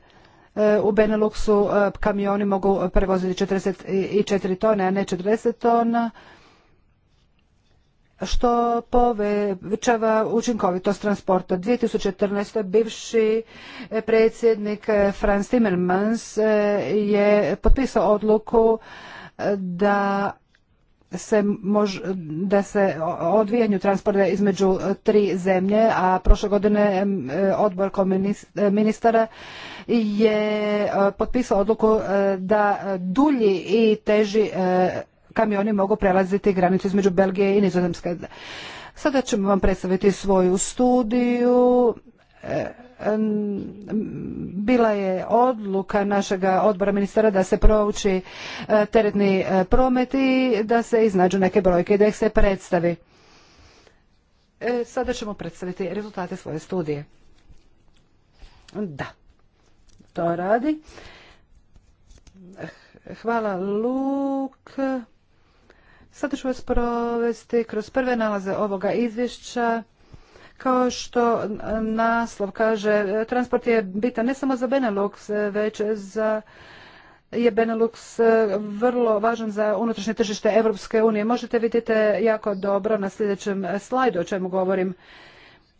u Beneluxu kamioni mogu prevoziti 44 tone, a ne 40 tona što povećava učinkovitost transporta. 2014. bivši predsjednik Franz Timmermans je potpisao odluku da se da se odvijanju transporta između tri zemlje, a prošle godine e, odbor e, ministara je e, potpisao odluku da dulji i teži kamioni mogu prelaziti granicu između Belgije i Nizozemske. Sada ćemo vam predstaviti svoju studiju bila je odluka našeg odbora ministara da se prouči e, teretni e, promet i da se iznađu neke brojke i da ih se predstavi. E, sada ćemo predstaviti rezultate svoje studije. Da, to radi. Hvala Luk. Sada ću vas provesti kroz prve nalaze ovoga izvješća. Kao što naslov kaže, transport je bitan ne samo za Benelux, već za je Benelux e, vrlo važan za unutrašnje tržište Europske unije. Možete vidjeti jako dobro na sljedećem slajdu o čemu govorim.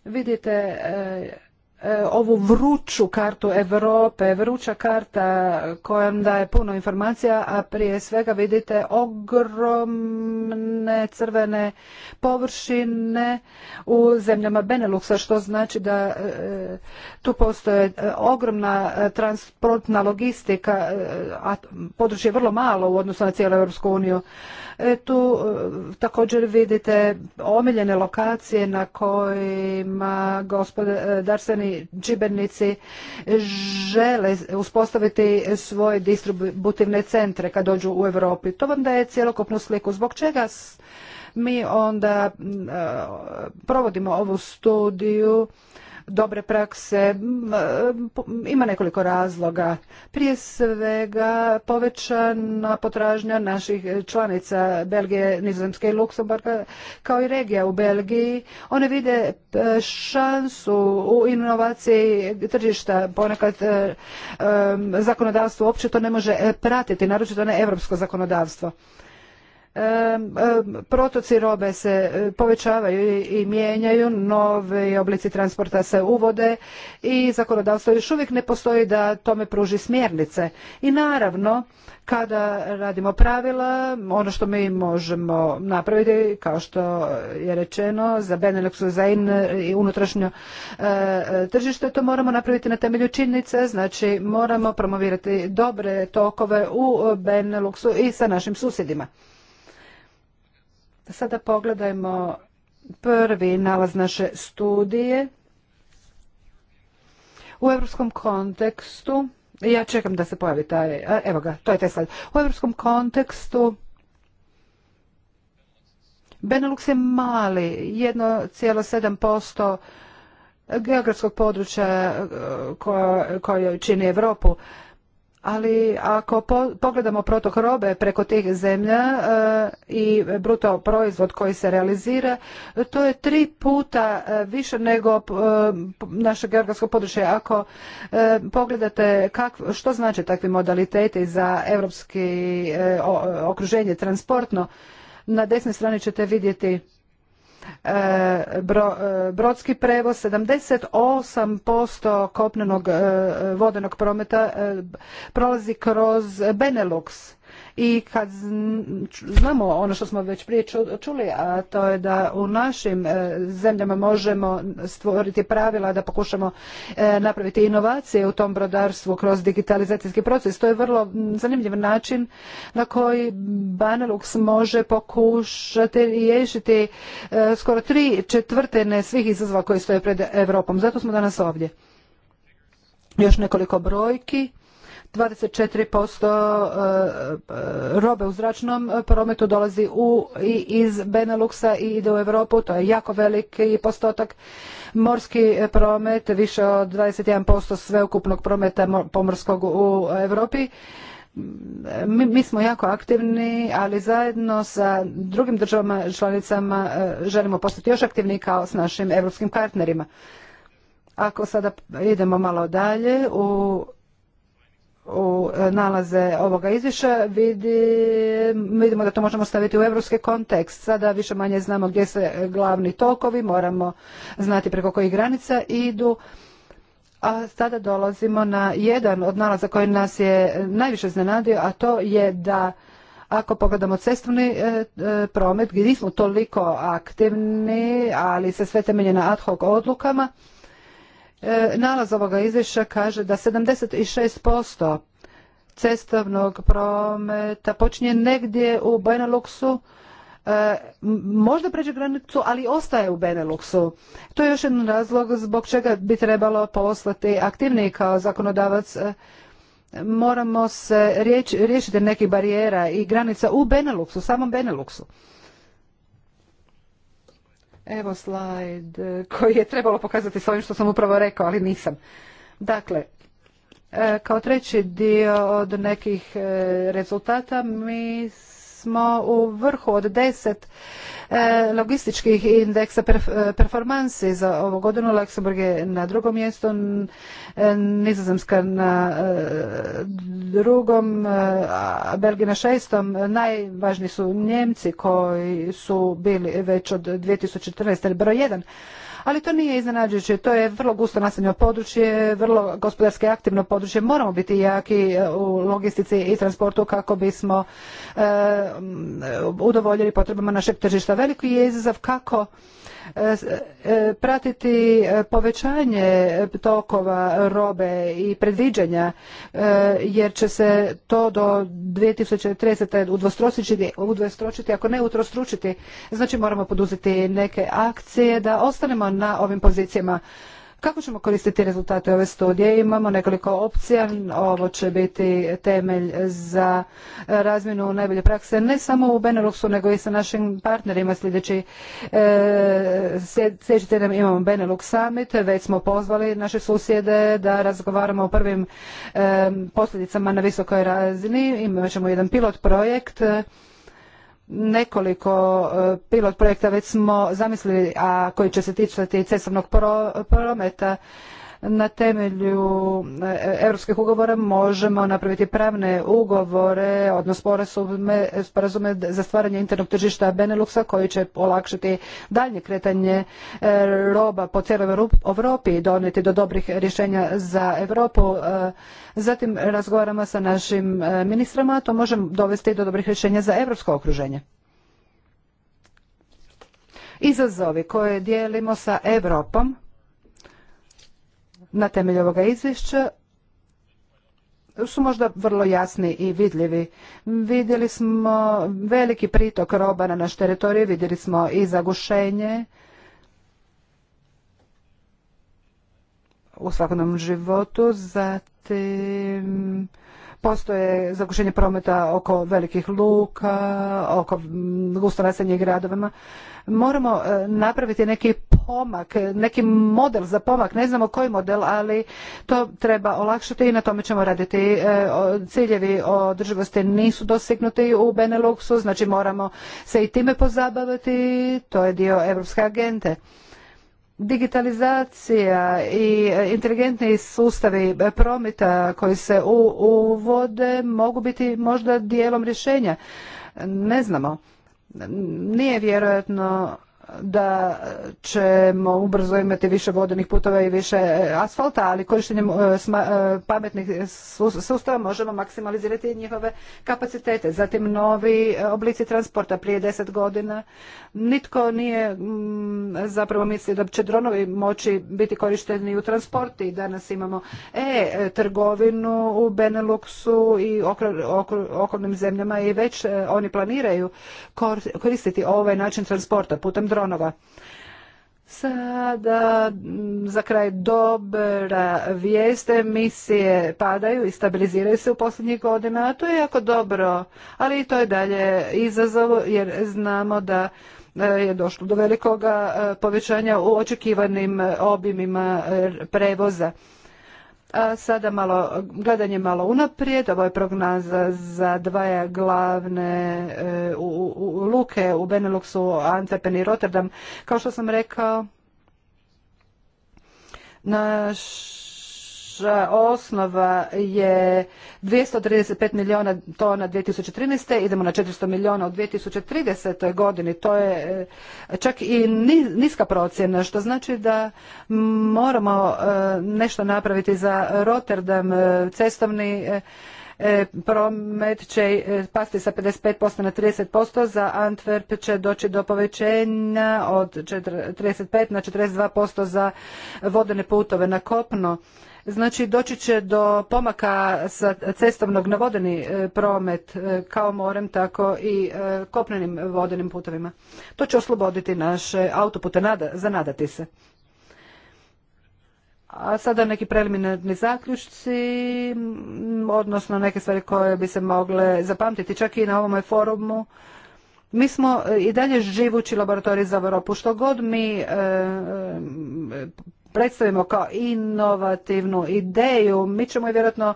Vidite e, E, ovu vruću kartu Europe, vruća karta koja nam daje puno informacija, a prije svega vidite ogromne crvene površine u zemljama Beneluxa, što znači da e, tu postoje e, ogromna transportna logistika, a područje je vrlo malo u odnosu na cijelu Europsku uniju. E, tu e, također vidite omiljene lokacije na kojima gospodarstveni e, džibernici žele uspostaviti svoje distributivne centre kad dođu u Europi. To vam daje cjelokupnu sliku. Zbog čega mi onda provodimo ovu studiju dobre prakse ima nekoliko razloga. Prije svega povećana potražnja naših članica Belgije, Nizozemske i Luksemburga kao i regija u Belgiji. One vide e, šansu u inovaciji tržišta. Ponekad e, e, zakonodavstvo uopće to ne može pratiti, naročito ne europsko zakonodavstvo protoci robe se e, povećavaju i mijenjaju, novi oblici transporta se uvode i zakonodavstvo još uvijek ne postoji da tome pruži smjernice. I naravno, kada radimo pravila, ono što mi možemo napraviti, kao što je rečeno, za Benelux za in, i unutrašnjo e, tržište, to moramo napraviti na temelju činjenice, znači moramo promovirati dobre tokove u Beneluxu i sa našim susjedima. Sada pogledajmo prvi nalaz naše studije u europskom kontekstu. Ja čekam da se pojavi taj, evo ga, to je taj slajd. U europskom kontekstu Benelux je mali, 1,7% geografskog područja e, koja čini Europu ali ako pogledamo protok robe preko tih zemlja eh, i bruto proizvod koji se realizira, to je tri puta eh, više nego eh, naše geografsko područje. Ako pogledate kak, što znači takvi modaliteti za europski okruženje transportno, na desnoj strani ćete vidjeti E, brodski prevoz, 78% kopnenog e, e, vodenog prometa prolazi kroz Benelux i kad znamo ono što smo već prije čuli, a to je da u našim e, zemljama možemo stvoriti pravila da pokušamo e, napraviti inovacije u tom brodarstvu kroz digitalizacijski proces. To je vrlo zanimljiv način na koji Banelux može pokušati riješiti e, skoro tri četvrtene svih izazova koji stoje pred Europom. Zato smo danas ovdje. Još nekoliko brojki. 24% e, e, robe u zračnom prometu dolazi u iz Beneluxa i ide u Europu, to je jako veliki postotak. Morski promet više od 21% sveukupnog prometa pomorskog u Europi. Mi, smo jako aktivni, ali zajedno sa drugim državama članicama e, želimo postati još aktivniji kao s našim europskim partnerima. Ako sada idemo malo dalje u u e, nalaze ovoga izvješća vidimo da to možemo staviti u europski kontekst. Sada više manje znamo gdje se glavni tokovi, moramo znati preko kojih granica idu. A sada dolazimo na jedan od nalaza koji nas je najviše znenadio, a to je da ako pogledamo cestovni e, e, promet gdje nismo toliko aktivni, ali se sve temelje na ad hoc odlukama, E, nalaz ovoga izvješća kaže da 76% cestovnog prometa počinje negdje u Beneluxu, e, možda pređe granicu, ali ostaje u Beneluxu. To je još jedan razlog zbog čega bi trebalo poslati aktivniji kao zakonodavac e, moramo se riješiti nekih barijera i granica u Beneluxu, samom Beneluxu. Evo slajd e, koji je trebalo pokazati s ovim što sam upravo rekao, ali nisam. Dakle, e, kao treći dio od nekih e, rezultata mi smo u vrhu od deset E, logističkih indeksa e, performansi za ovu godinu. Luxemburg je na drugom mjestu, e, Nizozemska na drugom, Belgija na šestom. Najvažniji su Njemci koji su bili već od 2014. broj jedan ali to nije iznenađujuće. To je vrlo gusto naseljeno područje, vrlo gospodarski aktivno područje. Moramo biti jaki e, u logistici i transportu kako bismo e, e, udovoljili potrebama našeg tržišta. Veliki je izazov kako E, e, pratiti e, povećanje tokova robe i predviđanja jer će se to do 2030. udvostročiti ako ne utrostručiti. Znači moramo poduzeti neke akcije da ostanemo na ovim pozicijama. Kako ćemo koristiti rezultate ove studije? Imamo nekoliko opcija. Ovo će biti temelj za razmjenu najbolje prakse ne samo u Beneluxu nego i sa našim partnerima sljedeći e, sljedeći tjedan imamo Benelux summit. Već smo pozvali naše susjede da razgovaramo o prvim e, posljedicama na visokoj razini. Imat ćemo jedan pilot projekt nekoliko e, pilot projekta već smo zamislili, a koji će se ticati cestovnog prometa na temelju e, europskih ugovora možemo napraviti pravne ugovore, odnosno sporazume za stvaranje internog tržišta Beneluxa koji će olakšati daljnje kretanje e, roba po cijeloj Europi i donijeti do dobrih rješenja za Europu. E, zatim razgovaramo sa našim ministrama, a to možemo dovesti do dobrih rješenja za europsko okruženje. Izazovi koje dijelimo sa Europom na temelju ovoga izvješća su možda vrlo jasni i vidljivi. Vidjeli smo veliki pritok roba na naš teritorij, vidjeli smo i zagušenje u svakodnevnom životu, zatim postoje zagušenje prometa oko velikih luka, oko naseljenih gradovima moramo e, napraviti neki pomak, neki model za pomak, ne znamo koji model, ali to treba olakšati i na tome ćemo raditi. E, ciljevi održivosti nisu dosignuti u Beneluxu, znači moramo se i time pozabaviti, to je dio Europske agente. Digitalizacija i e, inteligentni sustavi prometa koji se uvode mogu biti možda dijelom rješenja. Ne znamo. Nije vjerojatno da ćemo ubrzo imati više vodenih putova i više e, asfalta, ali korištenjem e, e, pametnih sustava možemo maksimalizirati njihove kapacitete. Zatim novi oblici transporta prije deset godina. Nitko nije mm, zapravo mislio da će dronovi moći biti korišteni u transporti. Danas imamo e-trgovinu u Beneluxu i okolnim zemljama i već oni planiraju koristiti ovaj način transporta putem dronova. Sada za kraj dobra vijeste emisije padaju i stabiliziraju se u posljednjih godina, a to je jako dobro, ali i to je dalje izazov jer znamo da e, je došlo do velikoga e, povećanja u očekivanim e, obimima prevoza a Sada malo, gledanje malo unaprijed, ovo je prognaza za dvaja glavne e, u luke u Beneluxu, Antwerpen i Rotterdam. Kao što sam rekao, naš osnova je 235 milijuna tona 2013. Idemo na 400 milijuna u 2030. godini. To je e, čak i niska procjena, što znači da moramo e, nešto napraviti za Rotterdam, e, cestovni promet će pasti sa 55% na 30%, za Antwerp će doći do povećenja od 35 na 42% za vodene putove na kopno. Znači doći će do pomaka sa cestovnog na vodeni e, promet e, kao morem tako i e, kopnenim vodenim putovima. To će osloboditi naše autopute, za zanadati se. A sada neki preliminarni zaključci, odnosno neke stvari koje bi se mogle zapamtiti čak i na ovom forumu. Mi smo i dalje živući laboratorij za Europu. Što god mi predstavimo kao inovativnu ideju, mi ćemo je vjerojatno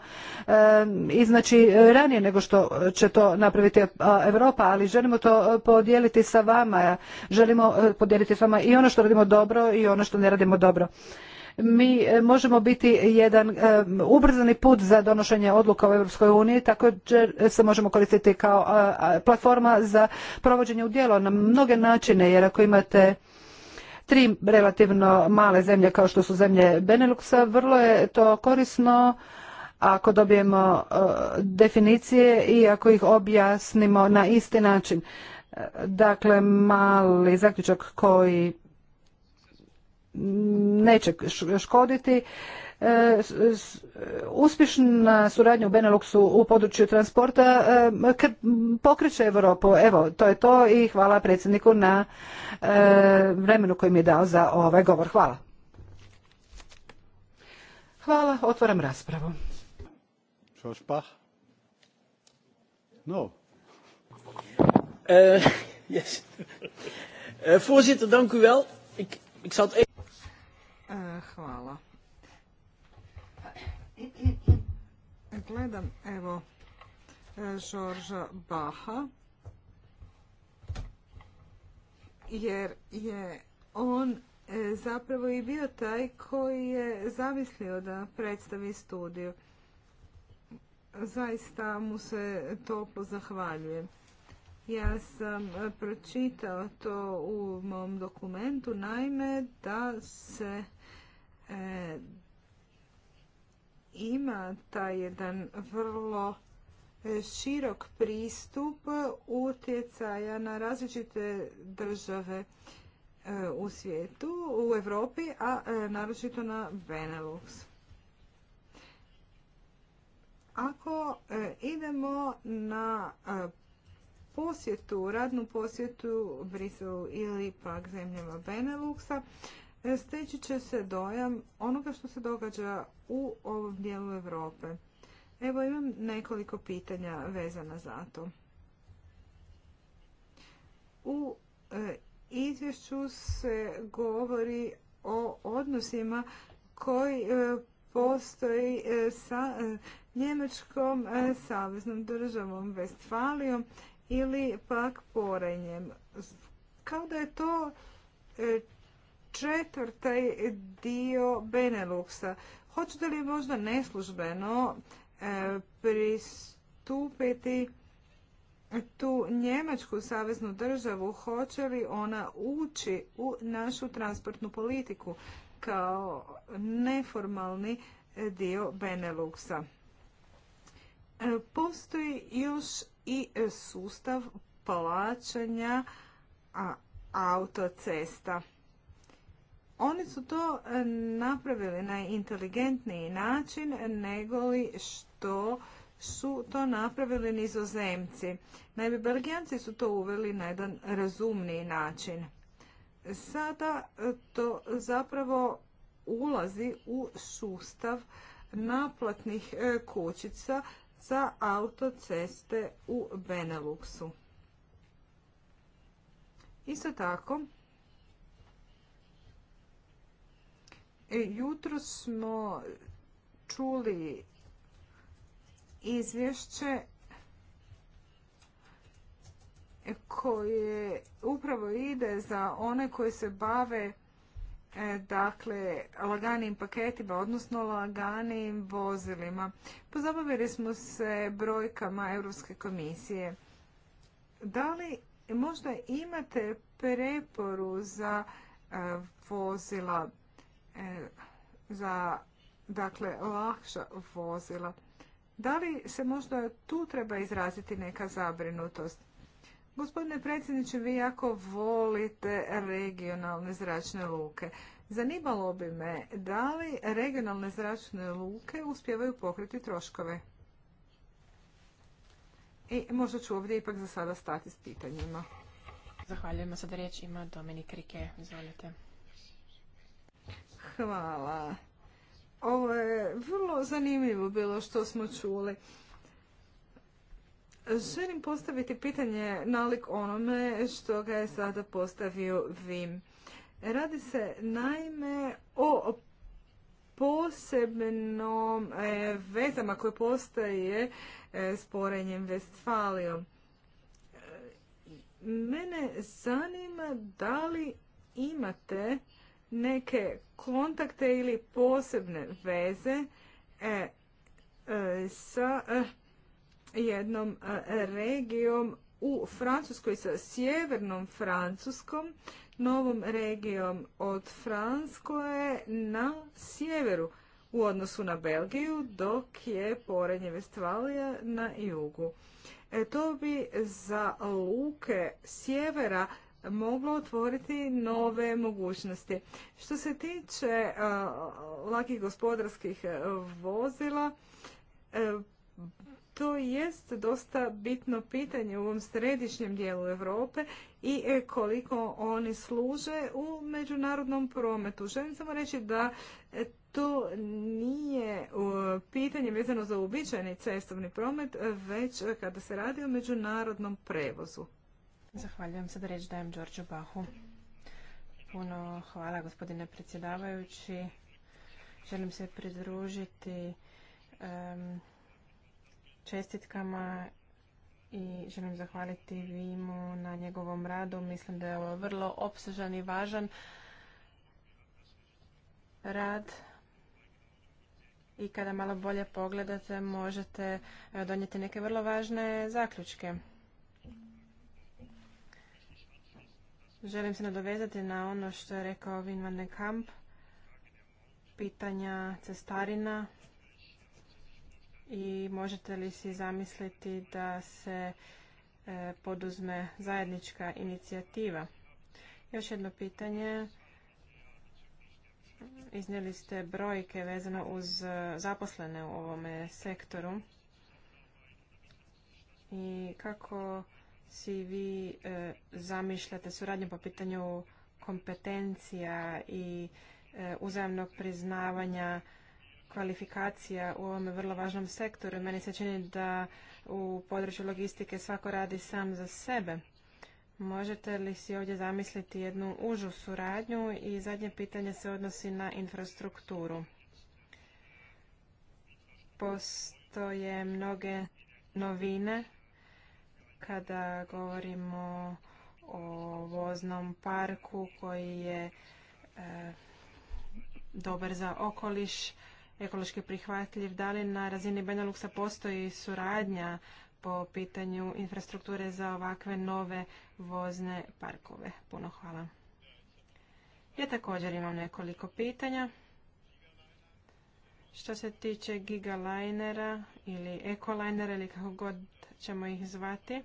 iznaći ranije nego što će to napraviti Europa, ali želimo to podijeliti sa vama. Želimo e, podijeliti s vama i ono što radimo dobro i ono što ne radimo dobro mi e, možemo biti jedan ubrzani put za donošenje odluka u EU, uniji, također se možemo koristiti kao platforma za provođenje u djelo na mnoge načine, jer ako imate tri relativno male zemlje kao što su zemlje Beneluxa, vrlo je to korisno ako dobijemo e, definicije i ako ih objasnimo na isti način. Dakle, mali zaključak koji neće škoditi uspješna suradnja u Beneluxu u području transporta e, pokreće Europu. Evo, to je to i hvala predsjedniku na e, vremenu koji mi je dao za ovaj govor. Hvala. Hvala, otvaram raspravu. No. hvala. Dakle, gledam, evo, e, Žorža Baha, jer je on e, zapravo i bio taj koji je zamislio da predstavi studiju. Zaista mu se toplo zahvaljujem. Ja sam pročitao to u mom dokumentu, naime da se e, ima taj jedan vrlo e, širok pristup utjecaja na različite države e, u svijetu, u Europi, a e, naročito na Benelux. Ako idemo na posjetu, radnu posjetu Briselu ili pak zemljama Beneluxa, E, steći će se dojam onoga što se događa u ovom dijelu Europe. Evo imam nekoliko pitanja vezana za to. U e, izvješću se govori o odnosima koji e, postoji sa Njemačkom saveznom državom Vestfalijom ili pak Porenjem. Kao da je to četvrtaj dio Beneluxa. Hoćete li možda neslužbeno e, pristupiti tu Njemačku saveznu državu, hoće li ona ući u našu transportnu politiku kao neformalni dio Beneluxa? E, postoji još i sustav plaćanja autocesta. Oni su to e, napravili na inteligentniji način nego li što su to napravili nizozemci. Naime, Belgijanci su to uveli na jedan razumniji način. Sada e, to zapravo ulazi u sustav naplatnih e, kućica za autoceste u Beneluxu. Isto tako, E, jutro smo čuli izvješće koje upravo ide za one koji se bave e, dakle laganim paketima, odnosno laganim vozilima. Pozabavili smo se brojkama Europske komisije. Da li možda imate preporu za e, vozila E, za dakle lakša vozila. Da li se možda tu treba izraziti neka zabrinutost? Gospodine predsjedniče, vi jako volite regionalne zračne luke. Zanimalo bi me da li regionalne zračne luke uspjevaju pokriti troškove? I možda ću ovdje ipak za sada stati s pitanjima. Zahvaljujemo. Sada riječ ima Dominik Rike. Izvolite. Hvala. Ovo je vrlo zanimljivo bilo što smo čuli. Želim postaviti pitanje nalik onome što ga je sada postavio Vim. Radi se naime o posebnom e, vezama koje postaje e, s porenjem Vestfalijom. E, mene zanima da li imate neke kontakte ili posebne veze e, e sa e, jednom e, regijom u Francuskoj sa sjevernom Francuskom, novom regijom od Franskoje na sjeveru u odnosu na Belgiju, dok je Porenje Vestvalija na jugu. to bi za luke sjevera moglo otvoriti nove mogućnosti. Što se tiče e, lakih gospodarskih e, vozila, e, to jest dosta bitno pitanje u ovom središnjem dijelu Europe i koliko oni služe u međunarodnom prometu. Želim samo reći da to nije pitanje vezano za uobičajeni cestovni promet, već kada se radi o međunarodnom prevozu. Zahvaljujem se da reč dajem Đorđu Bahu. Puno hvala gospodine predsjedavajući. Želim se pridružiti čestitkama i želim zahvaliti Vimu na njegovom radu. Mislim da je ovo vrlo opsežan i važan rad i kada malo bolje pogledate možete eh, donijeti neke vrlo važne zaključke. Želim se nadovezati na ono što je rekao Vin van den Kamp, pitanja cestarina i možete li si zamisliti da se e, poduzme zajednička inicijativa? Još jedno pitanje. Iznijeli ste brojke vezano uz e, zaposlene u ovome sektoru i kako si vi e, zamišljate suradnju po pitanju kompetencija i uzajemnog uzajamnog priznavanja kvalifikacija u ovom vrlo važnom sektoru. Meni se čini da u području logistike svako radi sam za sebe. Možete li si ovdje zamisliti jednu užu suradnju i zadnje pitanje se odnosi na infrastrukturu. Postoje mnoge novine kada govorimo o voznom parku koji je e, dobar za okoliš, ekološki prihvatljiv, da li na razini Beneluksa postoji suradnja po pitanju infrastrukture za ovakve nove vozne parkove. Puno hvala. Ja također imam nekoliko pitanja. Što se tiče gigalinera ili ekolinera ili kako god ćemo ih zvati.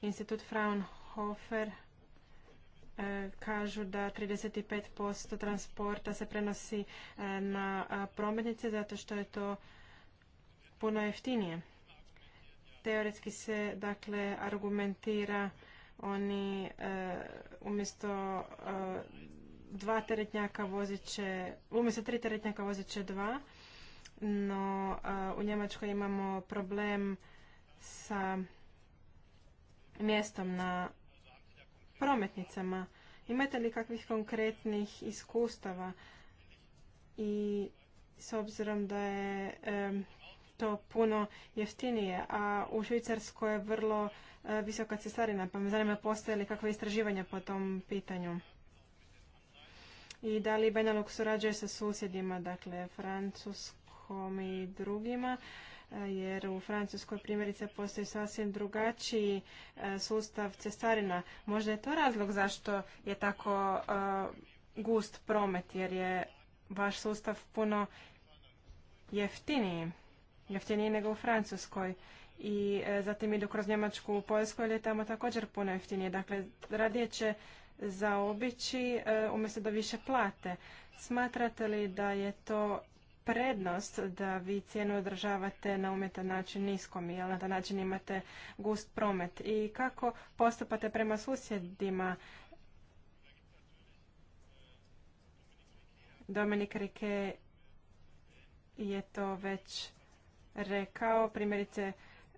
Institut Fraunhofer e, kažu da 35% transporta se prenosi e, na prometnice zato što je to puno jeftinije. Teoretski se dakle argumentira oni e, umjesto dva teretnjaka vozit će, umjesto tri teretnjaka vozit će dva no u Njemačkoj imamo problem sa mjestom na prometnicama. Imate li kakvih konkretnih iskustava i s obzirom da je to puno jeftinije, a u Švicarskoj je vrlo e, visoka cesarina, pa me zanima postoje li kakve istraživanja po tom pitanju. I da li Benelux surađuje sa susjedima, dakle Francusk. Telekom i drugima e, jer u Francuskoj primjerice postoji sasvim drugačiji e, sustav cestarina. Možda je to razlog zašto je tako e, gust promet jer je vaš sustav puno jeftiniji, jeftiniji nego u Francuskoj i zatim idu kroz Njemačku u Poljskoj, ili je tamo također puno jeftinije. Dakle, radije će zaobići umjesto da više plate. Smatrate li da je to prednost da vi cijenu održavate na umjetan način niskom, i na taj način imate gust promet. I kako postupate prema susjedima? Dominik Rike je to već rekao, primjerice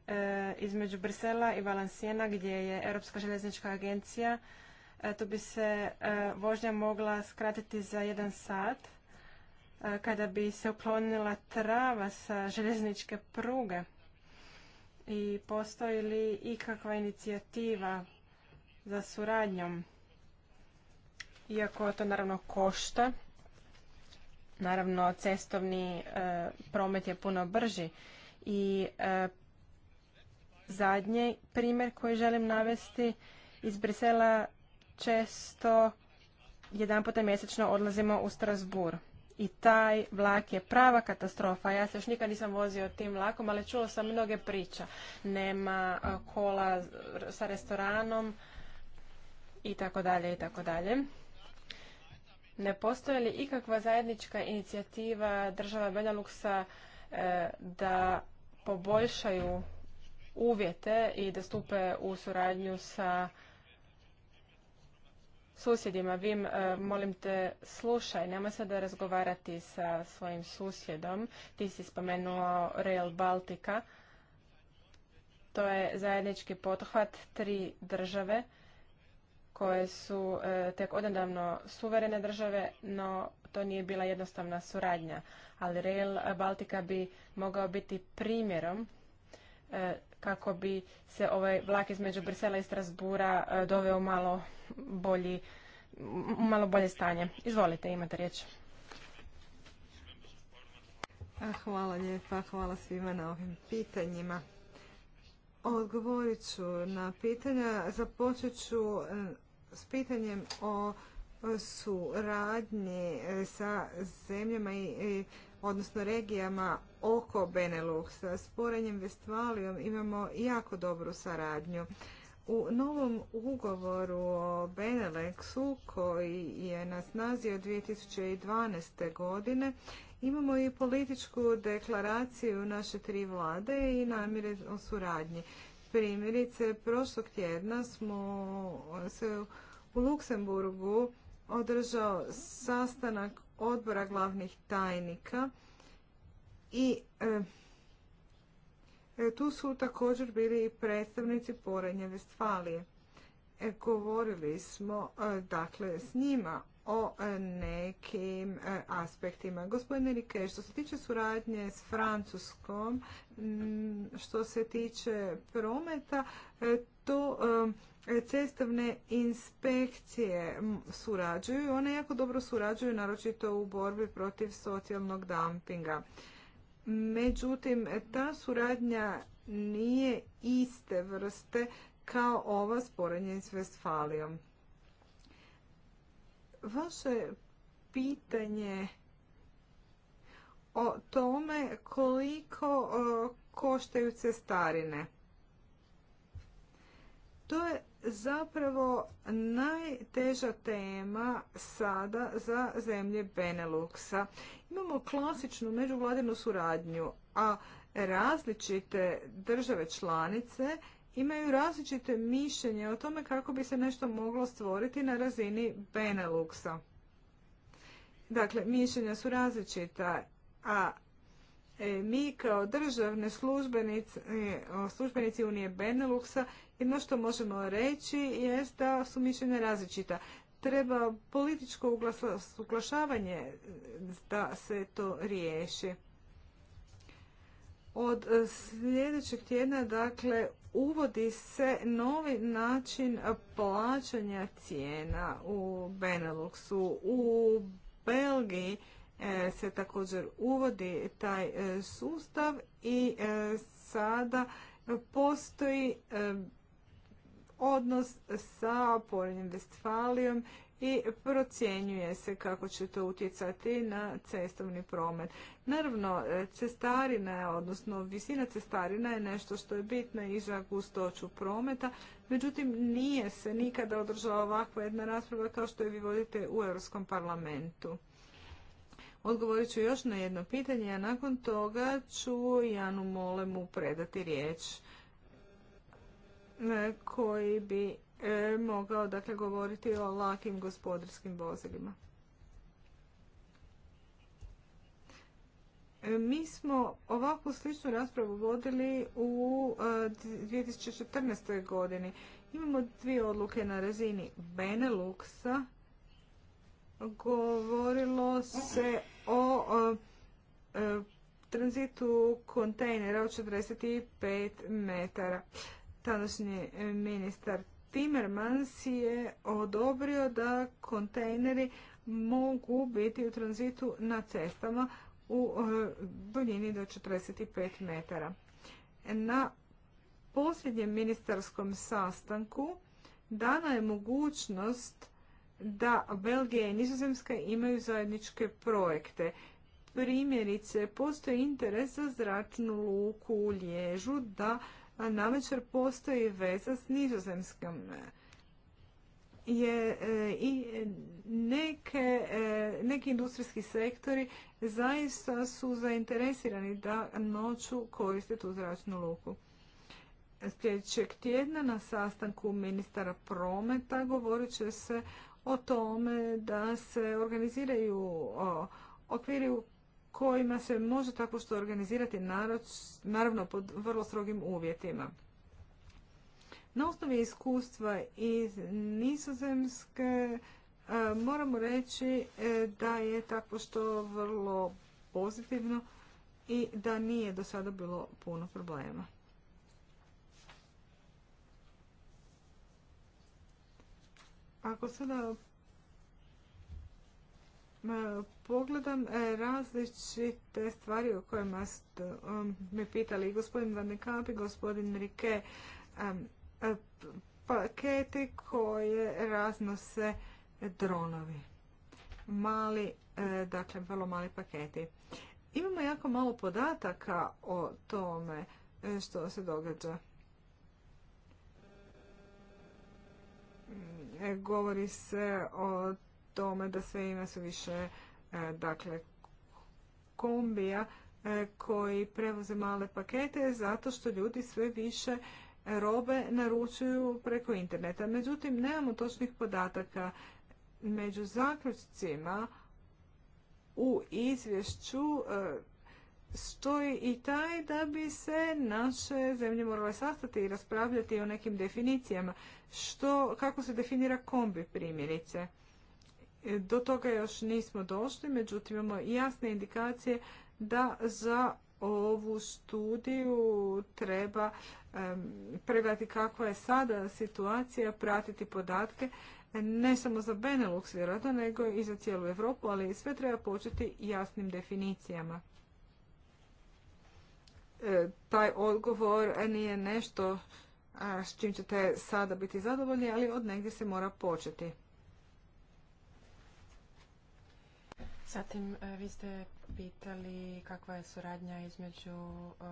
e, između Brisela i Valencijena gdje je Europska željeznička agencija, e, tu bi se e, vožnja mogla skratiti za jedan sat E, kada bi se uklonila trava sa željezničke pruge i postoji li ikakva inicijativa za suradnjom iako to naravno košta naravno cestovni e, promet je puno brži i e, zadnji primjer koji želim navesti iz Brisela često jedan puta mjesečno odlazimo u Strasbourg i taj vlak je prava katastrofa. Ja se još nikad nisam vozio tim vlakom, ali čuo sam mnoge priča. Nema kola sa restoranom i tako dalje i tako dalje. Ne postoji li ikakva zajednička inicijativa država Beneluksa e, da poboljšaju uvjete i da stupe u suradnju sa susjedima. Vim, e, molim te, slušaj, nema da razgovarati sa svojim susjedom. Ti si spomenuo Rail Baltica. To je zajednički pothvat tri države koje su e, tek odendavno suverene države, no to nije bila jednostavna suradnja. Ali Rail Baltica bi mogao biti primjerom e, kako bi se ovaj vlak između Brisela i Strasbura e, doveo malo bolji malo bolje stanje. Izvolite, imate riječ. Hvala lijepa, hvala svima na ovim pitanjima. Odgovorit ću na pitanja. Započet ću e, s pitanjem o suradnji e, sa zemljama i odnosno regijama oko Beneluxa. S Porenjem Vestvalijom imamo jako dobru saradnju. U novom ugovoru o Beneleksu koji je na snazi od 2012. godine imamo i političku deklaraciju naše tri vlade i namjere o suradnji. Primjerice, prošlog tjedna smo se u Luksemburgu održao sastanak odbora glavnih tajnika i e, e, tu su također bili i predstavnici Porenje Vestfalije. E, govorili smo dakle s njima o nekim aspektima. Gospodine Rike, što se tiče suradnje s Francuskom, što se tiče prometa, to E, cestovne inspekcije surađuju. One jako dobro surađuju, naročito u borbi protiv socijalnog dumpinga. Međutim, ta suradnja nije iste vrste kao ova sporenje s Vestfalijom. Vaše pitanje o tome koliko e, koštaju cestarine. To je zapravo najteža tema sada za zemlje Beneluxa. Imamo klasičnu međuvladinu suradnju, a različite države članice imaju različite mišljenje o tome kako bi se nešto moglo stvoriti na razini Beneluxa. Dakle, mišljenja su različita, a e, mi kao državne e, službenici Unije Beneluxa jedno što možemo reći je da su mišljenja različita. Treba političko uglašavanje eh, da se to riješi. Od eh, sljedećeg tjedna, dakle, uvodi se novi način plaćanja cijena u Beneluxu. U Belgiji eh, se također uvodi taj sustav i sada postoji odnos sa Poljenim Vestfalijom i procjenjuje se kako će to utjecati na cestovni promet. Naravno, cestarina, odnosno visina cestarina je nešto što je bitno i za gustoću prometa, međutim nije se nikada održala ovakva jedna rasprava kao što je vi vodite u Europskom parlamentu. Odgovorit ću još na jedno pitanje, a nakon toga ću Janu Molemu predati riječ. E, koji bi e, mogao dakle, govoriti o lakim gospodarskim vozilima. E, mi smo ovakvu sličnu raspravu vodili u 2014. godini. Imamo dvije odluke na razini Beneluxa. Govorilo se o, tranzitu kontejnera od 45 metara tadašnji e, ministar Timmermans je odobrio da kontejneri mogu biti u tranzitu na cestama u e, duljini do 45 metara. Na posljednjem ministarskom sastanku dana je mogućnost da Belgija i Nizozemska imaju zajedničke projekte. Primjerice, postoji interes za zračnu luku u Lježu da navečer postoji veza s nizozemskom je e, i neke, e, neki industrijski sektori zaista su zainteresirani da noću koriste tu zračnu luku. Sljedećeg tjedna na sastanku ministara prometa govorit će se o tome da se organiziraju okviri u kojima se može tako što organizirati narod, naravno pod vrlo strogim uvjetima. Na osnovi iskustva iz nizozemske e, moramo reći e, da je tako što vrlo pozitivno i da nije do sada bilo puno problema. Ako sada pogledam e, različite stvari o kojima ste um, me pitali gospodin Van de i gospodin Rike e, paketi koje raznose dronovi. Mali, e, dakle vrlo mali paketi. Imamo jako malo podataka o tome što se događa. Govori se o tome da sve ima su više e, dakle, kombija e, koji prevoze male pakete zato što ljudi sve više robe naručuju preko interneta. Međutim, nemamo točnih podataka. Među zaključcima u izvješću e, stoji i taj da bi se naše zemlje morale sastati i raspravljati o nekim definicijama. Što, kako se definira kombi primjerice? Do toga još nismo došli, međutim imamo jasne indikacije da za ovu studiju treba pregledati kakva je sada situacija, pratiti podatke ne samo za Benelux vjerojatno, nego i za cijelu Europu, ali sve treba početi jasnim definicijama. E, taj odgovor nije nešto s čim ćete sada biti zadovoljni, ali od negdje se mora početi. Zatim, e, vi ste pitali kakva je suradnja između e,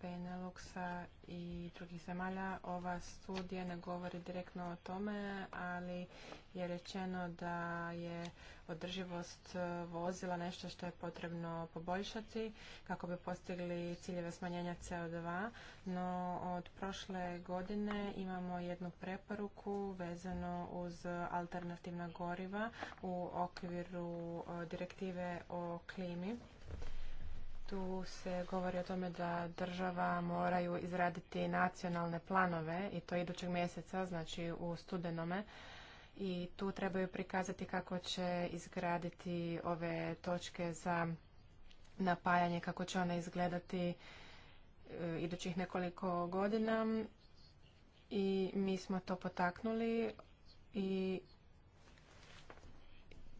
Beneluxa i drugih zemalja. Ova studija ne govori direktno o tome, ali je rečeno da je održivost vozila nešto što je potrebno poboljšati kako bi postigli ciljeve smanjenja CO2. No od prošle godine imamo jednu preporuku vezano uz alternativna goriva u okviru direktive o klimi tu se govori o tome da država moraju izraditi nacionalne planove i to idućeg mjeseca, znači u studenome. I tu trebaju prikazati kako će izgraditi ove točke za napajanje, kako će one izgledati e, idućih nekoliko godina. I mi smo to potaknuli i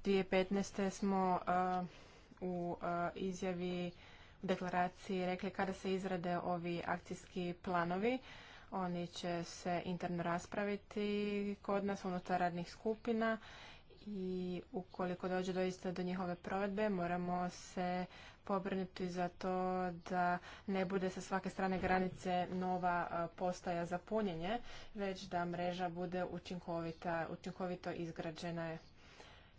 2015. smo e, u e, izjavi deklaraciji rekli kada se izrade ovi akcijski planovi. Oni će se interno raspraviti kod nas unutar radnih skupina i ukoliko dođe doista do njihove provedbe moramo se pobrinuti za to da ne bude sa svake strane granice nova postaja za punjenje, već da mreža bude učinkovita, učinkovito izgrađena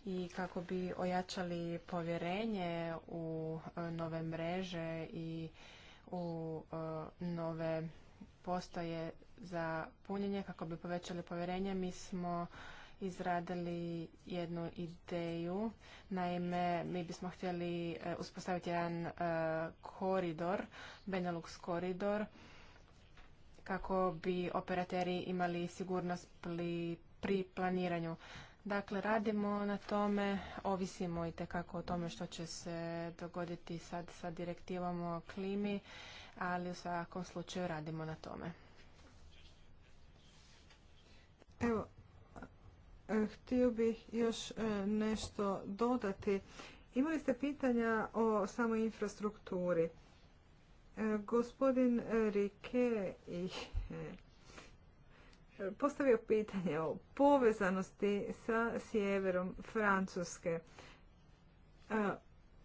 i kako bi ojačali povjerenje u e, nove mreže i u e, nove postoje za punjenje, kako bi povećali povjerenje, mi smo izradili jednu ideju. Naime, mi bismo htjeli e, uspostaviti jedan koridor, Benelux koridor, kako bi operateri imali sigurnost pri planiranju. Dakle, radimo na tome, ovisimo i tekako o tome što će se dogoditi sad sa direktivom o klimi, ali u svakom slučaju radimo na tome. Evo, htio bih još e, nešto dodati. Imali ste pitanja o samoj infrastrukturi. E, gospodin Rike i postavio pitanje o povezanosti sa sjeverom Francuske. E,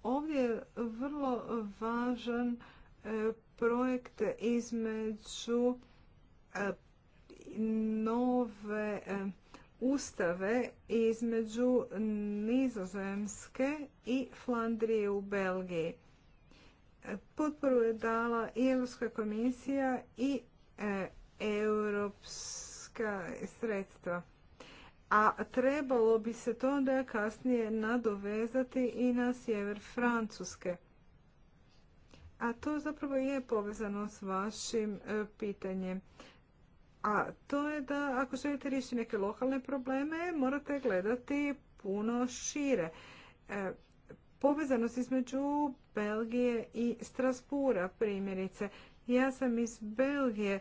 ovdje je vrlo važan e, projekt između e, nove ustave između Nizozemske i Flandrije u Belgiji. Potporu je dala i Europska komisija i Europs financijska sredstva. A trebalo bi se to onda kasnije nadovezati i na sjever Francuske. A to zapravo je povezano s vašim e, pitanjem. A to je da ako želite riješiti neke lokalne probleme, morate gledati puno šire. E, povezanost između Belgije i Strasbura primjerice. Ja sam iz Belgije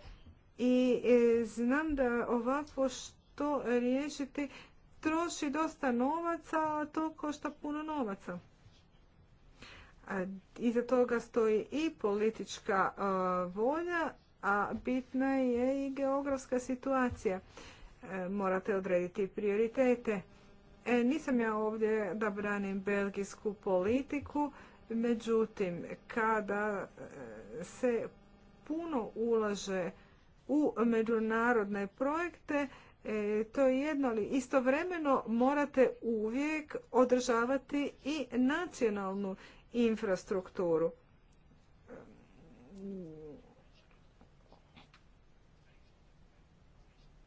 i e, znam da ovako što riješiti troši dosta novaca, a to košta puno novaca. Iza toga stoji i politička e, volja, a bitna je i geografska situacija. E, morate odrediti prioritete. nisam ja ovdje da branim belgijsku politiku, međutim, kada se puno ulaže u međunarodne projekte, e, to je jedno, ali istovremeno morate uvijek održavati i nacionalnu infrastrukturu.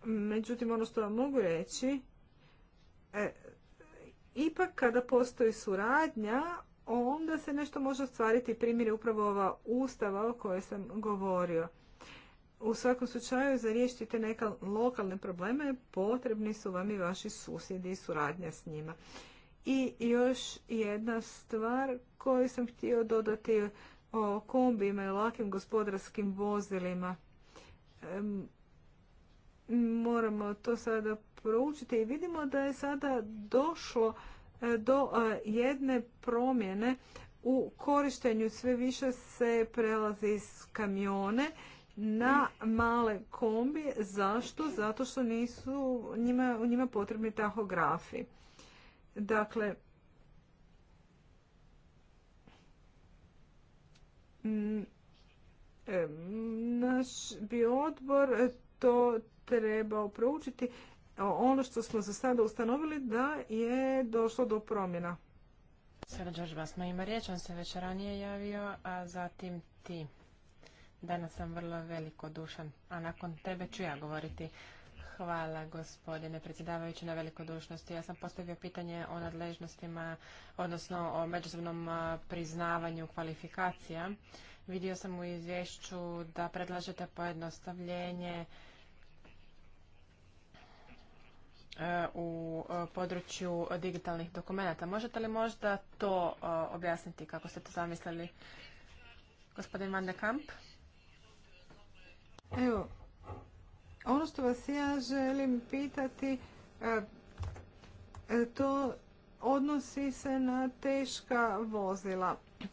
Međutim, ono što vam mogu reći, e, ipak kada postoji suradnja, onda se nešto može ostvariti primjer upravo ova ustava o kojoj sam govorio u svakom slučaju za riješiti neke lokalne probleme potrebni su vam i vaši susjedi i suradnja s njima. I još jedna stvar koju sam htio dodati o kombijima i lakim gospodarskim vozilima. Moramo to sada proučiti i vidimo da je sada došlo e, do e, jedne promjene u korištenju sve više se prelazi iz kamione na male kombi. Zašto? Zato što nisu njima, u njima potrebni tahografi. Dakle, mm, e, naš bi odbor to trebao proučiti. Ono što smo za sada ustanovili da je došlo do promjena. Sada Đorđe smo ima riječ, on se već ranije javio, a zatim ti. Danas sam vrlo veliko dušan, a nakon tebe ću ja govoriti. Hvala gospodine predsjedavajući na velikodušnosti. Ja sam postavio pitanje o nadležnostima, odnosno o međusobnom priznavanju kvalifikacija. Vidio sam u izvješću da predlažete pojednostavljenje e, u e, području digitalnih dokumenata. Možete li možda to e, objasniti kako ste to zamislili? Gospodin Van de Kamp. Evo, ono što vas ja želim pitati, e, e, to odnosi se na teška vozila. E,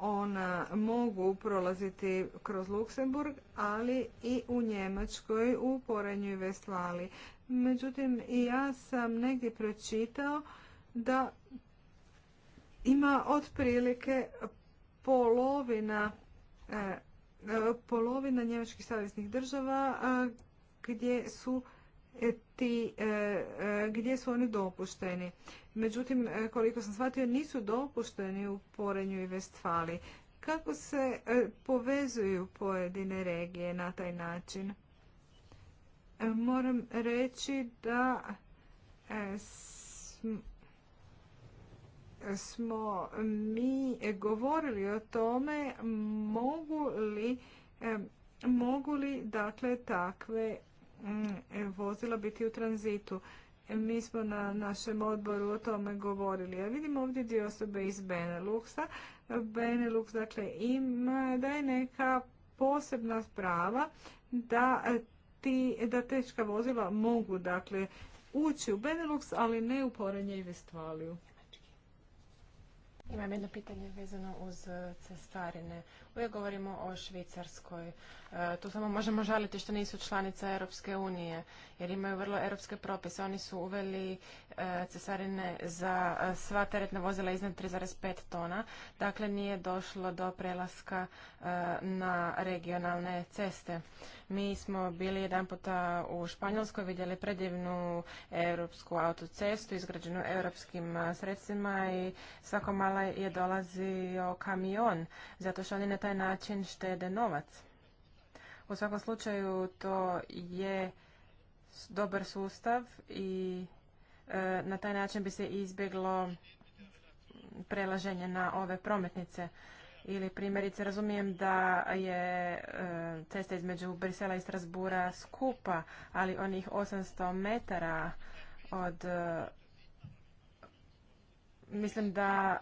ona mogu prolaziti kroz Luksemburg, ali i u Njemačkoj, u Porenju i Vestvali. Međutim, ja sam negdje pročitao da ima otprilike polovina E, polovina njemačkih saveznih država gdje su e, ti, e, gdje su oni dopušteni. Međutim, koliko sam shvatio, nisu dopušteni u Porenju i Vestfali. Kako se povezuju pojedine regije na taj način? Moram reći da smo mi govorili o tome mogu li, e, mogu li dakle takve mm, vozila biti u tranzitu. Mi smo na našem odboru o tome govorili. Ja vidim ovdje dvije osobe iz Beneluxa. Benelux dakle im daje neka posebna prava da ti, da teška vozila mogu dakle ući u Benelux, ali ne u Poranje i Vestvaliju. Imam jedno pitanje vezano uz cestarine. Uvijek govorimo o Švicarskoj, E, tu samo možemo žaliti što nisu članice Europske unije, jer imaju vrlo europske propise. Oni su uveli e, cesarine za e, sva teretna vozila iznad 3,5 tona. Dakle, nije došlo do prelaska na regionalne ceste. Mi smo bili jedan puta u Španjolskoj, vidjeli predivnu europsku autocestu, izgrađenu europskim sredstvima i svako malo je dolazio kamion, zato što oni na taj način štede novac. U svakom slučaju to je dobar sustav i e, na taj način bi se izbjeglo prelaženje na ove prometnice. Ili primjerice razumijem da je e, cesta između Brisela i Strasbura skupa, ali onih 800 metara od... E, mislim da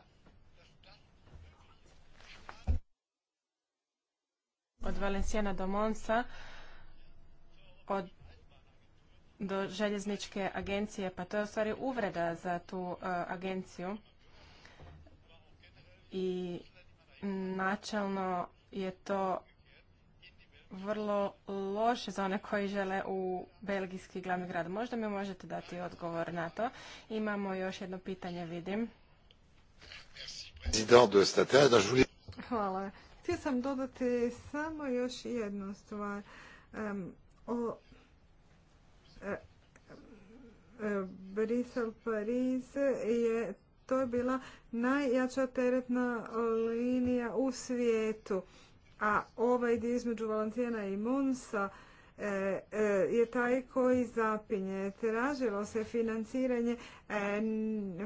od Valencijana do Monsa, od do željezničke agencije, pa to je u stvari uvreda za tu uh, agenciju. I načelno je to vrlo loše za one koji žele u belgijski glavni grad. Možda mi možete dati odgovor na to. Imamo još jedno pitanje, vidim. Hvala Htio sam dodati samo još jednu stvar. o, e, e, Brisel, Pariz je to je bila najjača teretna linija u svijetu. A ovaj dio između Valencijana i Monsa e, je taj koji zapinje. Tražilo se financiranje,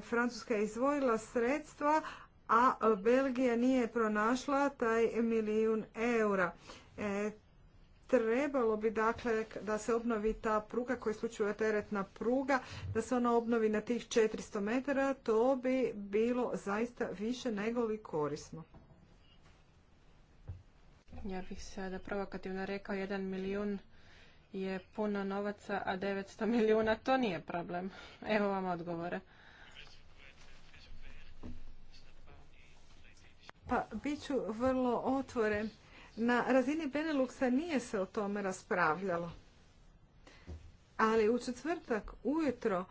Francuska je izvojila sredstva, a Belgija nije pronašla taj milijun eura. E, trebalo bi dakle da se obnovi ta pruga koja isključuje teretna pruga, da se ona obnovi na tih 400 metara, to bi bilo zaista više nego li korisno. Ja bih sada provokativno rekao Jedan milijun je puno novaca, a 900 milijuna to nije problem. Evo vam odgovore. Pa bit ću vrlo otvoren. Na razini Beneluksa nije se o tome raspravljalo. Ali u četvrtak ujutro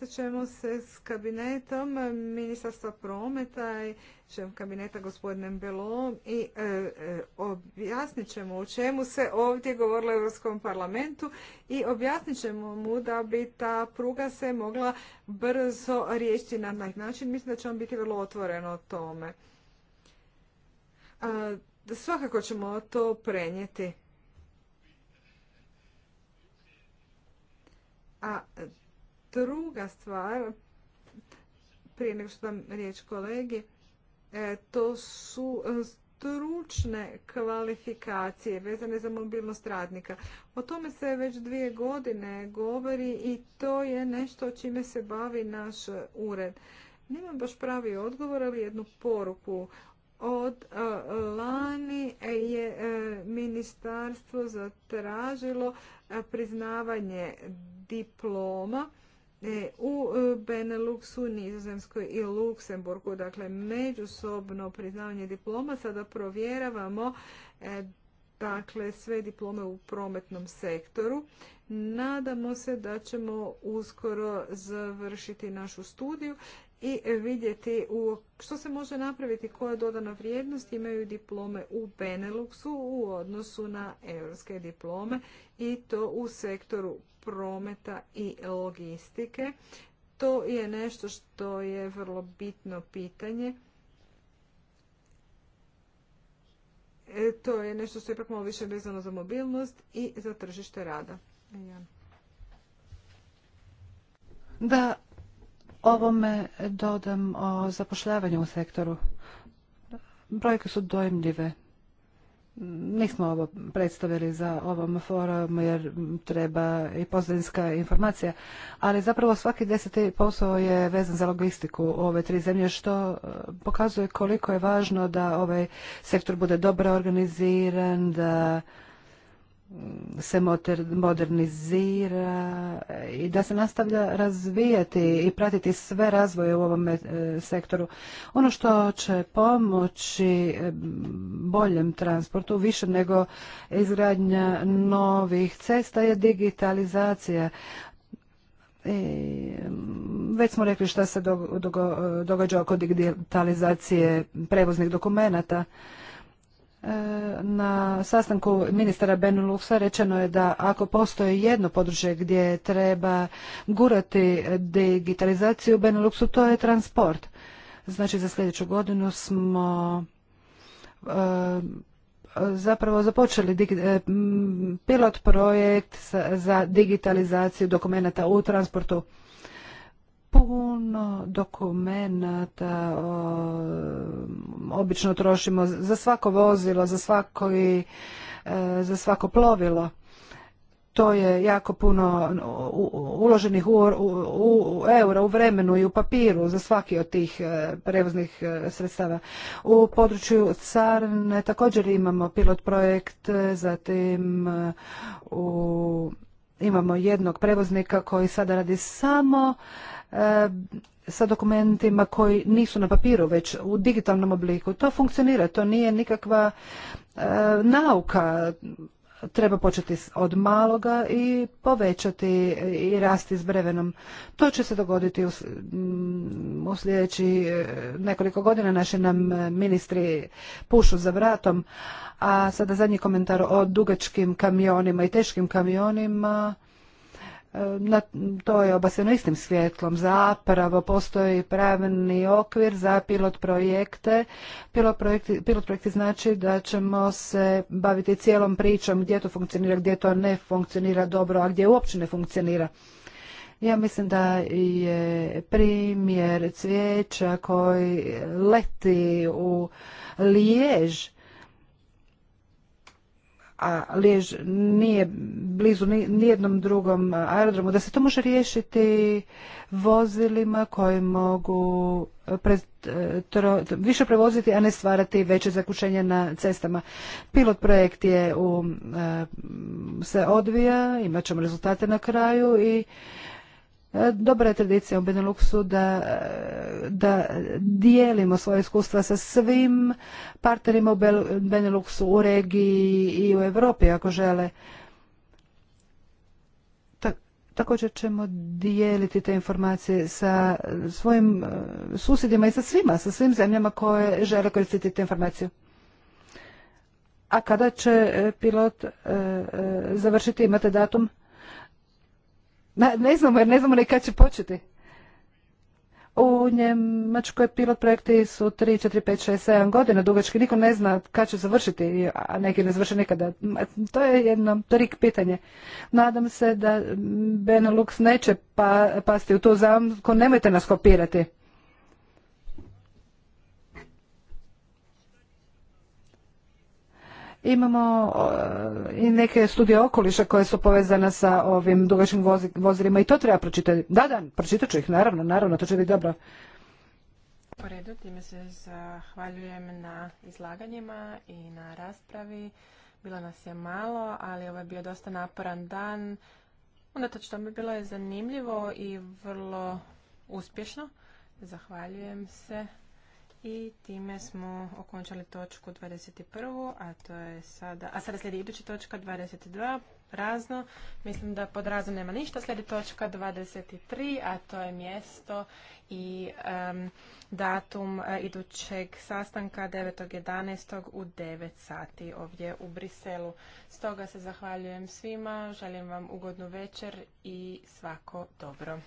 E, ćemo se s kabinetom Ministarstva prometa i kabineta gospodinem Belom i e, e, objasnit ćemo o čemu se ovdje govorilo u Europskom parlamentu i objasnit ćemo mu da bi ta pruga se mogla brzo riješiti na taj način. Mislim da će on biti vrlo otvoren o tome. svakako ćemo to prenijeti. A Druga stvar, prije nego što dam riječ kolegi, e, to su e, stručne kvalifikacije vezane za mobilnost radnika. O tome se već dvije godine govori i to je nešto čime se bavi naš ured. Nemam baš pravi odgovor, ali jednu poruku. Od e, lani je ministarstvo zatražilo priznavanje diploma E, u e, Beneluxu, Nizozemskoj i Luksemburgu. Dakle, međusobno priznavanje diploma sada provjeravamo e, dakle, sve diplome u prometnom sektoru. Nadamo se da ćemo uskoro završiti našu studiju i vidjeti u što se može napraviti, koja dodana vrijednost imaju diplome u Beneluxu u odnosu na europske diplome i to u sektoru prometa i logistike. To je nešto što je vrlo bitno pitanje. E, to je nešto što je ipak malo više vezano za mobilnost i za tržište rada. Da ovome dodam o zapošljavanju u sektoru. Brojke su dojemljive. Nismo ovo predstavili za ovom forum jer treba i pozdravinska informacija, ali zapravo svaki deseti posao je vezan za logistiku u ove tri zemlje, što e, pokazuje koliko je važno da ovaj sektor bude dobro organiziran, da se modernizira i da se nastavlja razvijati i pratiti sve razvoje u ovom e, sektoru. Ono što će pomoći e, boljem transportu više nego izgradnja novih cesta je digitalizacija. I e, već smo rekli šta se događa oko digitalizacije prevoznih dokumenata. Na sastanku ministara Beneluxa rečeno je da ako postoji jedno područje gdje treba gurati digitalizaciju u Beneluxu, to je transport. Znači za sljedeću godinu smo e, zapravo započeli e, pilot projekt za digitalizaciju dokumenata u transportu puno dokumenata obično trošimo za svako vozilo, za svako, i, e, za svako plovilo. To je jako puno uloženih u, u, u eura, u vremenu i u papiru za svaki od tih e, prevoznih e, sredstava. U području Carne također imamo pilot projekt, zatim u imamo jednog prevoznika koji sada radi samo sa dokumentima koji nisu na papiru, već u digitalnom obliku. To funkcionira, to nije nikakva e, nauka. Treba početi od maloga i povećati i rasti s brevenom. To će se dogoditi u sljedeći e, nekoliko godina. Naši nam e, ministri pušu za vratom. A sada zadnji komentar o dugačkim kamionima i teškim kamionima E, na, to je obaseno istim svjetlom. Zapravo postoji pravni okvir za pilot projekte. Pilot projekti, pilot projekti znači da ćemo se baviti cijelom pričom gdje to funkcionira, gdje to ne funkcionira dobro, a gdje uopće ne funkcionira. Ja mislim da je primjer cvijeća koji leti u lijež a nije blizu nijednom drugom aerodromu, da se to može riješiti vozilima koji mogu e, e, više prevoziti, a ne stvarati veće zakučenje na cestama. Pilot projekt je u, e, se odvija, imat ćemo rezultate na kraju i E, dobra je tradicija u Beneluxu da, da dijelimo svoje iskustva sa svim partnerima u Beneluxu, u regiji i u Europi ako žele. Također ćemo dijeliti te informacije sa svojim e, susjedima i sa svima, sa svim zemljama koje žele koristiti te informacije. A kada će e, pilot završiti, imate datum? ne znamo jer ne znamo ni kad će početi. U Njemačkoj pilot projekti su 3, 4, 5, 6, 7 godina dugački. Niko ne zna kad će završiti, a neki ne završe nikada. To je jedno trik pitanje. Nadam se da Benelux neće pa, pasti u tu zamku. Nemojte nas kopirati. Imamo e, i neke studije okoliša koje su povezane sa ovim dugačkim vozilima i to treba pročitati. Da, da, pročitat ću ih, naravno, naravno, to će biti dobro. po redu, time se zahvaljujem na izlaganjima i na raspravi. Bilo nas je malo, ali ovo je bio dosta naporan dan. Unatoč tome bilo je zanimljivo i vrlo uspješno. Zahvaljujem se. I time smo okončali točku 21. A to je sada, a sada slijedi iduća točka 22. Razno. Mislim da pod razno nema ništa. Slijedi točka 23. A to je mjesto i datum e, idućeg sastanka 9.11. u 9 sati ovdje u Briselu. Stoga se zahvaljujem svima. Želim vam ugodnu večer i svako dobro.